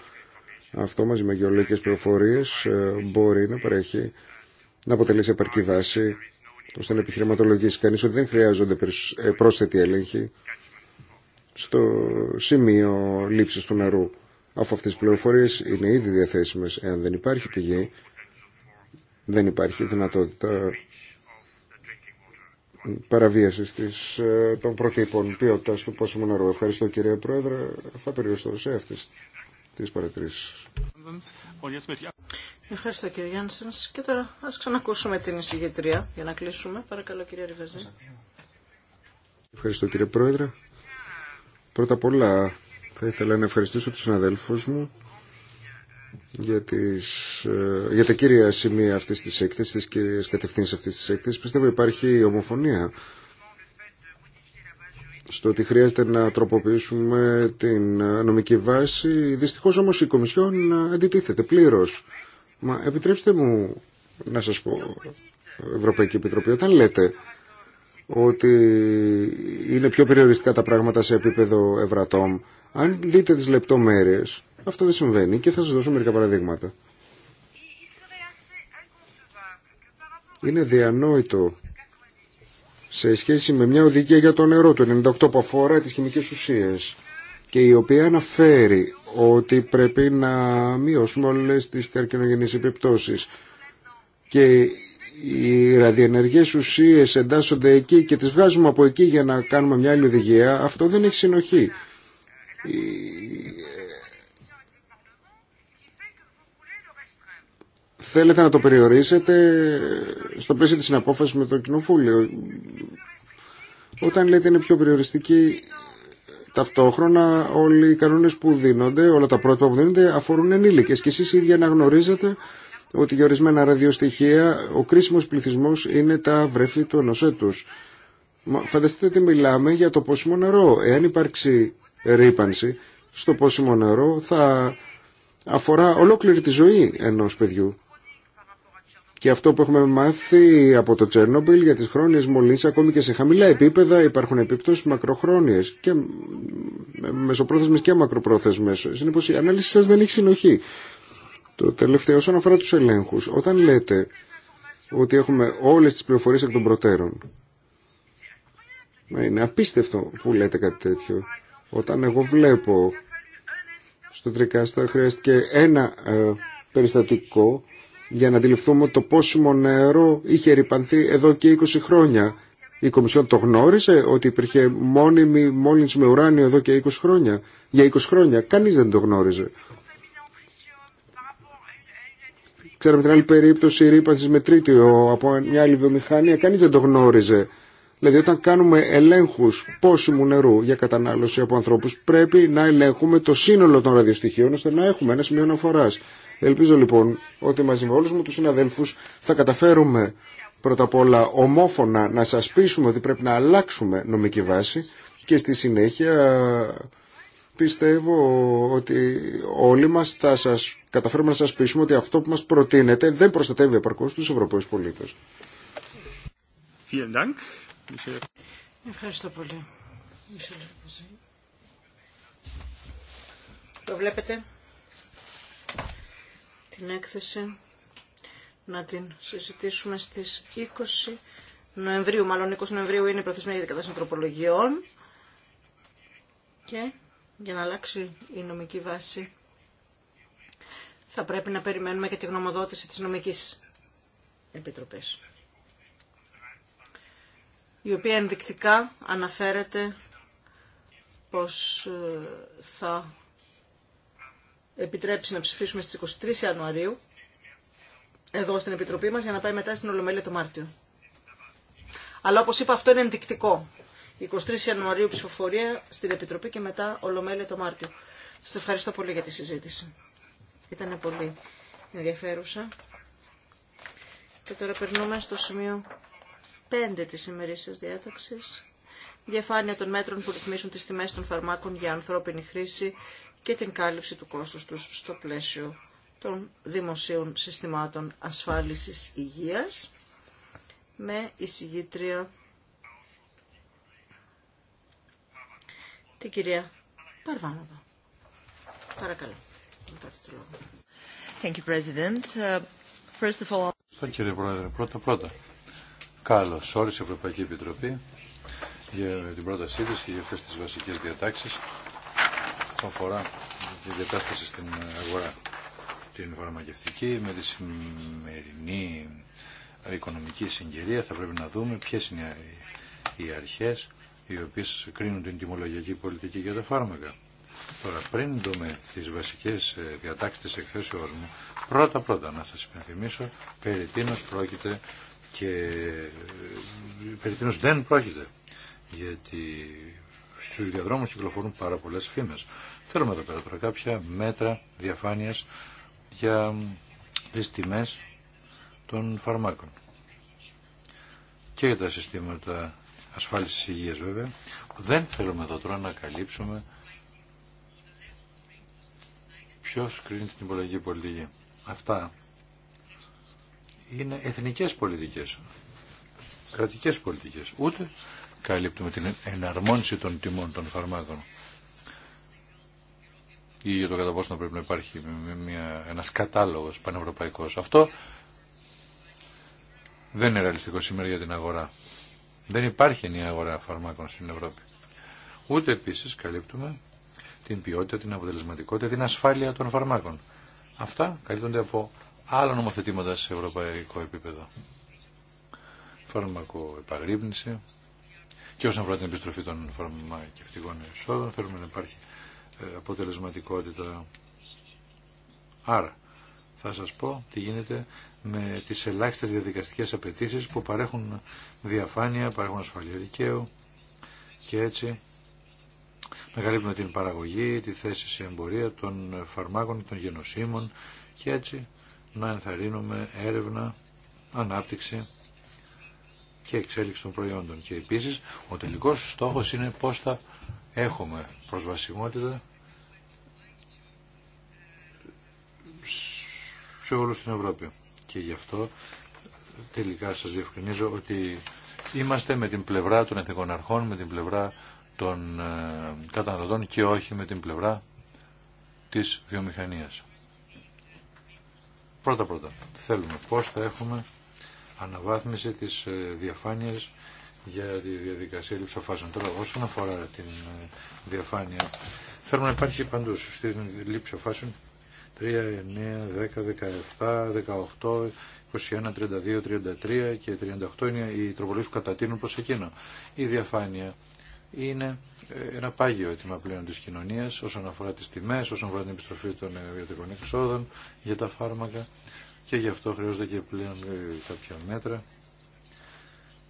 Αυτό μαζί με γεωλογικέ πληροφορίε, ε, μπορεί να παρέχει να αποτελεί σε επαρκή βάση ώστε να επιχειρηματολογήσει κανεί ότι δεν χρειάζονται ε, πρόσθετη έλεγχοι στο σημείο λήψη του νερού αφού αυτέ τι πληροφορίε είναι ήδη διαθέσιμε εάν δεν υπάρχει πηγή δεν υπάρχει δυνατότητα παραβίαση ε, των προτύπων ποιότητα του πόσιμου νερού. Ευχαριστώ κύριε Πρόεδρε. Θα περιοριστώ σε αυτές τις παρατηρήσει. Ευχαριστώ κύριε Γιάννη Και τώρα α ξανακούσουμε την εισηγητρία για να κλείσουμε. Παρακαλώ κύριε Ριβεζή. Ευχαριστώ κύριε Πρόεδρε. Πρώτα απ' όλα θα ήθελα να ευχαριστήσω τους συναδέλφους μου για, ε, για τα κύρια σημεία αυτής της έκθεσης, τις κύριες κατευθύνσεις αυτής της έκθεσης. Πιστεύω υπάρχει ομοφωνία στο ότι χρειάζεται να τροποποιήσουμε την νομική βάση. Δυστυχώς όμως η Κομισιόν αντιτίθεται πλήρως. Μα επιτρέψτε μου να σας πω, Ευρωπαϊκή Επιτροπή, όταν λέτε ότι είναι πιο περιοριστικά τα πράγματα σε επίπεδο ευρατόμ. Αν δείτε τις λεπτομέρειες, αυτό δεν συμβαίνει και θα σας δώσω μερικά παραδείγματα. Είναι διανόητο σε σχέση με μια οδηγία για το νερό του 98 που αφορά τις χημικές ουσίες και η οποία αναφέρει ότι πρέπει να μειώσουμε όλες τις καρκινογενείς επιπτώσεις και οι ραδιενεργές ουσίες εντάσσονται εκεί και τις βγάζουμε από εκεί για να κάνουμε μια άλλη οδηγία, αυτό δεν έχει συνοχή. Θέλετε να το περιορίσετε στο πλαίσιο της συναπόφασης με το κοινοβούλιο. Όταν λέτε είναι πιο περιοριστική, ταυτόχρονα όλοι οι κανόνες που δίνονται, όλα τα πρότυπα που δίνονται αφορούν ενήλικες και εσείς ίδια αναγνωρίζετε ότι για ορισμένα ραδιοστοιχεία ο κρίσιμος πληθυσμός είναι τα βρέφη του ενό έτου. Φανταστείτε ότι μιλάμε για το πόσιμο νερό. Εάν υπάρξει ρήπανση στο πόσιμο νερό θα αφορά ολόκληρη τη ζωή ενός παιδιού. Και αυτό που έχουμε μάθει από το Τσέρνομπιλ για τις χρόνιες μολύνσεις, ακόμη και σε χαμηλά επίπεδα υπάρχουν επιπτώσεις μακροχρόνιες και μεσοπρόθεσμες και μακροπρόθεσμες. Συνεπώς η ανάλυση σα δεν έχει συνοχή. Το τελευταίο, όσον αφορά του ελέγχους, όταν λέτε ότι έχουμε όλες τις πληροφορίες εκ των προτέρων, είναι απίστευτο που λέτε κάτι τέτοιο. Όταν εγώ βλέπω στο Τρικάστα χρειάστηκε ένα ε, περιστατικό για να αντιληφθούμε το πόσο νερό είχε ρηπανθεί εδώ και 20 χρόνια. Η Κομισιόν το γνώρισε ότι υπήρχε μόνιμη μόλυνση με ουράνιο εδώ και 20 χρόνια. Για 20 χρόνια. Κανείς δεν το γνώριζε. Ξέραμε την άλλη περίπτωση ρήπανση με τρίτιο από μια άλλη βιομηχανία. Κανεί δεν το γνώριζε. Δηλαδή, όταν κάνουμε ελέγχου πόσιμου νερού για κατανάλωση από ανθρώπου, πρέπει να ελέγχουμε το σύνολο των ραδιοστοιχείων ώστε να έχουμε ένα σημείο αναφορά. Ελπίζω λοιπόν ότι μαζί με όλου μου του συναδέλφου θα καταφέρουμε πρώτα απ' όλα ομόφωνα να σα πείσουμε ότι πρέπει να αλλάξουμε νομική βάση και στη συνέχεια πιστεύω ότι όλοι μας θα σας καταφέρουμε να σας πείσουμε ότι αυτό που μας προτείνετε δεν προστατεύει επαρκώς τους Ευρωπαίους πολίτες. Ευχαριστώ πολύ. Το βλέπετε την έκθεση να την συζητήσουμε στις 20 Νοεμβρίου, μάλλον 20 Νοεμβρίου είναι η προθεσμία για την κατάσταση των τροπολογιών και για να αλλάξει η νομική βάση θα πρέπει να περιμένουμε και τη γνωμοδότηση της νομικής επιτροπής η οποία ενδεικτικά αναφέρεται πως ε, θα επιτρέψει να ψηφίσουμε στις 23 Ιανουαρίου εδώ στην Επιτροπή μας για να πάει μετά στην Ολομέλεια το Μάρτιο. Αλλά όπως είπα αυτό είναι ενδεικτικό. 23 Ιανουαρίου ψηφοφορία στην Επιτροπή και μετά Ολομέλεια το Μάρτιο. Σας ευχαριστώ πολύ για τη συζήτηση. Ήταν πολύ ενδιαφέρουσα. Και τώρα περνούμε στο σημείο 5 της ημερήσιας διάταξης. Διαφάνεια των μέτρων που ρυθμίσουν τις τιμές των φαρμάκων για ανθρώπινη χρήση και την κάλυψη του κόστους τους στο πλαίσιο των δημοσίων συστημάτων ασφάλισης υγείας με εισηγήτρια την κυρία Παρβάνοβα. Παρακαλώ. Thank you, President. Uh, first of all... κύριε Πρόεδρε, πρώτα πρώτα. Καλώ όρισε η Ευρωπαϊκή Επιτροπή για την πρότασή τη και για αυτέ τι βασικέ διατάξει που αφορά τη διατάσταση στην αγορά την φαρμακευτική με τη σημερινή οικονομική συγκυρία θα πρέπει να δούμε ποιες είναι οι αρχές οι οποίε κρίνουν την τιμολογιακή πολιτική για τα φάρμακα. Τώρα, πριν δούμε τι βασικέ ε, διατάξει τη εκθέσεώ μου, πρώτα-πρώτα να σα υπενθυμίσω περί τίνο πρόκειται και ε, περί τίνο δεν πρόκειται, γιατί στου διαδρόμου κυκλοφορούν πάρα πολλέ φήμε. Θέλουμε εδώ πέρα τώρα κάποια μέτρα διαφάνεια για τι τιμέ των φαρμάκων και για τα συστήματα ασφάλισης υγείας βέβαια. Δεν θέλουμε εδώ τώρα να καλύψουμε ποιος κρίνει την υπολογική πολιτική. Αυτά είναι εθνικές πολιτικές, κρατικές πολιτικές. Ούτε καλύπτουμε την εναρμόνιση των τιμών των φαρμάκων ή για το κατά πόσο να πρέπει να υπάρχει μια, ένας κατάλογος πανευρωπαϊκός. Αυτό δεν είναι ρεαλιστικό σήμερα για την αγορά. Δεν υπάρχει νέα αγορά φαρμάκων στην Ευρώπη. Ούτε επίσης καλύπτουμε την ποιότητα, την αποτελεσματικότητα, την ασφάλεια των φαρμάκων. Αυτά καλύπτονται από άλλα νομοθετήματα σε ευρωπαϊκό επίπεδο. Φάρμακο επαγρύπνηση και όσον αφορά την επιστροφή των φαρμακευτικών εισόδων θέλουμε να υπάρχει ε, αποτελεσματικότητα. Άρα θα σας πω τι γίνεται με τις ελάχιστες διαδικαστικές απαιτήσεις που παρέχουν διαφάνεια, παρέχουν ασφαλεία δικαίου και έτσι μεγαλύπτουμε την παραγωγή, τη θέση σε εμπορία των φαρμάκων, των γενοσύμων και έτσι να ενθαρρύνουμε έρευνα, ανάπτυξη και εξέλιξη των προϊόντων. Και επίσης ο τελικός στόχος είναι πώς θα έχουμε προσβασιμότητα σε όλους στην Ευρώπη και γι' αυτό τελικά σας διευκρινίζω ότι είμαστε με την πλευρά των εθνικών αρχών, με την πλευρά των ε, καταναλωτών και όχι με την πλευρά της βιομηχανίας. Πρώτα πρώτα θέλουμε πώς θα έχουμε αναβάθμιση της ε, διαφάνειας για τη διαδικασία λήψη αποφάσεων. Τώρα όσον αφορά την ε, διαφάνεια θέλουμε να υπάρχει παντού στην λήψη 3, 9, 10, 17, 18, 21, 32, 33 και 38 είναι οι τροπολίες που κατατείνουν προς εκείνο. Η διαφάνεια είναι ε, ένα πάγιο αίτημα πλέον της κοινωνίας όσον αφορά τις τιμές, όσον αφορά την επιστροφή των ε, ιδιωτικών εξόδων για τα φάρμακα και γι' αυτό χρειάζονται και πλέον ε, κάποια μέτρα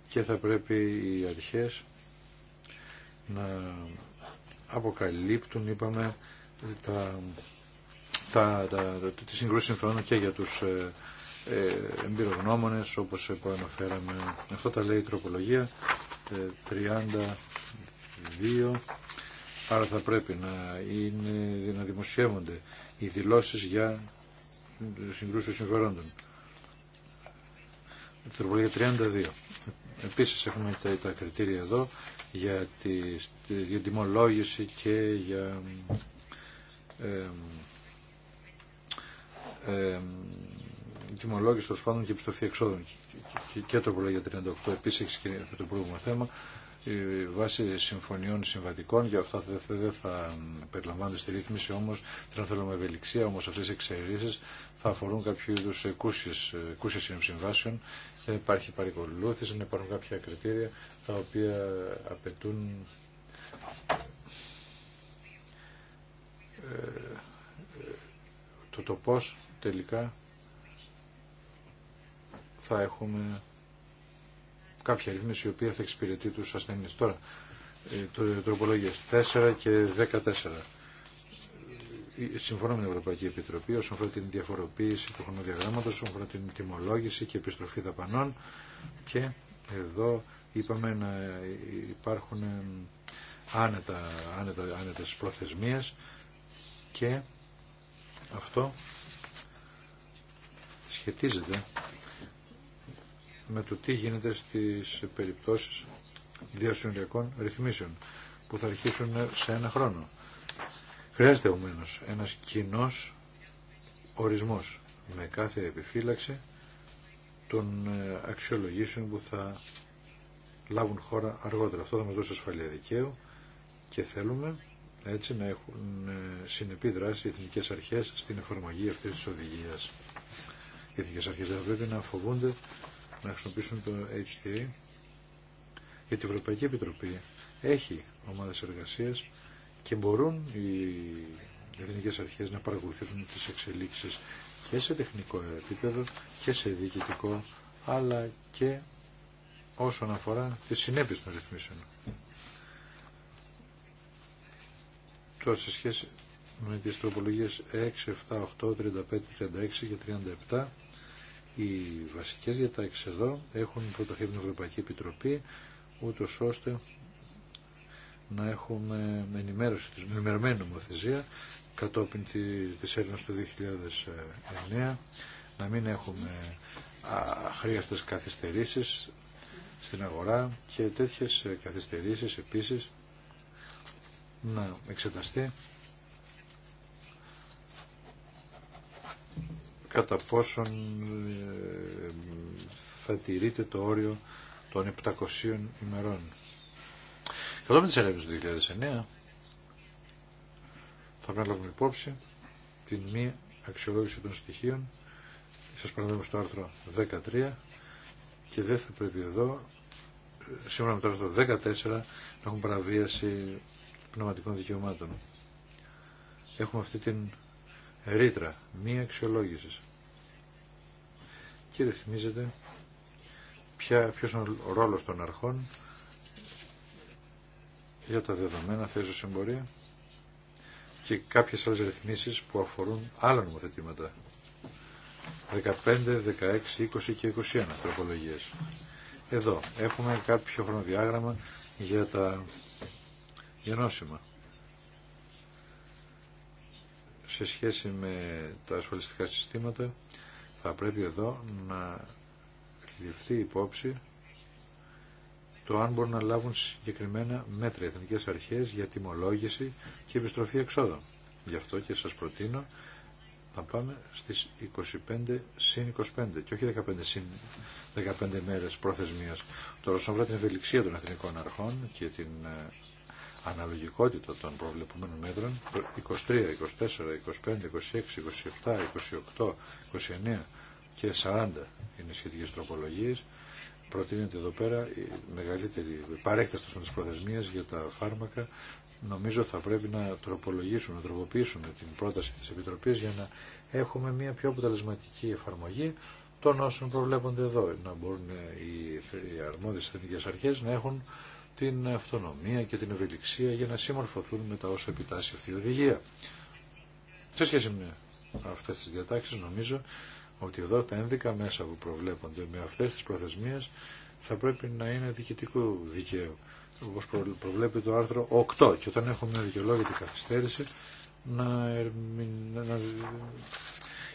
και θα πρέπει οι αρχές να αποκαλύπτουν, είπαμε, τα τα, τα, τις και για τους ε, ε, εμπειρογνώμονες όπως προαναφέραμε. Αυτό τα λέει η τροπολογία 32. Ε, Άρα θα πρέπει να, είναι, να δημοσιεύονται οι δηλώσεις για συγκρούσει συμφερόντων. Τροπολογία 32. Επίση έχουμε τα, κριτήρια εδώ για, τη, για τιμολόγηση και για ε, τιμολόγηση των σπάντων και επιστροφή εξόδων και, και, το που για 38 επίσης και το πρόβλημα θέμα βάση συμφωνιών συμβατικών για αυτά δεν θα περιλαμβάνονται στη ρύθμιση όμως δεν θέλουμε ευελιξία όμως αυτές οι εξαιρήσεις θα αφορούν κάποιο είδου εκούσιες, συμβάσεων δεν υπάρχει παρακολούθηση, δεν υπάρχουν κάποια κριτήρια τα οποία απαιτούν ε, ε, το, το πώς τελικά θα έχουμε κάποια ρύθμιση η οποία θα εξυπηρετεί τους ασθενείς. Τώρα, ε, το ε, τροπολογίες 4 και 14. Ε, συμφωνώ με την Ευρωπαϊκή Επιτροπή όσον αφορά την διαφοροποίηση του χρονοδιαγράμματος, όσον αφορά την τιμολόγηση και επιστροφή δαπανών και εδώ είπαμε να υπάρχουν άνετα, άνετα, άνετες προθεσμίες και αυτό σχετίζεται με το τι γίνεται στις περιπτώσεις διασυνοριακών ρυθμίσεων που θα αρχίσουν σε ένα χρόνο. Χρειάζεται όμένω, ένας κοινό ορισμός με κάθε επιφύλαξη των ε, αξιολογήσεων που θα λάβουν χώρα αργότερα. Αυτό θα μας δώσει ασφαλεία δικαίου και θέλουμε έτσι να έχουν ε, συνεπή δράση οι εθνικές αρχές στην εφαρμογή αυτής της οδηγίας. Οι εθνικές αρχές δεν πρέπει να φοβούνται να χρησιμοποιήσουν το HTA γιατί η Ευρωπαϊκή Επιτροπή έχει ομάδες εργασίας και μπορούν οι εθνικές αρχές να παρακολουθήσουν τις εξελίξεις και σε τεχνικό επίπεδο και σε διοικητικό αλλά και όσον αφορά τις συνέπειες των ρυθμίσεων. Τώρα σε σχέση με τις τροπολογίες 6, 7, 8, 35, 36 και 37 οι βασικές διατάξεις εδώ έχουν προταθεί την Ευρωπαϊκή Επιτροπή ούτως ώστε να έχουμε ενημέρωση της ενημερωμένη νομοθεσία κατόπιν της έρευνας του 2009 να μην έχουμε χρειαστές καθυστερήσεις στην αγορά και τέτοιες καθυστερήσεις επίσης να εξεταστεί κατά πόσον ε, θα τηρείται το όριο των 700 ημερών. Κατόπιν τις έρευνες του 2009 θα πρέπει να λάβουμε υπόψη την μη αξιολόγηση των στοιχείων σας παραδείγουμε στο άρθρο 13 και δεν θα πρέπει εδώ σύμφωνα με το άρθρο 14 να έχουμε παραβίαση πνευματικών δικαιωμάτων. Έχουμε αυτή την ρήτρα μία αξιολόγηση. Και ρυθμίζεται ποια, ποιος είναι ο ρόλος των αρχών για τα δεδομένα θέσεως εμπορία και κάποιες άλλες ρυθμίσεις που αφορούν άλλα νομοθετήματα. 15, 16, 20 και 21 τροπολογίες. Εδώ έχουμε κάποιο χρονοδιάγραμμα για τα γενώσιμα σε σχέση με τα ασφαλιστικά συστήματα θα πρέπει εδώ να ληφθεί υπόψη το αν μπορούν να λάβουν συγκεκριμένα μέτρα εθνικές αρχές για τιμολόγηση και επιστροφή εξόδων. Γι' αυτό και σας προτείνω να πάμε στις 25 συν 25 και όχι 15 συν 15 μέρες προθεσμίας. Τώρα, όσον αφορά την ευελιξία των εθνικών αρχών και την ε, αναλογικότητα των προβλεπωμένων μέτρων 23, 24, 25, 26, 27, 28, 29 και 40 είναι σχετικές τροπολογίες προτείνεται εδώ πέρα η μεγαλύτερη παρέκταση των προθεσμίες για τα φάρμακα νομίζω θα πρέπει να τροπολογήσουμε, να τροποποιήσουν την πρόταση της Επιτροπής για να έχουμε μια πιο αποτελεσματική εφαρμογή των όσων προβλέπονται εδώ. Να μπορούν οι αρμόδιες εθνικές αρχές να έχουν την αυτονομία και την ευελιξία για να συμμορφωθούν με τα όσα επιτάσσει αυτή η οδηγία. Σε σχέση με αυτές τις διατάξεις νομίζω ότι εδώ τα ένδικα μέσα που προβλέπονται με αυτές τις προθεσμίες θα πρέπει να είναι διοικητικού δικαίου όπως προβλέπει το άρθρο 8 και όταν έχουμε δικαιολόγητη καθυστέρηση να, να...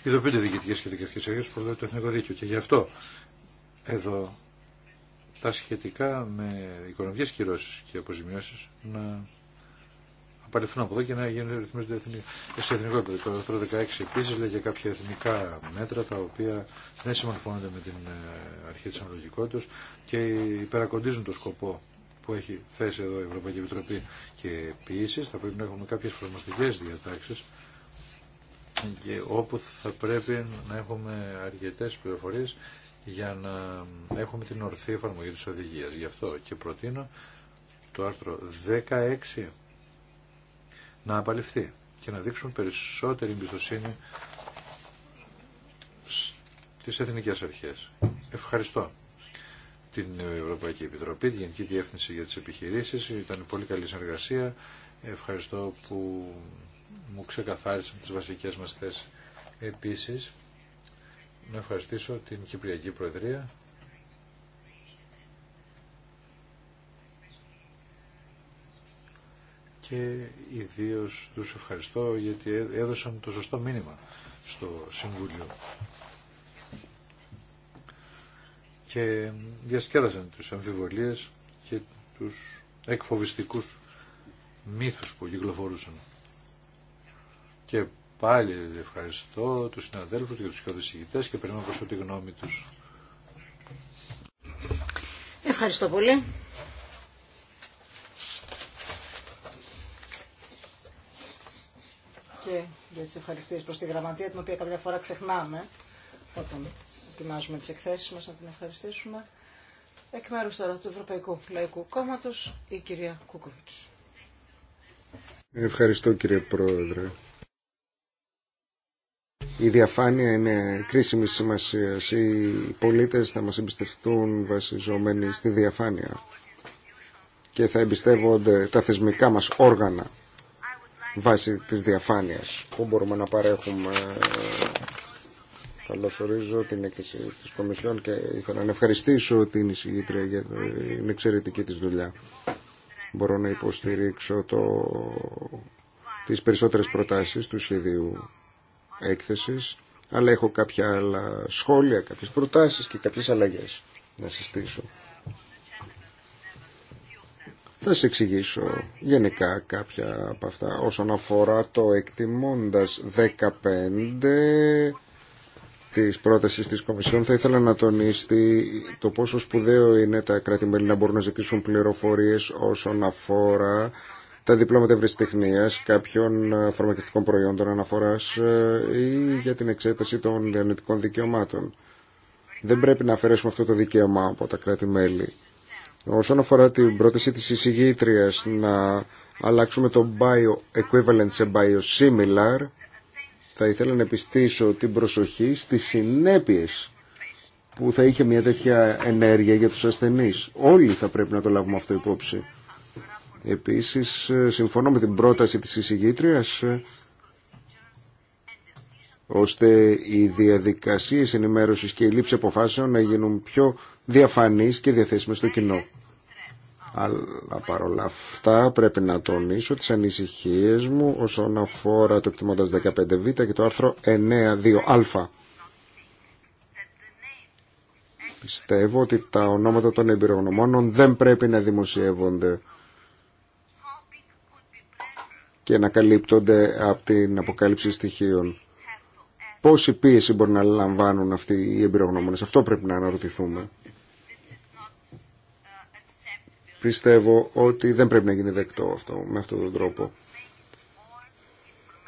ειδοποιούνται διοικητικές και δικαστικές που προβλέπει το Εθνικό Δίκαιο και γι' αυτό εδώ τα σχετικά με οικονομικές κυρώσεις και αποζημιώσεις να απαλληφθούν από εδώ και να γίνουν ρυθμίζονται σε εθνικό επίπεδο. Το άρθρο 16 επίση λέει για κάποια εθνικά μέτρα τα οποία δεν συμμορφώνονται με την ε, αρχή τη αναλογικότητα και υπερακοντίζουν το σκοπό που έχει θέσει εδώ η Ευρωπαϊκή Επιτροπή. Και επίση θα πρέπει να έχουμε κάποιε διατάξεις διατάξει όπου θα πρέπει να έχουμε αρκετέ πληροφορίε για να έχουμε την ορθή εφαρμογή της οδηγίας. Γι' αυτό και προτείνω το άρθρο 16 να απαλληφθεί και να δείξουν περισσότερη εμπιστοσύνη στις εθνικές αρχές. Ευχαριστώ την Ευρωπαϊκή Επιτροπή, τη Γενική Διεύθυνση για τις Επιχειρήσεις. Ήταν πολύ καλή συνεργασία. Ευχαριστώ που μου ξεκαθάρισαν τις βασικές μας θέσεις. Επίσης, να ευχαριστήσω την Κυπριακή Προεδρία και ιδίω τους ευχαριστώ γιατί έδωσαν το σωστό μήνυμα στο Συμβούλιο και διασκέδασαν τις αμφιβολίες και τους εκφοβιστικούς μύθους που κυκλοφορούσαν και Πάλι ευχαριστώ τους συναδέλφους και τους καθοδησυγητές και περιμένω προς τη γνώμη τους. Ευχαριστώ πολύ. Και για τις ευχαριστίες προς τη γραμματεία, την οποία καμιά φορά ξεχνάμε όταν ετοιμάζουμε τις εκθέσεις μας, να την ευχαριστήσουμε. Εκ μέρους τώρα του Ευρωπαϊκού Λαϊκού Κόμματος, η κυρία Κούκοβιτς. Ευχαριστώ κύριε Πρόεδρε. Η διαφάνεια είναι κρίσιμη σημασία. Οι πολίτες θα μας εμπιστευτούν βασιζόμενοι στη διαφάνεια και θα εμπιστεύονται τα θεσμικά μας όργανα βάσει της διαφάνειας που μπορούμε να παρέχουμε. Καλώ ορίζω την έκθεση της Κομισιόν και ήθελα να ευχαριστήσω την εισηγήτρια για την εξαιρετική της δουλειά. Μπορώ να υποστηρίξω το... τις περισσότερες προτάσεις του σχεδίου αλλά έχω κάποια άλλα σχόλια, κάποιες προτάσεις και κάποιες αλλαγές να συστήσω. Θα σα εξηγήσω γενικά κάποια από αυτά. Όσον αφορά το εκτιμώντας 15 της πρότασης της Κομισιόν, θα ήθελα να τονίστη το πόσο σπουδαίο είναι τα κράτη-μέλη να μπορούν να ζητήσουν πληροφορίες όσον αφορά τα διπλώματα ευρεσιτεχνία κάποιων ε, φαρμακευτικών προϊόντων αναφοράς ε, ή για την εξέταση των διανοητικών δικαιωμάτων. Δεν πρέπει να αφαιρέσουμε αυτό το δικαίωμα από τα κράτη-μέλη. Όσον αφορά την πρόταση τη εισηγήτρια να αλλάξουμε το bio-equivalent σε biosimilar, θα ήθελα να επιστήσω την προσοχή στι συνέπειες που θα είχε μια τέτοια ενέργεια για τους ασθενείς. Όλοι θα πρέπει να το λάβουμε αυτό υπόψη. Επίσης, ε, συμφωνώ με την πρόταση της εισηγήτριας ε, ώστε οι διαδικασίες ενημέρωσης και η λήψη αποφάσεων να γίνουν πιο διαφανείς και διαθέσιμες στο κοινό. Αλλά παρόλα αυτά πρέπει να τονίσω τις ανησυχίες μου όσον αφορά το εκτιμώντας 15β και το άρθρο 9.2α. Πιστεύω ότι τα ονόματα των εμπειρογνωμόνων δεν πρέπει να δημοσιεύονται και να καλύπτονται από την αποκάλυψη στοιχείων. Πόση πίεση μπορεί να λαμβάνουν αυτοί οι εμπειρογνώμονες. Αυτό πρέπει να αναρωτηθούμε. Πιστεύω ότι δεν πρέπει να γίνει δεκτό αυτό με αυτόν τον τρόπο.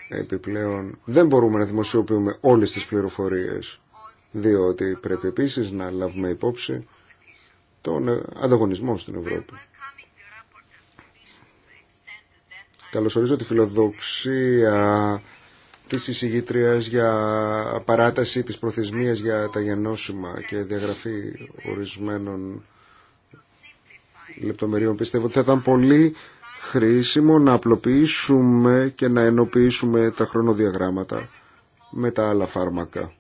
Επιπλέον δεν μπορούμε να δημοσιοποιούμε όλες τις πληροφορίες διότι πρέπει επίσης να λάβουμε υπόψη τον ανταγωνισμό στην Ευρώπη. Καλωσορίζω τη φιλοδοξία της εισηγήτριας για παράταση της προθεσμίας για τα γεννόσημα και διαγραφή ορισμένων λεπτομεριών. Πιστεύω ότι θα ήταν πολύ χρήσιμο να απλοποιήσουμε και να ενοποιήσουμε τα χρονοδιαγράμματα με τα άλλα φάρμακα.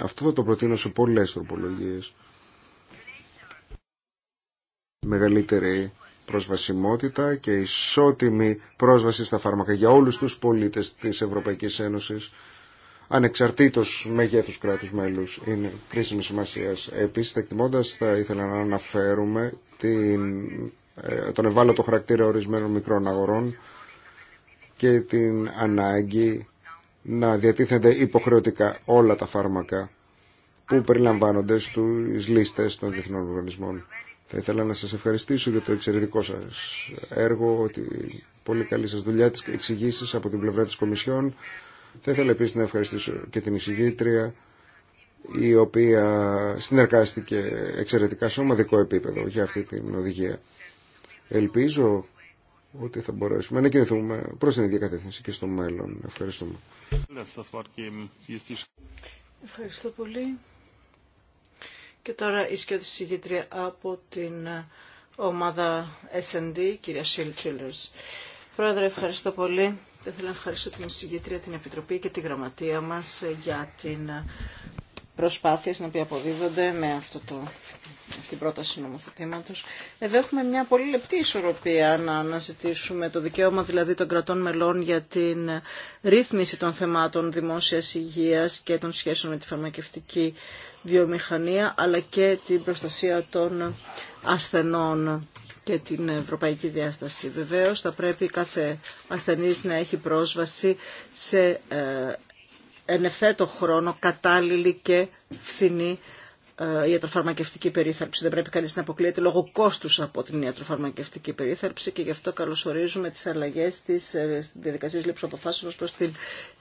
Αυτό θα το προτείνω σε πολλές τροπολογίες. Μεγαλύτερη προσβασιμότητα και ισότιμη πρόσβαση στα φάρμακα για όλους τους πολίτες της Ευρωπαϊκής Ένωσης ανεξαρτήτως μεγέθους κράτους μέλους είναι κρίσιμη σημασία. Επίσης, εκτιμώντας, θα ήθελα να αναφέρουμε την, ε, τον ευάλωτο χαρακτήρα ορισμένων μικρών αγορών και την ανάγκη να διατίθενται υποχρεωτικά όλα τα φάρμακα που περιλαμβάνονται στις λίστες των διεθνών οργανισμών. Θα ήθελα να σας ευχαριστήσω για το εξαιρετικό σας έργο, τη πολύ καλή σας δουλειά, τις εξηγήσεις από την πλευρά της Κομισιόν. Θα ήθελα επίσης να ευχαριστήσω και την εισηγήτρια, η οποία συνεργάστηκε εξαιρετικά σε ομαδικό επίπεδο για αυτή την οδηγία. Ελπίζω ότι θα μπορέσουμε να κινηθούμε προς την ίδια κατεύθυνση και στο μέλλον. Ευχαριστούμε. Ευχαριστώ πολύ. Και τώρα η σκιώδη συγγήτρια από την ε, ομάδα S&D, κυρία Σιλ Τσίλερς. Πρόεδρε, ευχαριστώ πολύ. Θα ήθελα να ευχαριστώ την συγγήτρια, την Επιτροπή και τη Γραμματεία μας για την ε, προσπάθεια στην οποία αποδίδονται με αυτό το αυτή την πρόταση νομοθετήματος. Εδώ έχουμε μια πολύ λεπτή ισορροπία να αναζητήσουμε το δικαίωμα δηλαδή των κρατών μελών για την ρύθμιση των θεμάτων δημόσιας υγείας και των σχέσεων με τη φαρμακευτική βιομηχανία αλλά και την προστασία των ασθενών και την ευρωπαϊκή διάσταση. Βεβαίως θα πρέπει κάθε ασθενής να έχει πρόσβαση σε ε, εν ευθέτω χρόνο κατάλληλη και φθηνή ε, ιατροφαρμακευτική περίθαλψη. Δεν πρέπει κανείς να αποκλείεται λόγω κόστους από την ιατροφαρμακευτική περίθαλψη και γι' αυτό καλωσορίζουμε τις αλλαγές της ε, διαδικασίας λήψης αποφάσεων προς την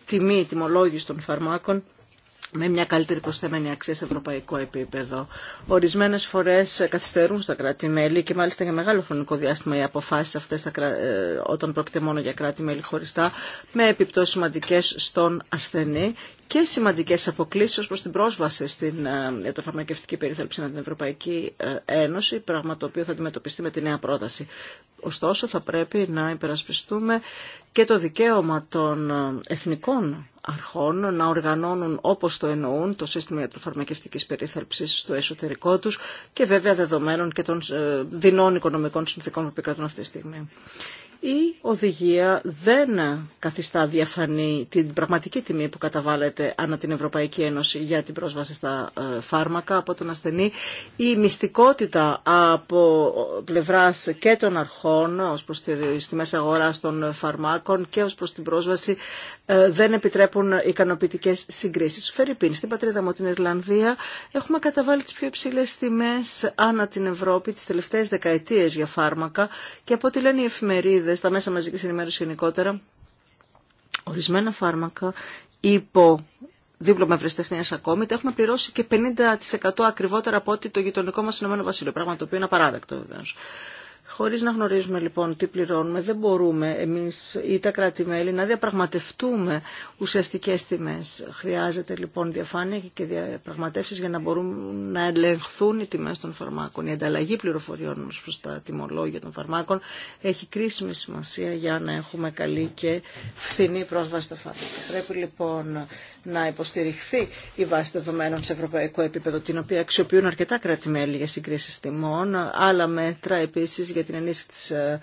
τιμή, τιμολόγηση των φαρμάκων με μια καλύτερη προσθέμενη αξία σε ευρωπαϊκό επίπεδο. Ορισμένε φορέ καθυστερούν στα κράτη-μέλη και μάλιστα για μεγάλο χρονικό διάστημα οι αποφάσει αυτέ ε, όταν πρόκειται μόνο για κράτη-μέλη χωριστά, με επιπτώσει σημαντικέ στον ασθενή και σημαντικέ αποκλήσει ω προ την πρόσβαση στην ε, ιατροφαρμακευτική περίθαλψη στην Ευρωπαϊκή ε, Ένωση, πράγμα το οποίο θα αντιμετωπιστεί με τη νέα πρόταση. Ωστόσο, θα πρέπει να υπερασπιστούμε και το δικαίωμα των ε, εθνικών αρχών να οργανώνουν όπως το εννοούν το σύστημα ιατροφαρμακευτικής περίθαλψης στο εσωτερικό τους και βέβαια δεδομένων και των ε, δεινών οικονομικών συνθήκων που επικρατούν αυτή τη στιγμή. Η οδηγία δεν καθιστά διαφανή την πραγματική τιμή που καταβάλλεται ανά την Ευρωπαϊκή Ένωση για την πρόσβαση στα ε, φάρμακα από τον ασθενή. Η μυστικότητα από πλευράς και των αρχών ως προς τις τιμές αγοράς των φαρμάκων και ως προς την πρόσβαση ε, δεν επιτρέπουν ικανοποιητικές συγκρίσεις. Φερρυπίν, στην πατρίδα μου την Ιρλανδία έχουμε καταβάλει τις πιο υψηλές τιμές ανά την Ευρώπη τις τελευταίες δεκαετίες για φάρμακα και από ό,τι λένε οι εφημερίδες στα μέσα μαζικής ενημέρωσης γενικότερα, ορισμένα φάρμακα υπό δίπλωμα ευρεσιτεχνία ακόμη, τα έχουμε πληρώσει και 50% ακριβότερα από ό,τι το γειτονικό μα Ηνωμένο Βασίλειο. Πράγμα το οποίο είναι απαράδεκτο βεβαίω. Χωρίς να γνωρίζουμε λοιπόν τι πληρώνουμε, δεν μπορούμε εμείς ή τα κράτη-μέλη να διαπραγματευτούμε ουσιαστικές τιμές. Χρειάζεται λοιπόν διαφάνεια και διαπραγματεύσεις για να μπορούν να ελεγχθούν οι τιμές των φαρμάκων. Η ανταλλαγή πληροφοριών μας προς τα τιμολόγια των φαρμάκων έχει κρίσιμη σημασία για να έχουμε καλή και φθηνή πρόσβαση στα φάρμακα. Πρέπει λοιπόν να υποστηριχθεί η βάση δεδομένων σε ευρωπαϊκό επίπεδο, την οποία αξιοποιούν αρκετά κράτη-μέλη για συγκρίσει τιμών, άλλα μέτρα επίση για την ενίσχυση τη ε,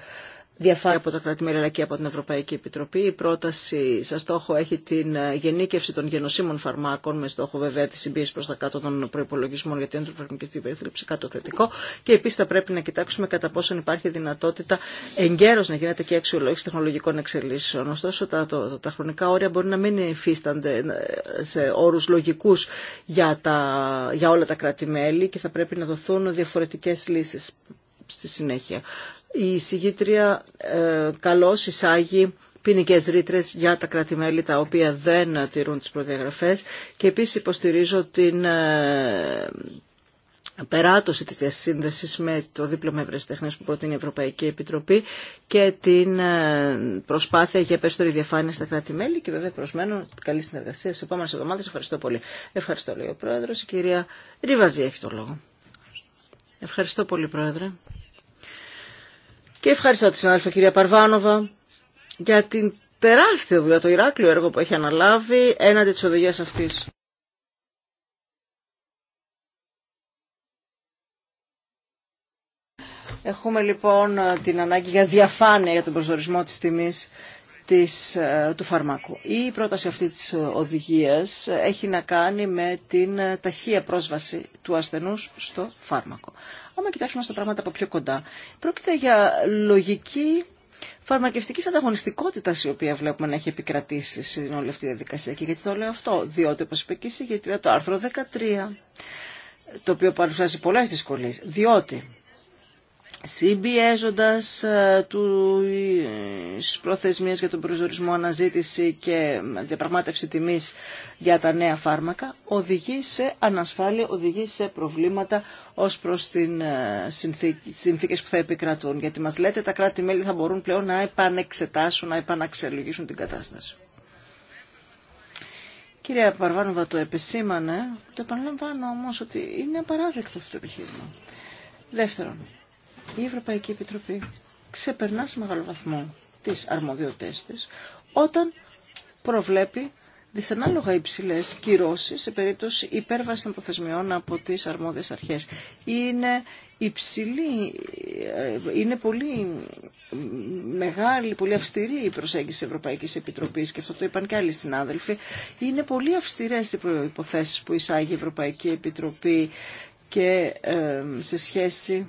διαφάνεια από τα κρατη αλλά και από την Ευρωπαϊκή Επιτροπή. Η πρόταση σε στόχο έχει την ε, γενίκευση των γενοσύμων φαρμάκων με στόχο βέβαια τη συμπίεση προ τα κάτω των προπολογισμών για την αντροφαρμακευτική περίθαλψη κάτω θετικό. Και επίση θα πρέπει να κοιτάξουμε κατά πόσον υπάρχει δυνατότητα εγκαίρω να γίνεται και αξιολόγηση τεχνολογικών εξελίσσεων. Ωστόσο, τα, το, τα χρονικά όρια μπορεί να μην υφίστανται ε, σε όρου λογικού για, τα, για όλα τα κράτη-μέλη και θα πρέπει να δοθούν διαφορετικέ λύσει στη συνέχεια η εισηγήτρια ε, καλώς εισάγει ποινικέ ρήτρε για τα κράτη-μέλη τα οποία δεν τηρούν τις προδιαγραφές και επίσης υποστηρίζω την ε, περάτωση της διασύνδεσης με το δίπλωμα ευρεσιτεχνίας που προτείνει η Ευρωπαϊκή Επιτροπή και την ε, προσπάθεια για περισσότερη διαφάνεια στα κράτη-μέλη και βέβαια προσμένω καλή συνεργασία σε επόμενες εβδομάδες. Ευχαριστώ πολύ. Ευχαριστώ λέει ο Πρόεδρος. Η κυρία Ρίβαζη έχει το λόγο. Ευχαριστώ πολύ Πρόεδρε. Και ευχαριστώ τη συνάδελφα κυρία Παρβάνοβα για την τεράστια δουλειά, το Ηράκλειο έργο που έχει αναλάβει έναντι της οδηγίας αυτής. Έχουμε λοιπόν ε, την ανάγκη για διαφάνεια για τον προσδορισμό της τιμής της, ε, του φαρμάκου. Η πρόταση αυτή της οδηγίας έχει να κάνει με την ε, ταχεία πρόσβαση του ασθενούς στο φάρμακο. Άμα κοιτάξουμε στα πράγματα από πιο κοντά, πρόκειται για λογική φαρμακευτική ανταγωνιστικότητα, η οποία βλέπουμε να έχει επικρατήσει στην όλη αυτή τη διαδικασία. Και γιατί το λέω αυτό, διότι όπως είπε και η το άρθρο 13, το οποίο παρουσιάζει πολλές δυσκολίες, διότι συμπιέζοντας ε, του προθεσμίες για τον προσδορισμό αναζήτηση και διαπραγμάτευση τιμής για τα νέα φάρμακα, οδηγεί σε ανασφάλεια, οδηγεί σε προβλήματα ως προς την ε, συνθήκες που θα επικρατούν. Γιατί μας λέτε τα κράτη-μέλη θα μπορούν πλέον να επανεξετάσουν, να επαναξελογήσουν την κατάσταση. Κυρία Παρβάνοβα το επισήμανε, το επαναλαμβάνω όμως ότι είναι απαράδεκτο αυτό το επιχείρημα. Δεύτερον, η Ευρωπαϊκή Επιτροπή ξεπερνά σε μεγάλο βαθμό τις αρμοδιότητές της όταν προβλέπει δυσανάλογα υψηλέ κυρώσει σε περίπτωση υπέρβαση των προθεσμιών από τι αρμόδιε αρχέ. Είναι υψηλή, ε, είναι πολύ μεγάλη, πολύ αυστηρή η προσέγγιση της Ευρωπαϊκής Επιτροπής και αυτό το είπαν και άλλοι συνάδελφοι. Είναι πολύ αυστηρέ οι προποθέσει που εισάγει η Ευρωπαϊκή Επιτροπή και ε, σε σχέση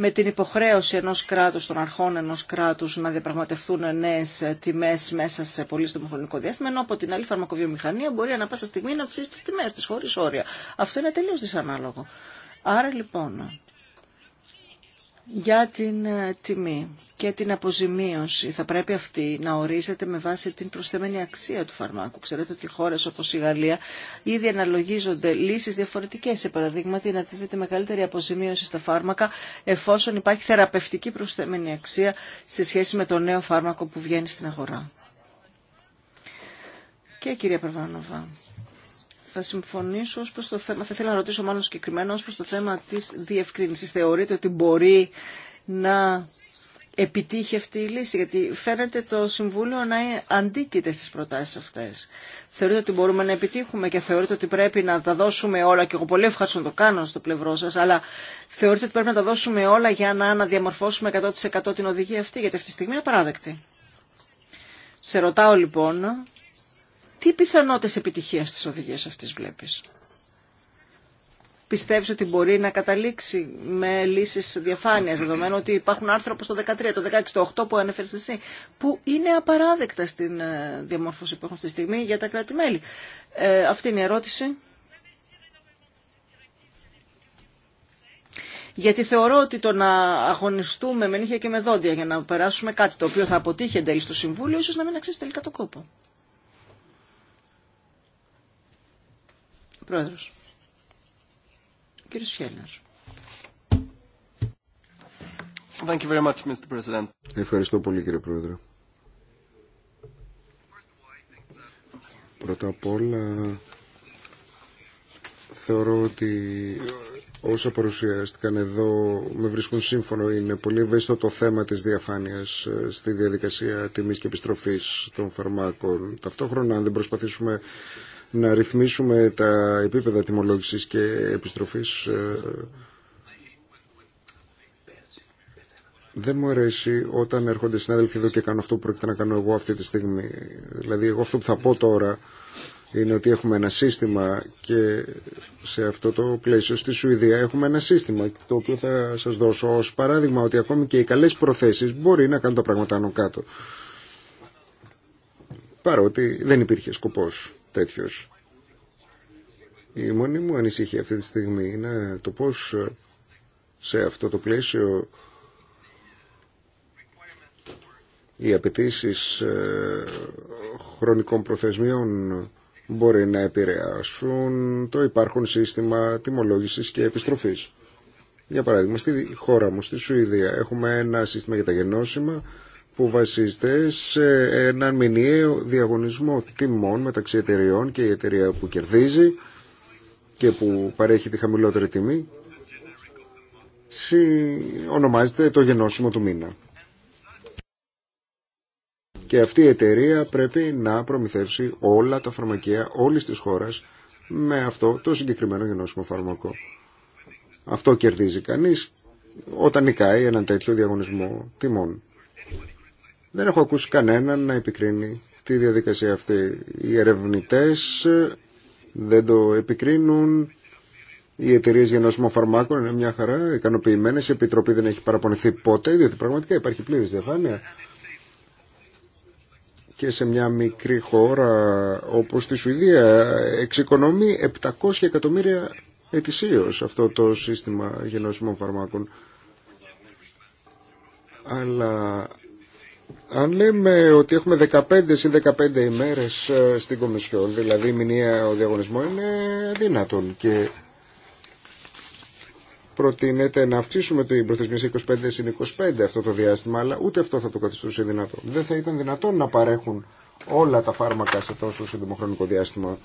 με την υποχρέωση ενός κράτους, των αρχών ενός κράτους να διαπραγματευτούν νέες τιμές μέσα σε πολύ στο χρονικό διάστημα, ενώ από την άλλη φαρμακοβιομηχανία μπορεί ανά πάσα στιγμή να ψήσει τις τιμές της χωρίς όρια. Αυτό είναι τελείως δυσανάλογο. Άρα λοιπόν, για την ε, τιμή και την αποζημίωση θα πρέπει αυτή να ορίζεται με βάση την προσθεμένη αξία του φαρμάκου. Ξέρετε ότι χώρες όπως η Γαλλία ήδη αναλογίζονται λύσεις διαφορετικές. Σε παραδείγματι να τίθεται μεγαλύτερη αποζημίωση στα φάρμακα εφόσον υπάρχει θεραπευτική προσθεμένη αξία σε σχέση με το νέο φάρμακο που βγαίνει στην αγορά. Και κυρία Περβάνοβα, θα συμφωνήσω ως προς το θέμα, θα ήθελα να ρωτήσω μάλλον συγκεκριμένα ως προς το θέμα της διευκρίνησης. Θεωρείτε ότι μπορεί να επιτύχει αυτή η λύση, γιατί φαίνεται το Συμβούλιο να αντίκειται στις προτάσεις αυτές. Θεωρείτε ότι μπορούμε να επιτύχουμε και θεωρείτε ότι πρέπει να τα δώσουμε όλα, και εγώ πολύ ευχαριστώ να το κάνω στο πλευρό σας, αλλά θεωρείτε ότι πρέπει να τα δώσουμε όλα για να αναδιαμορφώσουμε 100% την οδηγία αυτή, γιατί αυτή τη στιγμή είναι παράδεκτη. Σε ρωτάω λοιπόν τι πιθανότητες επιτυχίας της οδηγίας αυτής βλέπεις. Πιστεύεις ότι μπορεί να καταλήξει με λύσεις διαφάνειας, δεδομένου ότι υπάρχουν άρθρα το 13, το 16, το 8 που ανέφερες εσύ, που είναι απαράδεκτα στην ε, διαμόρφωση που έχουν αυτή τη στιγμή για τα κράτη-μέλη. Ε, αυτή είναι η ερώτηση. Γιατί θεωρώ ότι το να αγωνιστούμε με νύχια και με δόντια για να περάσουμε κάτι το οποίο θα αποτύχει εν τέλει στο Συμβούλιο, ίσως να μην αξίζει τελικά το κόπο. Πρόεδρος. Κύριος Φιέλνερ. Thank you very much, Mr. President. Ευχαριστώ πολύ κύριε Πρόεδρε. Πρώτα απ' όλα θεωρώ ότι όσα παρουσιάστηκαν εδώ με βρίσκουν σύμφωνο. Είναι πολύ ευαίσθητο το θέμα της διαφάνειας ε, στη διαδικασία τιμής και επιστροφής των φαρμάκων. Ταυτόχρονα αν δεν προσπαθήσουμε να ρυθμίσουμε τα επίπεδα τιμολόγησης και επιστροφής. Ε, δεν μου αρέσει όταν έρχονται συνάδελφοι εδώ και κάνω αυτό που πρόκειται να κάνω εγώ αυτή τη στιγμή. Δηλαδή εγώ αυτό που θα πω τώρα είναι ότι έχουμε ένα σύστημα και σε αυτό το πλαίσιο στη Σουηδία έχουμε ένα σύστημα το οποίο θα σας δώσω ως παράδειγμα ότι ακόμη και οι καλές προθέσεις μπορεί να κάνουν τα πράγματα άνω κάτω παρότι δεν υπήρχε σκοπός η μόνη μου ανησυχία αυτή τη στιγμή είναι το πώς ε, σε αυτό το πλαίσιο οι απαιτήσει ε, χρονικών προθεσμιών μπορεί να επηρεάσουν το υπάρχον σύστημα τιμολόγησης και επιστροφής. Για παράδειγμα, στη χώρα μου, στη Σουηδία, έχουμε ένα σύστημα για τα γενώσιμα που βασίζεται σε έναν μηνιαίο διαγωνισμό τιμών μεταξύ εταιριών και η εταιρεία που κερδίζει και που παρέχει τη χαμηλότερη τιμή ονομάζεται το γενώσιμο του μήνα. Και αυτή η εταιρεία πρέπει να προμηθεύσει όλα τα φαρμακεία όλης της χώρας με αυτό το συγκεκριμένο γενώσιμο φαρμακό. Αυτό κερδίζει κανείς όταν νικάει έναν τέτοιο διαγωνισμό τιμών. Δεν έχω ακούσει κανέναν να επικρίνει τη διαδικασία αυτή. Οι ερευνητές δεν το επικρίνουν. Οι εταιρείε νόσημα φαρμάκων είναι μια χαρά, ικανοποιημένε. Η Επιτροπή δεν έχει παραπονηθεί πότε, διότι πραγματικά υπάρχει πλήρη διαφάνεια. Και σε μια μικρή χώρα όπως τη Σουηδία εξοικονομεί 700 εκατομμύρια ετησίω αυτό το σύστημα γενώσιμων φαρμάκων. Αλλά αν λέμε ότι έχουμε 15 συν 15 ημέρες ε, στην Κομισιόν, δηλαδή μηνύα ο διαγωνισμό είναι δυνατόν και προτείνεται να αυξήσουμε το προθεσμία 25 συν 25 αυτό το διάστημα, αλλά ούτε αυτό θα το καθιστούσε δυνατό. Δεν θα ήταν δυνατόν να παρέχουν όλα τα φάρμακα σε τόσο σύντομο χρονικό διάστημα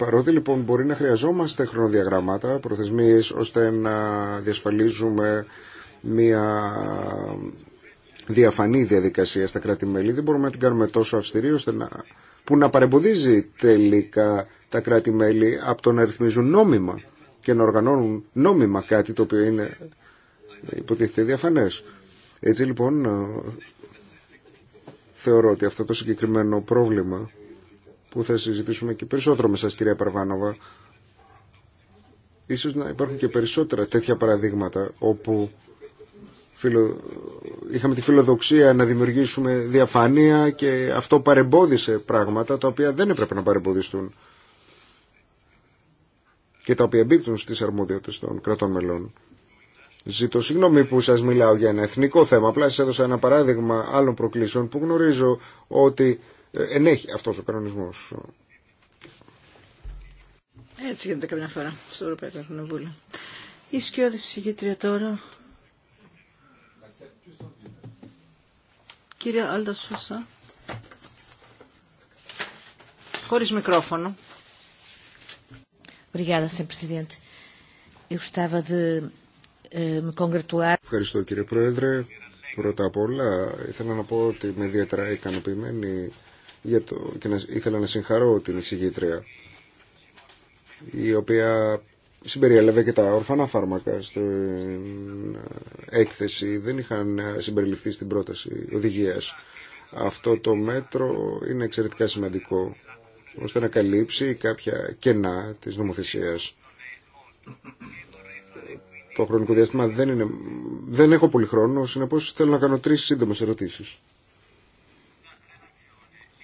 Παρότι λοιπόν μπορεί να χρειαζόμαστε χρονοδιαγράμματα, προθεσμίες ώστε να διασφαλίζουμε μια διαφανή διαδικασία στα κράτη-μέλη, δεν μπορούμε να την κάνουμε τόσο αυστηρή ώστε να... που να παρεμποδίζει τελικά τα κράτη-μέλη από το να ρυθμίζουν νόμιμα και να οργανώνουν νόμιμα κάτι το οποίο είναι υποτίθεται διαφανές. Έτσι λοιπόν θεωρώ ότι αυτό το συγκεκριμένο πρόβλημα που θα συζητήσουμε και περισσότερο με σας κυρία Παρβάνοβα ίσως να υπάρχουν και περισσότερα τέτοια παραδείγματα όπου φιλο... είχαμε τη φιλοδοξία να δημιουργήσουμε διαφάνεια και αυτό παρεμπόδισε πράγματα τα οποία δεν έπρεπε να παρεμποδιστούν και τα οποία εμπίπτουν στις αρμοδιότητες των κρατών μελών. Ζητώ συγγνώμη που σας μιλάω για ένα εθνικό θέμα, απλά σας έδωσα ένα παράδειγμα άλλων προκλήσεων που γνωρίζω ότι ε, ενέχει αυτός ο κανονισμός. Έτσι γίνεται καμιά φορά στο Ευρωπαϊκό Κοινοβούλιο. Η σκιώδη συγκήτρια τώρα. Κύριε Άλτα Σούσα. Χωρίς μικρόφωνο. Eh, Ευχαριστώ κύριε Πρόεδρε. Πρώτα απ' όλα ήθελα να πω ότι είμαι ιδιαίτερα ικανοποιημένη για το, και να, ήθελα να συγχαρώ την εισηγήτρια η οποία συμπεριέλαβε και τα ορφανά φάρμακα στην έκθεση δεν είχαν συμπεριληφθεί στην πρόταση οδηγίας αυτό το μέτρο είναι εξαιρετικά σημαντικό ώστε να καλύψει κάποια κενά της νομοθεσίας το χρονικό διάστημα δεν είναι δεν έχω πολύ χρόνο συνεπώς θέλω να κάνω τρεις σύντομες ερωτήσεις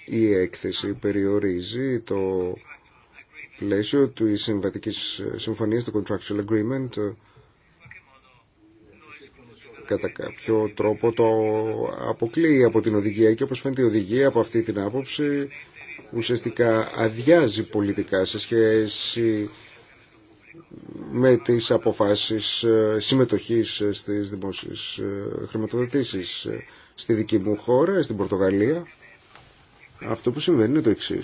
η έκθεση περιορίζει το πλαίσιο του συμβατικής συμφωνίας, του contractual agreement, κατά κάποιο τρόπο το αποκλείει από την οδηγία και όπως φαίνεται η οδηγία από αυτή την άποψη ουσιαστικά αδειάζει πολιτικά σε σχέση με τις αποφάσεις συμμετοχής στις δημόσιες χρηματοδοτήσεις στη δική μου χώρα, στην Πορτογαλία. Αυτό που συμβαίνει είναι το εξή.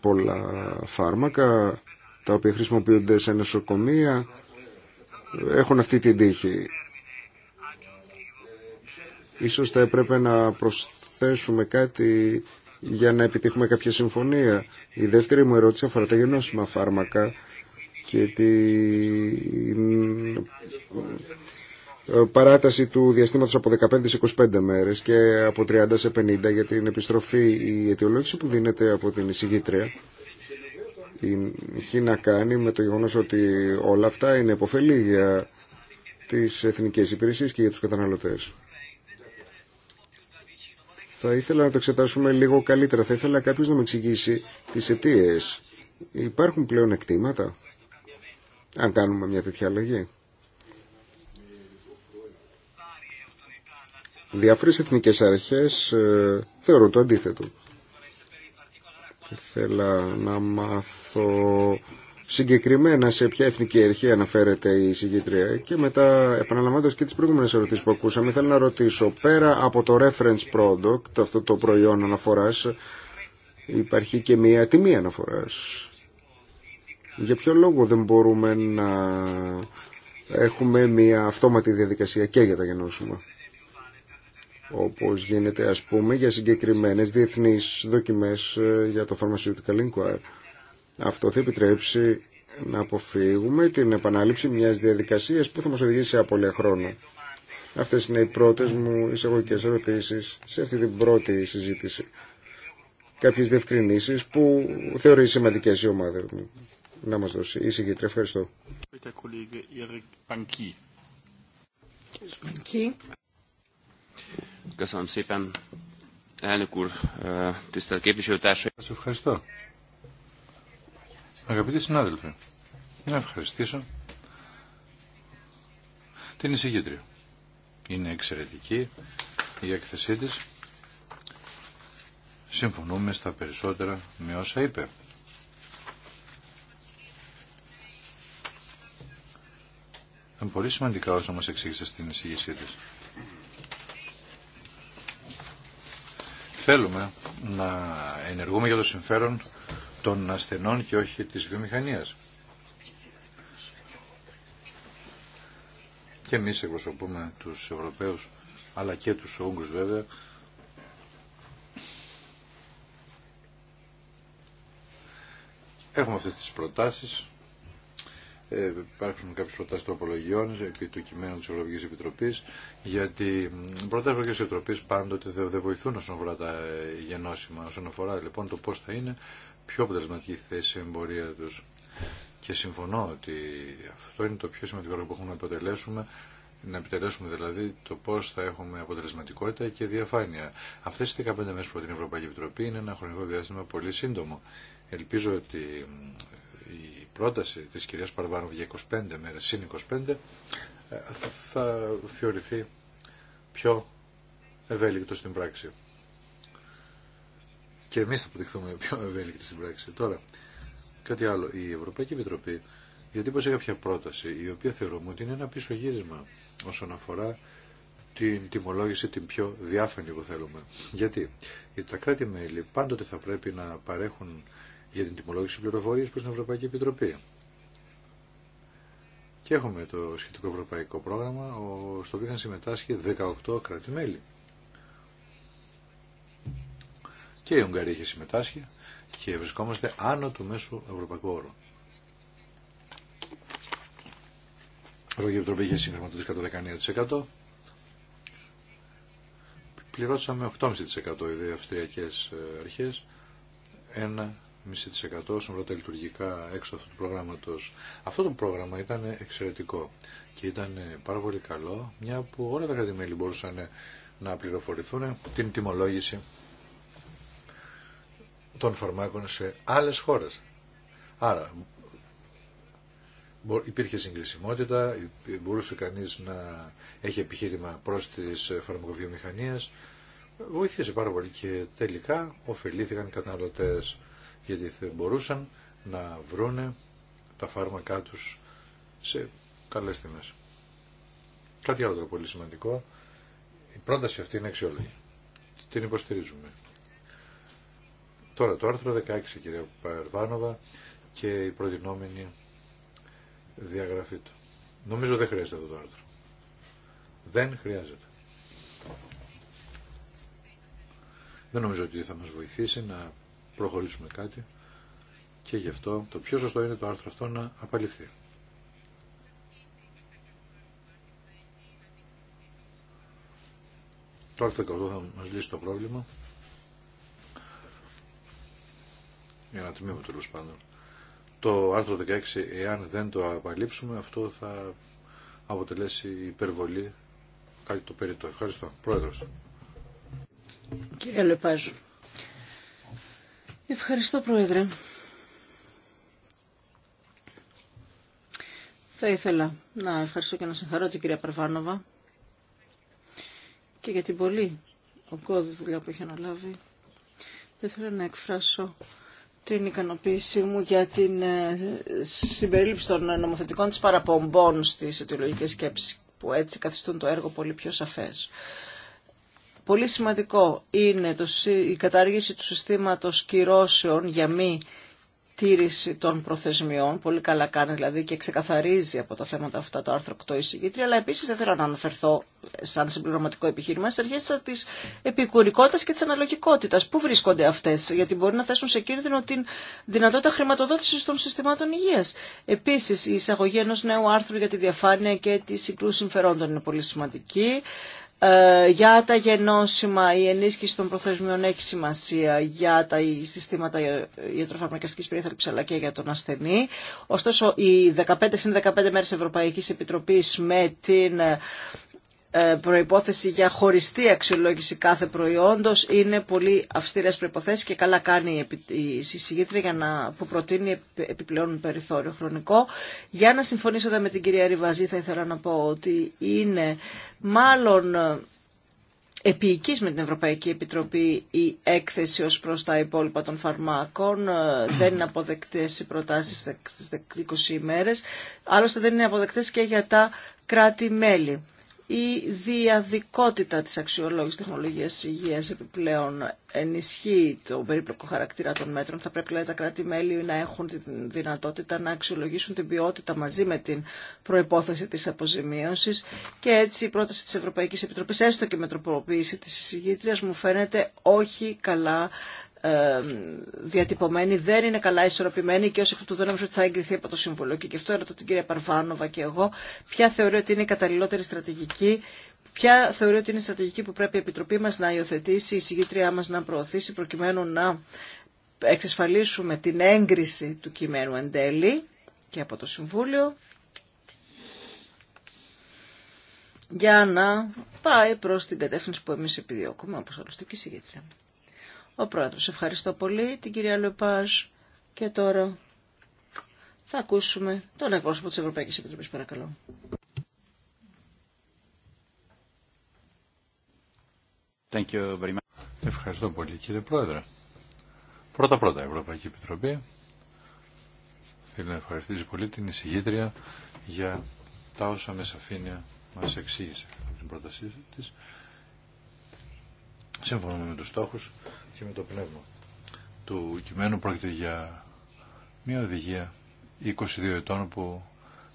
Πολλά φάρμακα τα οποία χρησιμοποιούνται σε νοσοκομεία έχουν αυτή την τύχη. Ίσως θα έπρεπε να προσθέσουμε κάτι για να επιτύχουμε κάποια συμφωνία. Η δεύτερη μου ερώτηση αφορά τα γενώσιμα φάρμακα και την ε, παράταση του διαστήματος από 15 σε 25 μέρες και από 30 σε 50 για την επιστροφή η αιτιολόγηση που δίνεται από την εισηγήτρια έχει να κάνει με το γεγονός ότι όλα αυτά είναι υποφελή για τις εθνικές υπηρεσίες και για τους καταναλωτές. Θα ήθελα να το εξετάσουμε λίγο καλύτερα. Θα ήθελα κάποιο να μου εξηγήσει τις αιτίε. Υπάρχουν πλέον εκτήματα αν κάνουμε μια τέτοια αλλαγή. Διάφορες εθνικές αρχές ε, θεωρούν το αντίθετο. Θέλω να μάθω συγκεκριμένα σε ποια εθνική αρχή αναφέρεται η συγκήτρια και μετά επαναλαμβάνοντας και τις προηγούμενες ερωτήσεις που ακούσαμε θέλω να ρωτήσω πέρα από το reference product αυτό το προϊόν αναφοράς υπάρχει και μια τιμή αναφοράς για ποιο λόγο δεν μπορούμε να έχουμε μια αυτόματη διαδικασία και για τα γενώσιμα όπως γίνεται ας πούμε για συγκεκριμένες διεθνείς δοκιμές ε, για το Pharmaceutical Inquiry. Αυτό θα επιτρέψει να αποφύγουμε την επανάληψη μιας διαδικασίας που θα μας οδηγήσει σε απολύα χρόνο. Αυτές είναι οι πρώτες μου εισαγωγικές ερωτήσεις σε αυτή την πρώτη συζήτηση. Κάποιες διευκρινήσεις που θεωρεί σημαντικές η ομάδα μου. Να μας δώσει. Η Ευχαριστώ. Köszönöm Σας ευχαριστώ. Αγαπητοί συνάδελφοι, να ευχαριστήσω την εισηγήτρια. Είναι εξαιρετική η έκθεσή της. Συμφωνούμε στα περισσότερα με όσα είπε. Είναι πολύ σημαντικά όσα μας εξήγησε στην εισηγήσή της. θέλουμε να ενεργούμε για το συμφέρον των ασθενών και όχι της βιομηχανίας. Και εμείς εκπροσωπούμε τους Ευρωπαίους, αλλά και τους Ούγγρους βέβαια, Έχουμε αυτές τις προτάσεις ε, υπάρχουν κάποιε προτάσει τροπολογιών επί του κειμένου τη Ευρωπαϊκή Επιτροπή, γιατί προτάσει Ευρωπαϊκή Επιτροπή πάντοτε δεν βοηθούν όσον αφορά τα ε, γενώσιμα, όσον αφορά λοιπόν το πώ θα είναι πιο αποτελεσματική θέση εμπορία του. Και συμφωνώ ότι αυτό είναι το πιο σημαντικό που έχουμε να αποτελέσουμε, να επιτελέσουμε δηλαδή το πώ θα έχουμε αποτελεσματικότητα και διαφάνεια. Αυτέ οι 15 μέρε που την Ευρωπαϊκή Επιτροπή είναι ένα χρονικό διάστημα πολύ σύντομο. Ελπίζω ότι η πρόταση της κυρίας Παρβάνου για 25 μέρες, συν 25, ε, θα θεωρηθεί πιο ευέλικτο στην πράξη. Και εμείς θα αποδειχθούμε πιο ευέλικτοι στην πράξη. Τώρα, κάτι άλλο. Η Ευρωπαϊκή Επιτροπή διατύπωσε κάποια πρόταση, η οποία θεωρούμε ότι είναι ένα πίσω γύρισμα όσον αφορά την τιμολόγηση την πιο διάφανη που θέλουμε. Γιατί, γιατί τα κράτη-μέλη πάντοτε θα πρέπει να παρέχουν για την τιμολόγηση πληροφορίας προς την Ευρωπαϊκή Επιτροπή. Και έχουμε το σχετικό ευρωπαϊκό πρόγραμμα, στο οποίο είχαν συμμετάσχει 18 κράτη-μέλη. Και η Ουγγαρία είχε συμμετάσχει και βρισκόμαστε άνω του μέσου ευρωπαϊκού όρου. Η Ευρωπαϊκή Επιτροπή είχε συγχρηματοδοτήσει κατά 19%. Πληρώσαμε 8,5% οι αυστριακές ε, αρχές, ένα 0,5% όσον τα λειτουργικά έξω του προγράμματος. Αυτό το πρόγραμμα ήταν εξαιρετικό και ήταν πάρα πολύ καλό, μια που όλα τα κρατημέλη μπορούσαν να πληροφορηθούν την τιμολόγηση των φαρμάκων σε άλλες χώρες. Άρα υπήρχε συγκρισιμότητα, μπορούσε κανείς να έχει επιχείρημα προς τις φαρμακοβιομηχανίες, βοήθησε πάρα πολύ και τελικά ωφελήθηκαν οι καταναλωτές γιατί δεν μπορούσαν να βρούνε τα φάρμακά τους σε καλές τιμές. Κάτι άλλο πολύ σημαντικό. Η πρόταση αυτή είναι αξιόλογη. Την υποστηρίζουμε. Τώρα το άρθρο 16 κυρία Παερβάνοβα και η προτινόμενη διαγραφή του. Νομίζω δεν χρειάζεται αυτό το άρθρο. Δεν χρειάζεται. Δεν νομίζω ότι θα μας βοηθήσει να προχωρήσουμε κάτι και γι' αυτό το πιο σωστό είναι το άρθρο αυτό να απαλληφθεί. Το άρθρο 18 θα μας λύσει το πρόβλημα για ένα τμήμα τέλο πάντων. Το άρθρο 16, εάν δεν το απαλείψουμε, αυτό θα αποτελέσει υπερβολή κάτι το περίτω. Ευχαριστώ. Πρόεδρος. Κύριε Λεπάζου. Ευχαριστώ, Πρόεδρε. Θα ήθελα να ευχαριστώ και να συγχαρώ την κυρία Παρβάνοβα και για την πολύ ογκώδη δουλειά που έχει αναλάβει. Θα ήθελα να εκφράσω την ικανοποίησή μου για την ε, συμπερίληψη των νομοθετικών της παραπομπών στις αιτιολογικές σκέψεις που έτσι καθιστούν το έργο πολύ πιο σαφές. Πολύ σημαντικό είναι το, η κατάργηση του συστήματος κυρώσεων για μη τήρηση των προθεσμιών. Πολύ καλά κάνει δηλαδή και ξεκαθαρίζει από τα θέματα αυτά το άρθρο 8 εισηγήτρια. Αλλά επίση δεν θέλω να αναφερθώ σαν συμπληρωματικό επιχείρημα σε αρχέ τη επικουρικότητα και τη αναλογικότητα. Πού βρίσκονται αυτέ, γιατί μπορεί να θέσουν σε κίνδυνο την δυνατότητα χρηματοδότηση των συστημάτων υγεία. Επίση, η εισαγωγή ενό νέου άρθρου για τη διαφάνεια και τη συγκλού συμφερόντων είναι πολύ σημαντική. Ε, για τα γενώσιμα, η ενίσχυση των προθεσμιών έχει σημασία για τα συστήματα ιατροφαρμακευτικής περίθαλψης αλλά και για τον ασθενή. Ωστόσο, οι 15 συν 15 μέρες Ευρωπαϊκής Επιτροπής με την ε, προϋπόθεση για χωριστή αξιολόγηση κάθε προϊόντος είναι πολύ αυστηρές προϋποθέσεις και καλά κάνει η συζήτρια για να, που προτείνει επιπλέον περιθώριο χρονικό. Για να συμφωνήσω με την κυρία Ριβαζή θα ήθελα να πω ότι είναι μάλλον ε, επίοικης με την Ευρωπαϊκή Επιτροπή η έκθεση ως προς τα υπόλοιπα των φαρμάκων. Ε, δεν είναι αποδεκτές οι προτάσεις στις 20 ημέρες. Άλλωστε δεν είναι αποδεκτές και για τα κράτη-μέλη η διαδικότητα της αξιολόγησης τεχνολογίας υγείας επιπλέον ενισχύει το περίπλοκο χαρακτήρα των μέτρων. Θα πρέπει λέει, τα κράτη-μέλη να έχουν τη δυνατότητα να αξιολογήσουν την ποιότητα μαζί με την προϋπόθεση της αποζημίωσης και έτσι η πρόταση της Ευρωπαϊκής Επιτροπής, έστω και με τροποποίηση της εισηγήτριας, μου φαίνεται όχι καλά διατυπωμένη, δεν είναι καλά ισορροπημένη και ω εκ του δεν ότι θα εγκριθεί από το Συμβουλίο. Και γι' αυτό έρωτα την κυρία Παρβάνοβα και εγώ ποια θεωρεί ότι είναι η καταλληλότερη στρατηγική, ποια θεωρεί ότι είναι η στρατηγική που πρέπει η Επιτροπή μα να υιοθετήσει, η συγγήτριά μα να προωθήσει προκειμένου να εξασφαλίσουμε την έγκριση του κειμένου εν τέλει και από το Συμβούλιο για να πάει προς την κατεύθυνση που εμείς επιδιώκουμε, όπως άλλωστε και η ο Πρόεδρος, ευχαριστώ πολύ την κυρία Λεπάζ και τώρα θα ακούσουμε τον εκπρόσωπο της Ευρωπαϊκής Επιτροπής, παρακαλώ. Thank you very much. Ευχαριστώ πολύ κύριε Πρόεδρε. Πρώτα-πρώτα Ευρωπαϊκή Επιτροπή θέλει να ευχαριστήσει πολύ την εισηγήτρια για τα όσα με σαφήνεια μας εξήγησε από την πρότασή της. Σύμφωνα με τους στόχους και με το πνεύμα του κειμένου πρόκειται για μια οδηγία 22 ετών που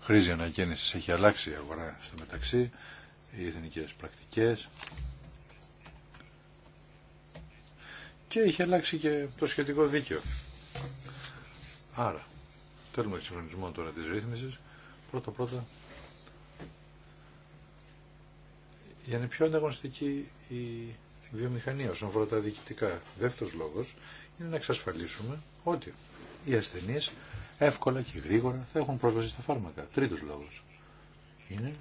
χρήζει ανακαίνηση. Έχει αλλάξει η αγορά στο μεταξύ, οι εθνικές πρακτικές και έχει αλλάξει και το σχετικό δίκαιο. Άρα, θέλουμε εξυγχρονισμό τώρα της ρύθμισης. Πρώτα πρώτα, για να είναι πιο ανταγωνιστική η βιομηχανία όσον αφορά τα διοικητικά. Δεύτερος λόγος είναι να εξασφαλίσουμε ότι οι ασθενείς εύκολα και γρήγορα θα έχουν πρόσβαση στα φάρμακα. Τρίτο λόγο. είναι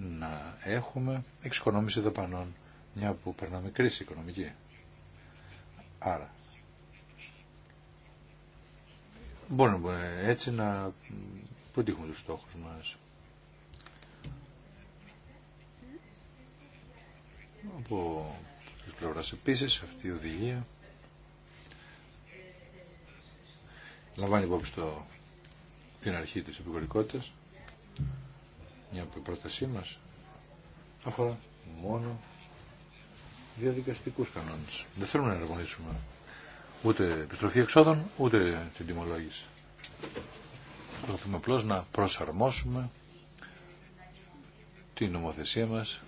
να έχουμε εξοικονόμηση δαπανών μια που περνάμε κρίση οικονομική. Άρα μπορούμε έτσι να πετύχουμε τους στόχους μας. Από της πλευράς. Επίσης, αυτή η οδηγία λαμβάνει υπόψη την αρχή της επικορικότητας. Μια από πρότασή μας αφορά μόνο διαδικαστικούς κανόνες. Δεν θέλουμε να ενεργονίσουμε ούτε επιστροφή εξόδων, ούτε την τιμολόγηση. Προσπαθούμε απλώ να προσαρμόσουμε την νομοθεσία μας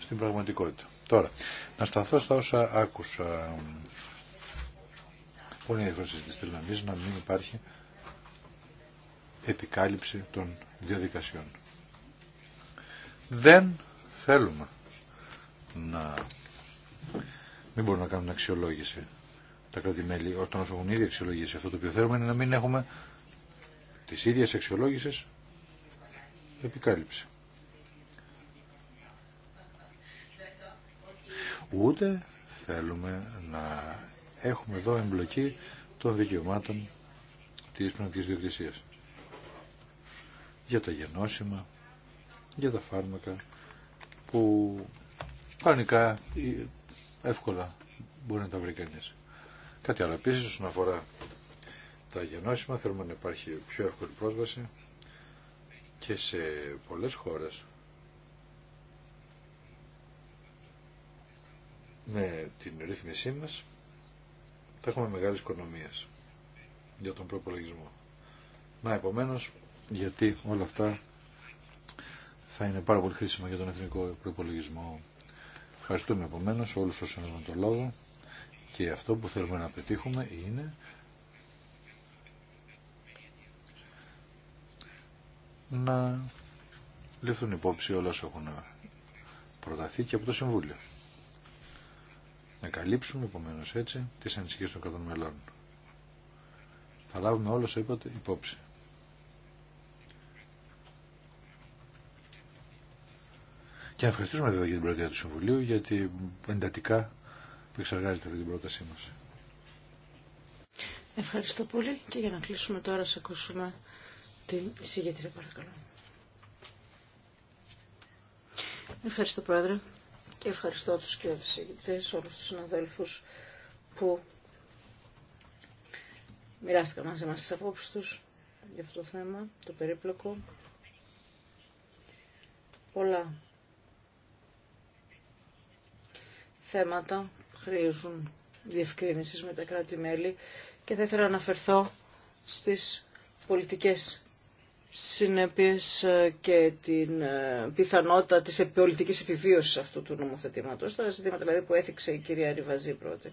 στην πραγματικότητα. Τώρα, να σταθώ στα όσα άκουσα. Πολύ ενδιαφέρον στις να μην υπάρχει επικάλυψη των διαδικασιών. Δεν θέλουμε να μην μπορούμε να κάνουμε αξιολόγηση τα κρατημέλη όταν όσο έχουν ήδη αξιολογήσει αυτό το οποίο θέλουμε είναι να μην έχουμε τις ίδιες αξιολόγησεις επικάλυψη. ούτε θέλουμε να έχουμε εδώ εμπλοκή των δικαιωμάτων της πνευματικής διοκτησίας. Για τα γενώσιμα, για τα φάρμακα που κανονικά εύκολα μπορεί να τα βρει κανείς. Κάτι άλλο επίσης όσον αφορά τα γενώσιμα θέλουμε να υπάρχει πιο εύκολη πρόσβαση και σε πολλές χώρες με την ρύθμισή μας θα έχουμε μεγάλες οικονομίες για τον προπολογισμό. Να επομένως, γιατί όλα αυτά θα είναι πάρα πολύ χρήσιμα για τον εθνικό προπολογισμό. Ευχαριστούμε επομένως όλους όσους έχουν τον λόγο και αυτό που θέλουμε να πετύχουμε είναι να ληφθούν υπόψη όλα όσα έχουν προταθεί και από το Συμβούλιο να καλύψουμε επομένω έτσι τις ανησυχίες των κρατών μελών. Θα λάβουμε όλο όσα είπατε υπόψη. Και να ευχαριστήσουμε βέβαια για την πρωτεία του Συμβουλίου γιατί εντατικά εξεργάζεται αυτή την πρότασή μας. Ευχαριστώ πολύ και για να κλείσουμε τώρα σε ακούσουμε την εισηγήτρια παρακαλώ. Ευχαριστώ Πρόεδρε και ευχαριστώ τους και τους συγκεκριτές, όλους τους συναδέλφους που μοιράστηκαν μαζί μας τις απόψεις τους για αυτό το θέμα, το περίπλοκο. Πολλά θέματα χρήζουν διευκρίνησης με τα κράτη-μέλη και θα ήθελα να αναφερθώ στις πολιτικές Συνεπής ε, και την ε, πιθανότητα της πολιτικής επιβίωσης αυτού του νομοθετήματος, τα ζητήματα δηλαδή που έθιξε η κυρία Ριβαζή πρώτη.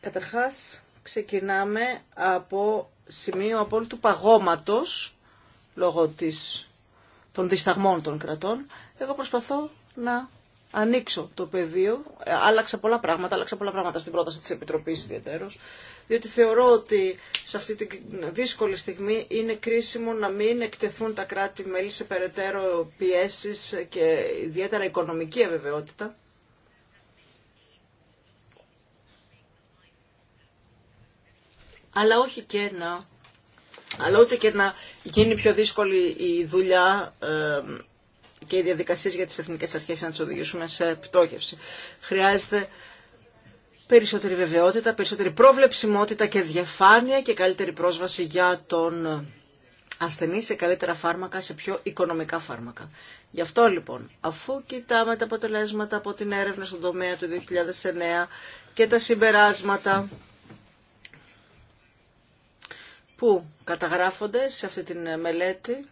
Καταρχάς, ξεκινάμε από σημείο απόλυτου παγώματος, λόγω της, των δισταγμών των κρατών. Εγώ προσπαθώ να ανοίξω το πεδίο. Ε, άλλαξα πολλά πράγματα, άλλαξα πολλά πράγματα στην πρόταση της Επιτροπής ιδιαίτερως, διότι θεωρώ ότι σε αυτή τη δύσκολη στιγμή είναι κρίσιμο να μην εκτεθούν τα κράτη-μέλη σε περαιτέρω πιέσεις και ιδιαίτερα οικονομική αβεβαιότητα. Αλλά όχι και να αλλά ούτε και να γίνει πιο δύσκολη η δουλειά ε, και οι διαδικασίες για τις εθνικές αρχές να τις οδηγήσουμε σε πτώχευση. Χρειάζεται περισσότερη βεβαιότητα, περισσότερη προβλεψιμότητα και διαφάνεια και καλύτερη πρόσβαση για τον ασθενή σε καλύτερα φάρμακα, σε πιο οικονομικά φάρμακα. Γι' αυτό λοιπόν, αφού κοιτάμε τα αποτελέσματα από την έρευνα στον τομέα του 2009 και τα συμπεράσματα που καταγράφονται σε αυτή την μελέτη,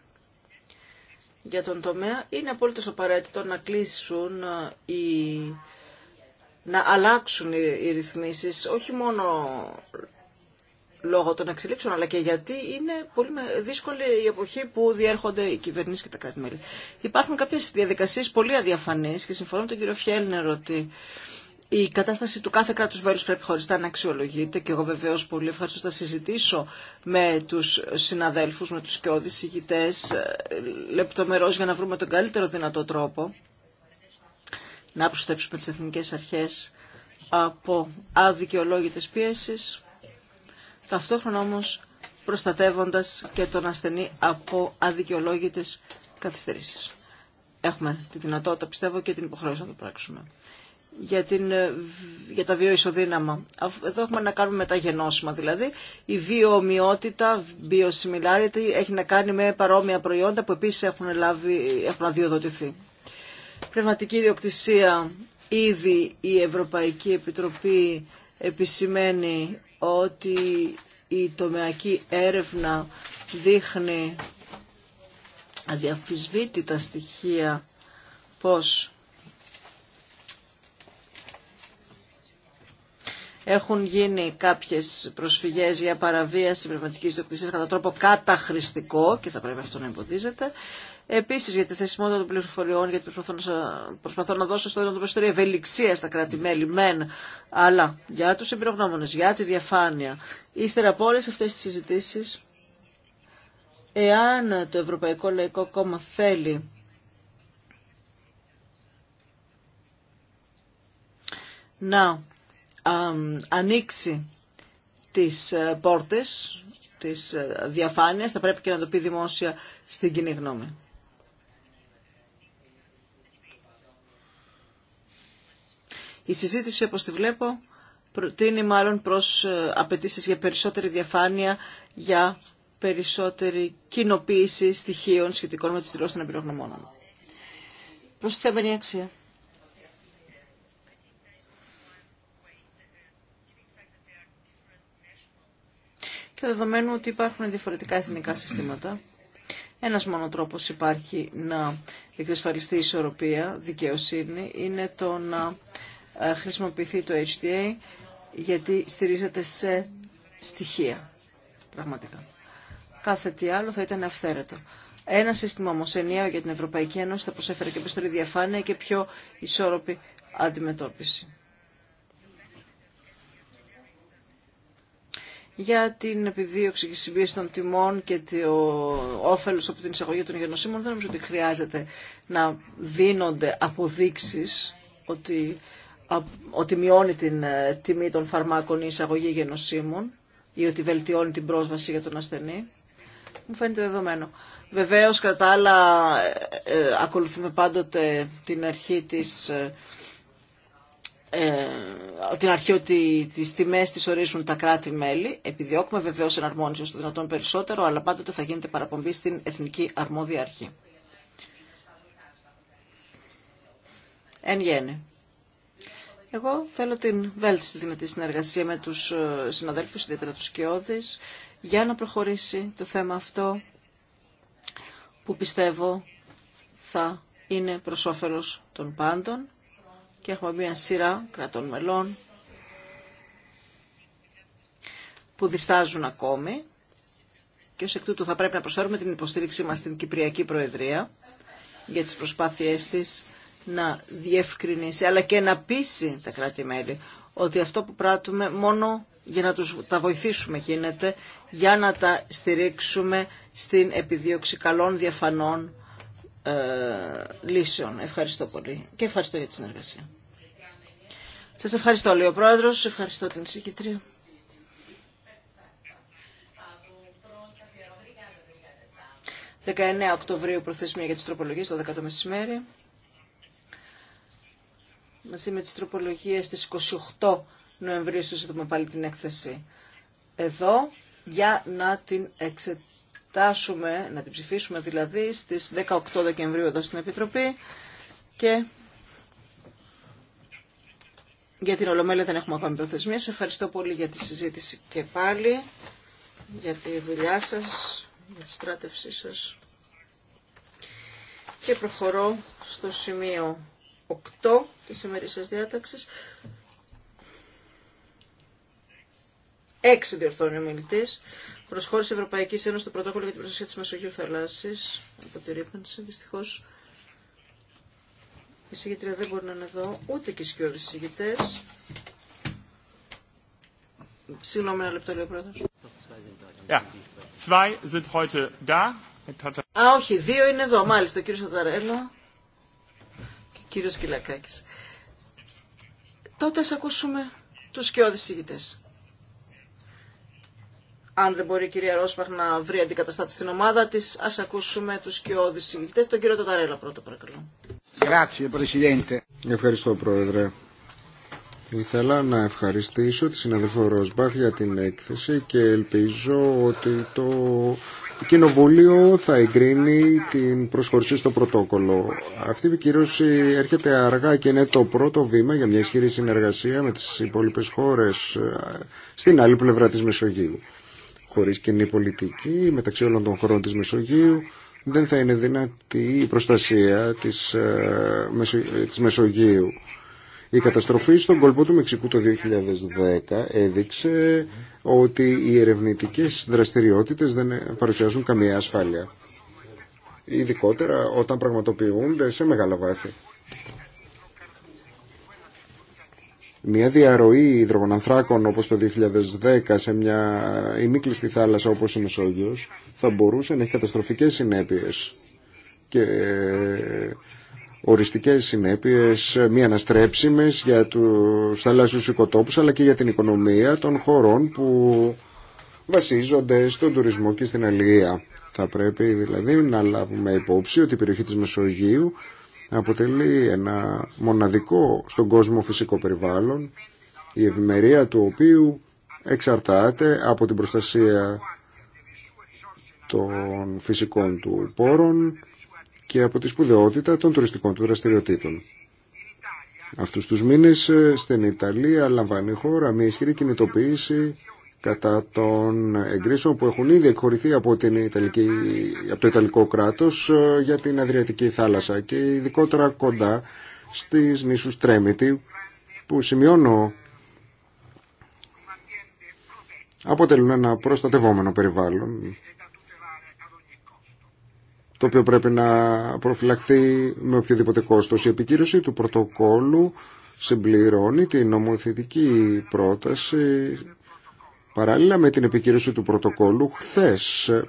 για τον τομέα, είναι απόλυτος απαραίτητο να κλείσουν ε, οι... να αλλάξουν οι ρυθμίσεις, όχι μόνο λόγω των εξελίξεων, αλλά και γιατί είναι πολύ δύσκολη η εποχή που διέρχονται οι κυβερνήσει και τα κράτη-μέλη. Υπάρχουν κάποιες διαδικασίες πολύ αδιαφανείς και συμφωνώ με τον κύριο Φιέλνερ ότι η κατάσταση του κάθε κράτους μέλους πρέπει χωριστά να αξιολογείται και εγώ βεβαίως πολύ ευχαριστώ θα συζητήσω με τους συναδέλφους, με τους και ηγητές ε, λεπτομερώς για να βρούμε τον καλύτερο δυνατό τρόπο να προστέψουμε τις εθνικές αρχές από αδικαιολόγητες πίεσεις ταυτόχρονα όμως προστατεύοντας και τον ασθενή από αδικαιολόγητες καθυστερήσεις. Έχουμε τη δυνατότητα, πιστεύω, και την υποχρέωση να το πράξουμε για, την, ε, για τα βιοεισοδύναμα. Εδώ έχουμε να κάνουμε με τα γενώσιμα δηλαδή. Η βιοομοιότητα, biosimilarity, έχει να κάνει με παρόμοια προϊόντα που επίσης έχουν, λάβει, έχουν αδειοδοτηθεί. Πνευματική ιδιοκτησία, ήδη η Ευρωπαϊκή Επιτροπή επισημαίνει ότι η τομεακή έρευνα δείχνει αδιαφυσβήτητα στοιχεία πως Έχουν γίνει κάποιε προσφυγέ για παραβίαση πνευματική ιδιοκτησία κατά τρόπο καταχρηστικό και θα πρέπει αυτό να εμποδίζεται. Επίση, για τη θεσιμότητα των πληροφοριών, γιατί προσπαθώ να, προσπαθώ να δώσω στο το του ευελιξία στα κράτη-μέλη, μεν, αλλά για του εμπειρογνώμονε, για τη διαφάνεια. Ύστερα από όλε αυτέ τι συζητήσει, εάν το Ευρωπαϊκό Λαϊκό Κόμμα θέλει να ανοίξει τις ε, πόρτες της ε, διαφάνειας, θα πρέπει και να το πει δημόσια στην κοινή γνώμη. Η συζήτηση, όπως τη βλέπω, προτείνει μάλλον προς ε, απαιτήσει για περισσότερη διαφάνεια, για περισσότερη κοινοποίηση στοιχείων σχετικών με τις δηλώσεις των εμπειρογνωμόνων. Προσθέμενη αξία. και δεδομένου ότι υπάρχουν διαφορετικά εθνικά συστήματα. Ένας μόνο τρόπος υπάρχει να εξασφαλιστεί η ισορροπία, δικαιοσύνη, είναι το να ε, χρησιμοποιηθεί το HDA γιατί στηρίζεται σε στοιχεία, πραγματικά. Κάθε τι άλλο θα ήταν αυθαίρετο. Ένα σύστημα όμω ενιαίο για την Ευρωπαϊκή Ένωση θα προσέφερε και περισσότερη διαφάνεια και πιο ισόρροπη αντιμετώπιση. για την επιδίωξη και συμπίεση των τιμών και το όφελο από την εισαγωγή των γενοσύμων. Δεν νομίζω ότι χρειάζεται να δίνονται αποδείξει ότι, ότι μειώνει την ε, τιμή των φαρμάκων η εισαγωγή γενοσύμων ή ότι βελτιώνει την πρόσβαση για τον ασθενή. Μου φαίνεται δεδομένο. Βεβαίως, κατά άλλα, ε, ε, ακολουθούμε πάντοτε την αρχή της ε, την αρχή ότι τις τιμές τις ορίζουν τα κράτη-μέλη. Επιδιώκουμε βεβαίως εναρμόνιση όσο το δυνατόν περισσότερο, αλλά πάντοτε θα γίνεται παραπομπή στην Εθνική Αρμόδια Αρχή. Εν γέννη. Εγώ θέλω την βέλτιστη δυνατή συνεργασία με τους ε, συναδέλφους, ιδιαίτερα τους Κιώδης, για να προχωρήσει το θέμα αυτό που πιστεύω θα είναι προς όφελος των πάντων και έχουμε μια σειρά κρατών μελών που διστάζουν ακόμη και ως εκ τούτου θα πρέπει να προσφέρουμε την υποστήριξή μας στην Κυπριακή Προεδρία για τις προσπάθειές της να διευκρινίσει αλλά και να πείσει τα κράτη-μέλη ότι αυτό που πράττουμε μόνο για να τους, τα βοηθήσουμε γίνεται, για να τα στηρίξουμε στην επιδίωξη καλών διαφανών ε, λύσεων. Ευχαριστώ πολύ και ευχαριστώ για τη συνεργασία. Σας ευχαριστώ, λέει ο Πρόεδρος. Σας ευχαριστώ την Συγκητρία. «19 Οκτωβρίου προθεσμία για τις τροπολογίες, 12 το μεσημέρι. Μαζί με τις τροπολογίες στις 28 Νοεμβρίου συζητούμε πάλι την έκθεση εδώ για να την εξετάσουμε, να την ψηφίσουμε δηλαδή στις 18 Δεκεμβρίου εδώ στην Επιτροπή και για την Ολομέλεια δεν έχουμε ακόμη προθεσμία. Σε ευχαριστώ πολύ για τη συζήτηση και πάλι, για τη δουλειά σας, για τη στράτευσή σας. Και προχωρώ στο σημείο 8 της ημερήσιας διάταξης. 6 διορθώνει ο μιλητής. Προσχώρηση Ευρωπαϊκής Ένωσης στο πρωτόκολλο για την προστασία της Μεσογείου Θαλάσσης από τη ρήπανση, δυστυχώς. Η συγγετρία δεν μπορεί να είναι εδώ, ούτε και οι σκιώδεις συγγετές. Συγγνώμη ένα λεπτό, λέει ο πρόεδρος. Er- Α, όχι, δύο είναι εδώ, μάλιστα, ο κύριος Σαταρέλα και ο κύριος Κυλακάκης. Τότε ας ακούσουμε τους σκιώδεις συγγετές. Αν δεν μπορεί η κυρία Ρόσπαχ να βρει αντικαταστάτη στην ομάδα της, ας ακούσουμε τους σκιώδεις συγγετές. Τον κύριο Ταταρέλα πρώτα, παρακαλώ. Ευχαριστώ Πρόεδρε. Ήθελα να ευχαριστήσω τη συναδελφό Ροσμπαχ για την έκθεση και ελπίζω ότι το Κοινοβούλιο θα εγκρίνει την προσχωρήση στο πρωτόκολλο. Αυτή η επικυρώση έρχεται αργά και είναι το πρώτο βήμα για μια ισχυρή συνεργασία με τις υπόλοιπε χώρες ε, στην άλλη πλευρά της Μεσογείου. Χωρίς κοινή πολιτική μεταξύ όλων των χωρών της Μεσογείου δεν θα είναι δυνατή η προστασία ε, της, Μεσογείου. Η καταστροφή στον κολπό του Μεξικού το 2010 έδειξε ότι οι ερευνητικές δραστηριότητες δεν παρουσιάζουν καμία ασφάλεια. Ειδικότερα όταν πραγματοποιούνται σε μεγάλα βάθη. μια διαρροή υδρογονανθράκων όπως το 2010 σε μια ημίκλειστη θάλασσα όπως είναι ο Σόγιος θα μπορούσε να έχει καταστροφικές συνέπειες και ε, οριστικές συνέπειες ε, μη αναστρέψιμες για τους θαλάσσιους οικοτόπους αλλά και για την οικονομία των χωρών που βασίζονται στον τουρισμό και στην αλληλεία. Θα πρέπει δηλαδή να λάβουμε υπόψη ότι η περιοχή της Μεσογείου αποτελεί ένα μοναδικό στον κόσμο φυσικό περιβάλλον, η ευημερία του οποίου εξαρτάται από την προστασία των φυσικών του πόρων και από τη σπουδαιότητα των τουριστικών του δραστηριοτήτων. Αυτούς τους μήνες ε, στην Ιταλία λαμβάνει η χώρα μια ισχυρή κινητοποίηση κατά των εγκρίσεων που έχουν ήδη εκχωρηθεί από, την Ιταλική, από το Ιταλικό κράτος ε, για την Αδριατική θάλασσα και ειδικότερα κοντά στις νήσους Τρέμητη που σημειώνω αποτελούν ένα προστατευόμενο περιβάλλον το οποίο πρέπει να προφυλαχθεί με οποιοδήποτε κόστος. Η επικύρωση του πρωτοκόλου συμπληρώνει την νομοθετική πρόταση Παράλληλα με την επικύρωση του πρωτοκόλου, χθε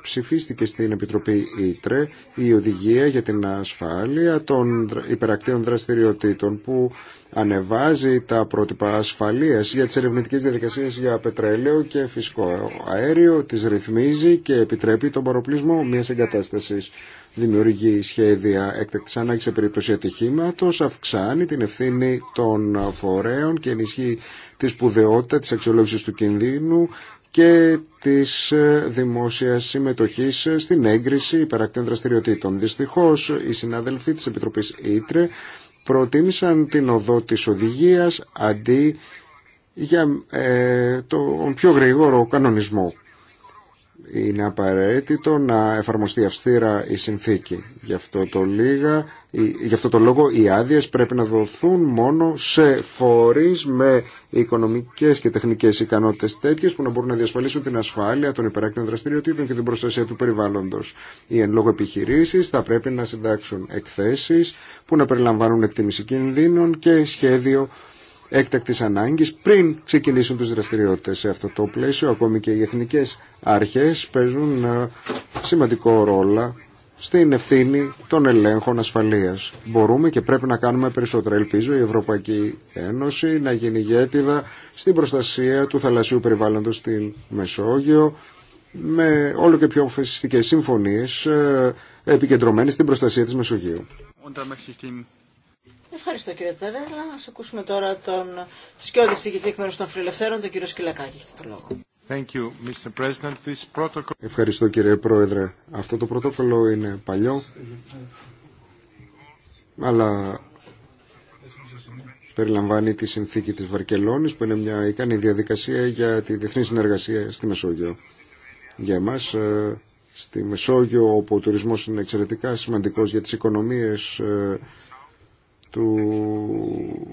ψηφίστηκε στην Επιτροπή Ήτρε η οδηγία για την ασφάλεια των υπερακτήων δραστηριοτήτων που ανεβάζει τα πρότυπα ασφαλεία για τις ερευνητικέ διαδικασίες για πετρέλαιο και φυσικό αέριο, τις ρυθμίζει και επιτρέπει τον παροπλισμό μια εγκατάσταση δημιουργεί σχέδια έκτακτης ανάγκης σε περίπτωση ατυχήματος, αυξάνει την ευθύνη των φορέων και ενισχύει τη σπουδαιότητα της αξιολόγησης του κινδύνου και της ε, δημόσιας συμμετοχής ε, στην έγκριση υπερακτών δραστηριοτήτων. Δυστυχώς, οι συνάδελφοί της Επιτροπής Ήτρε προτίμησαν την οδό της οδηγίας αντί για ε, τον πιο γρήγορο κανονισμό είναι απαραίτητο να εφαρμοστεί αυστήρα η συνθήκη. Γι' αυτό το, λίγα, γι αυτό το λόγο οι άδειε πρέπει να δοθούν μόνο σε φορείς με οικονομικές και τεχνικές ικανότητες τέτοιες που να μπορούν να διασφαλίσουν την ασφάλεια των υπεράκτων δραστηριοτήτων και την προστασία του περιβάλλοντος. Οι εν λόγω επιχειρήσεις θα πρέπει να συντάξουν εκθέσεις που να περιλαμβάνουν εκτίμηση κινδύνων και σχέδιο Έκτακτη ανάγκης πριν ξεκινήσουν τις δραστηριότητε Σε αυτό το πλαίσιο ακόμη και οι εθνικέ αρχές παίζουν ε, σημαντικό ρόλο στην ευθύνη των ελέγχων ασφαλείας. Μπορούμε και πρέπει να κάνουμε περισσότερα. Ελπίζω η Ευρωπαϊκή Ένωση να γίνει γέτιδα στην προστασία του θαλασσίου περιβάλλοντος στην Μεσόγειο με όλο και πιο αποφασιστικές συμφωνίες ε, επικεντρωμένες στην προστασία της Μεσογείου. Ευχαριστώ κύριε Τερέλα. Ας ακούσουμε τώρα τον σκιώδη συγκητή εκ μέρους των φιλελευθέρων, τον κύριο Σκυλακάκη. Έχετε το λόγο. Thank you, Mr. President. This protocol... Ευχαριστώ κύριε Πρόεδρε. Αυτό το πρωτόκολλο είναι παλιό, αλλά περιλαμβάνει τη συνθήκη της Βαρκελόνης που είναι μια ικανή διαδικασία για τη διεθνή συνεργασία στη Μεσόγειο. Για εμάς ε, στη Μεσόγειο όπου ο τουρισμός είναι εξαιρετικά σημαντικός για τις οικονομίες ε, του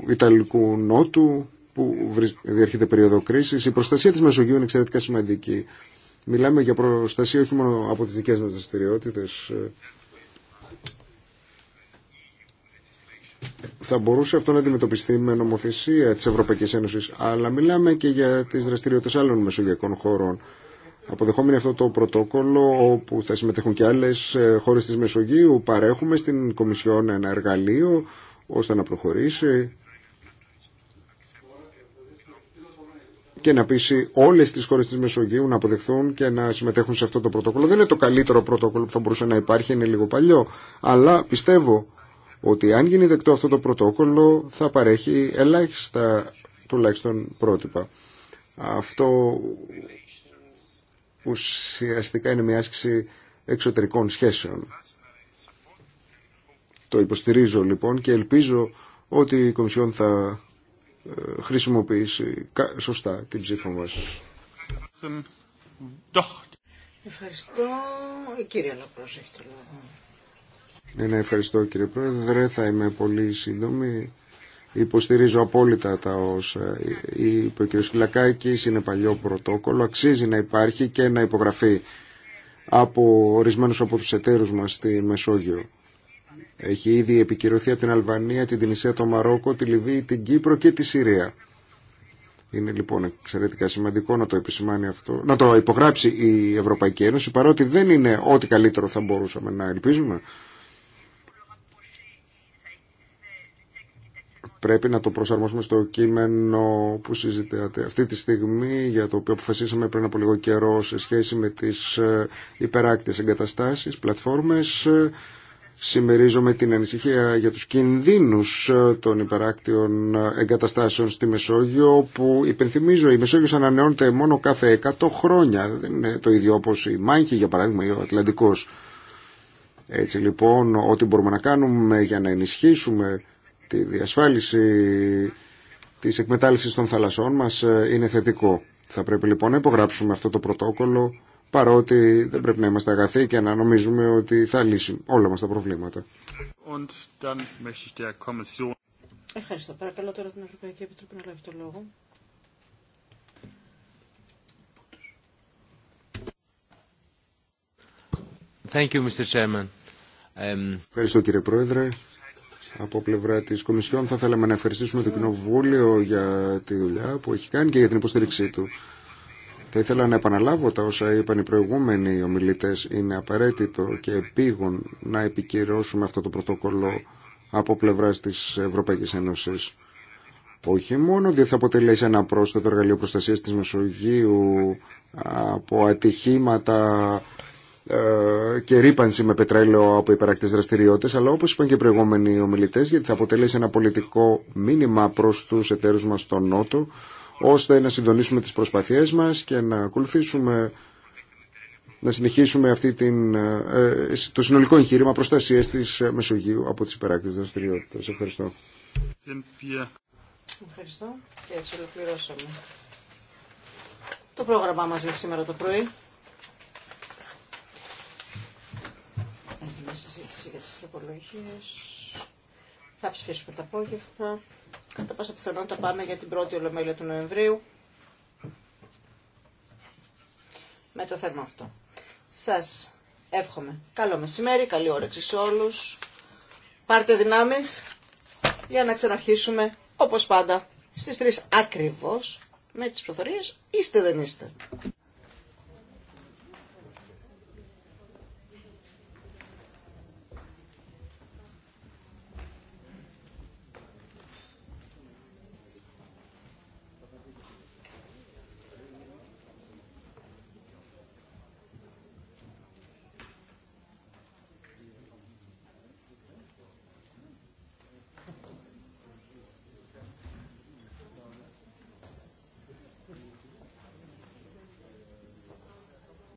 Ιταλικού Νότου που διαρχείται περίοδο κρίσης. Η προστασία της Μεσογείου είναι εξαιρετικά σημαντική. Μιλάμε για προστασία όχι μόνο από τι δικέ μα δραστηριότητε. Θα μπορούσε αυτό να αντιμετωπιστεί με νομοθεσία της Ευρωπαϊκής Ένωσης αλλά μιλάμε και για τις δραστηριότητες άλλων μεσογειακών χωρών. Αποδεχόμενοι αυτό το πρωτόκολλο, όπου θα συμμετέχουν και άλλε χώρε τη Μεσογείου, παρέχουμε στην Κομισιόν ένα εργαλείο ώστε να προχωρήσει και να πείσει όλες τις χώρες της Μεσογείου να αποδεχθούν και να συμμετέχουν σε αυτό το πρωτόκολλο. Δεν είναι το καλύτερο πρωτόκολλο που θα μπορούσε να υπάρχει, είναι λίγο παλιό, αλλά πιστεύω ότι αν γίνει δεκτό αυτό το πρωτόκολλο θα παρέχει ελάχιστα τουλάχιστον πρότυπα. Αυτό ουσιαστικά είναι μια άσκηση εξωτερικών σχέσεων. Το υποστηρίζω λοιπόν και ελπίζω ότι η Κομισιόν θα ε, χρησιμοποιήσει σωστά την ψήφα μας. Ευχαριστώ. Η κυρία Λαπρός έχει το λόγο. Ναι, ναι, ευχαριστώ κύριε Πρόεδρε. Θα είμαι πολύ σύντομη. Υποστηρίζω απόλυτα τα όσα ε, είπε ο κ. Σκυλακάκης. Είναι παλιό πρωτόκολλο. Αξίζει να υπάρχει και να υπογραφεί από ορισμένους από τους εταίρους μας στη Μεσόγειο. Έχει ήδη επικυρωθεί από την Αλβανία, την Τινησία, το Μαρόκο, τη Λιβύη, την Κύπρο και τη Συρία. Είναι λοιπόν εξαιρετικά σημαντικό να το επισημάνει αυτό, να το υπογράψει η Ευρωπαϊκή Ένωση, παρότι δεν είναι ό,τι καλύτερο θα μπορούσαμε να ελπίζουμε. Πρέπει να το προσαρμόσουμε στο κείμενο που συζητάτε αυτή τη στιγμή, για το οποίο αποφασίσαμε πριν από λίγο καιρό σε σχέση με τις ε, υπεράκτιες εγκαταστάσεις, πλατφόρμες, ε, Συμμερίζομαι την ανησυχία για τους κινδύνους ε, των υπεράκτιων ε, εγκαταστάσεων στη Μεσόγειο που υπενθυμίζω η Μεσόγειος ανανεώνεται μόνο κάθε 100 χρόνια. Δεν είναι το ίδιο όπως η Μάγχη για παράδειγμα ή ο Ατλαντικός. Έτσι λοιπόν ό,τι μπορούμε να κάνουμε για να ενισχύσουμε τη διασφάλιση της εκμετάλλευσης των θαλασσών μας ε, είναι θετικό. Θα πρέπει λοιπόν να υπογράψουμε αυτό το πρωτόκολλο παρότι δεν πρέπει να είμαστε αγαθοί και να νομίζουμε ότι θα λύσουν όλα μας τα προβλήματα. Ευχαριστώ. Παρακαλώ τώρα την Ευρωπαϊκή Επιτροπή να λάβει το λόγο. Thank you, Mr. Chairman. Ευχαριστώ κύριε Πρόεδρε. Από πλευρά της Κομισιόν θα θέλαμε να ευχαριστήσουμε το Κοινοβούλιο για τη δουλειά που έχει κάνει και για την υποστήριξή του. Θα ήθελα να επαναλάβω τα όσα είπαν οι προηγούμενοι ομιλητές. Είναι απαραίτητο και επίγον να επικυρώσουμε αυτό το πρωτόκολλο από πλευράς της Ευρωπαϊκής Ένωσης. Όχι μόνο διότι θα αποτελέσει ένα πρόσθετο εργαλείο προστασίας της Μεσογείου από ατυχήματα ε, και ρήπανση με πετρέλαιο από υπερακτές δραστηριότητες, αλλά όπως είπαν και οι προηγούμενοι ομιλητές, γιατί θα αποτελέσει ένα πολιτικό μήνυμα προς τους εταίρους μας στον Νότο, ώστε να συντονίσουμε τις προσπαθίες μας και να ακολουθήσουμε να συνεχίσουμε αυτή την, ε, ε, το συνολικό εγχείρημα προστασίας της Μεσογείου από τις υπεράκτητες δραστηριότητες. Ευχαριστώ. Ευχαριστώ και έτσι ολοκληρώσαμε το πρόγραμμά μας για σήμερα το πρωί. μια συζήτηση για τις τροπολογίες. Θα ψηφίσουμε τα απόγευμα. Κατά πάσα πιθανότητα πάμε για την πρώτη ολομέλεια του Νοεμβρίου με το θέμα αυτό. Σας εύχομαι. Καλό μεσημέρι, καλή όρεξη σε όλους. Πάρτε δυνάμεις για να ξαναρχίσουμε όπως πάντα στις 3 ακριβώς με τις προθορίες είστε δεν είστε.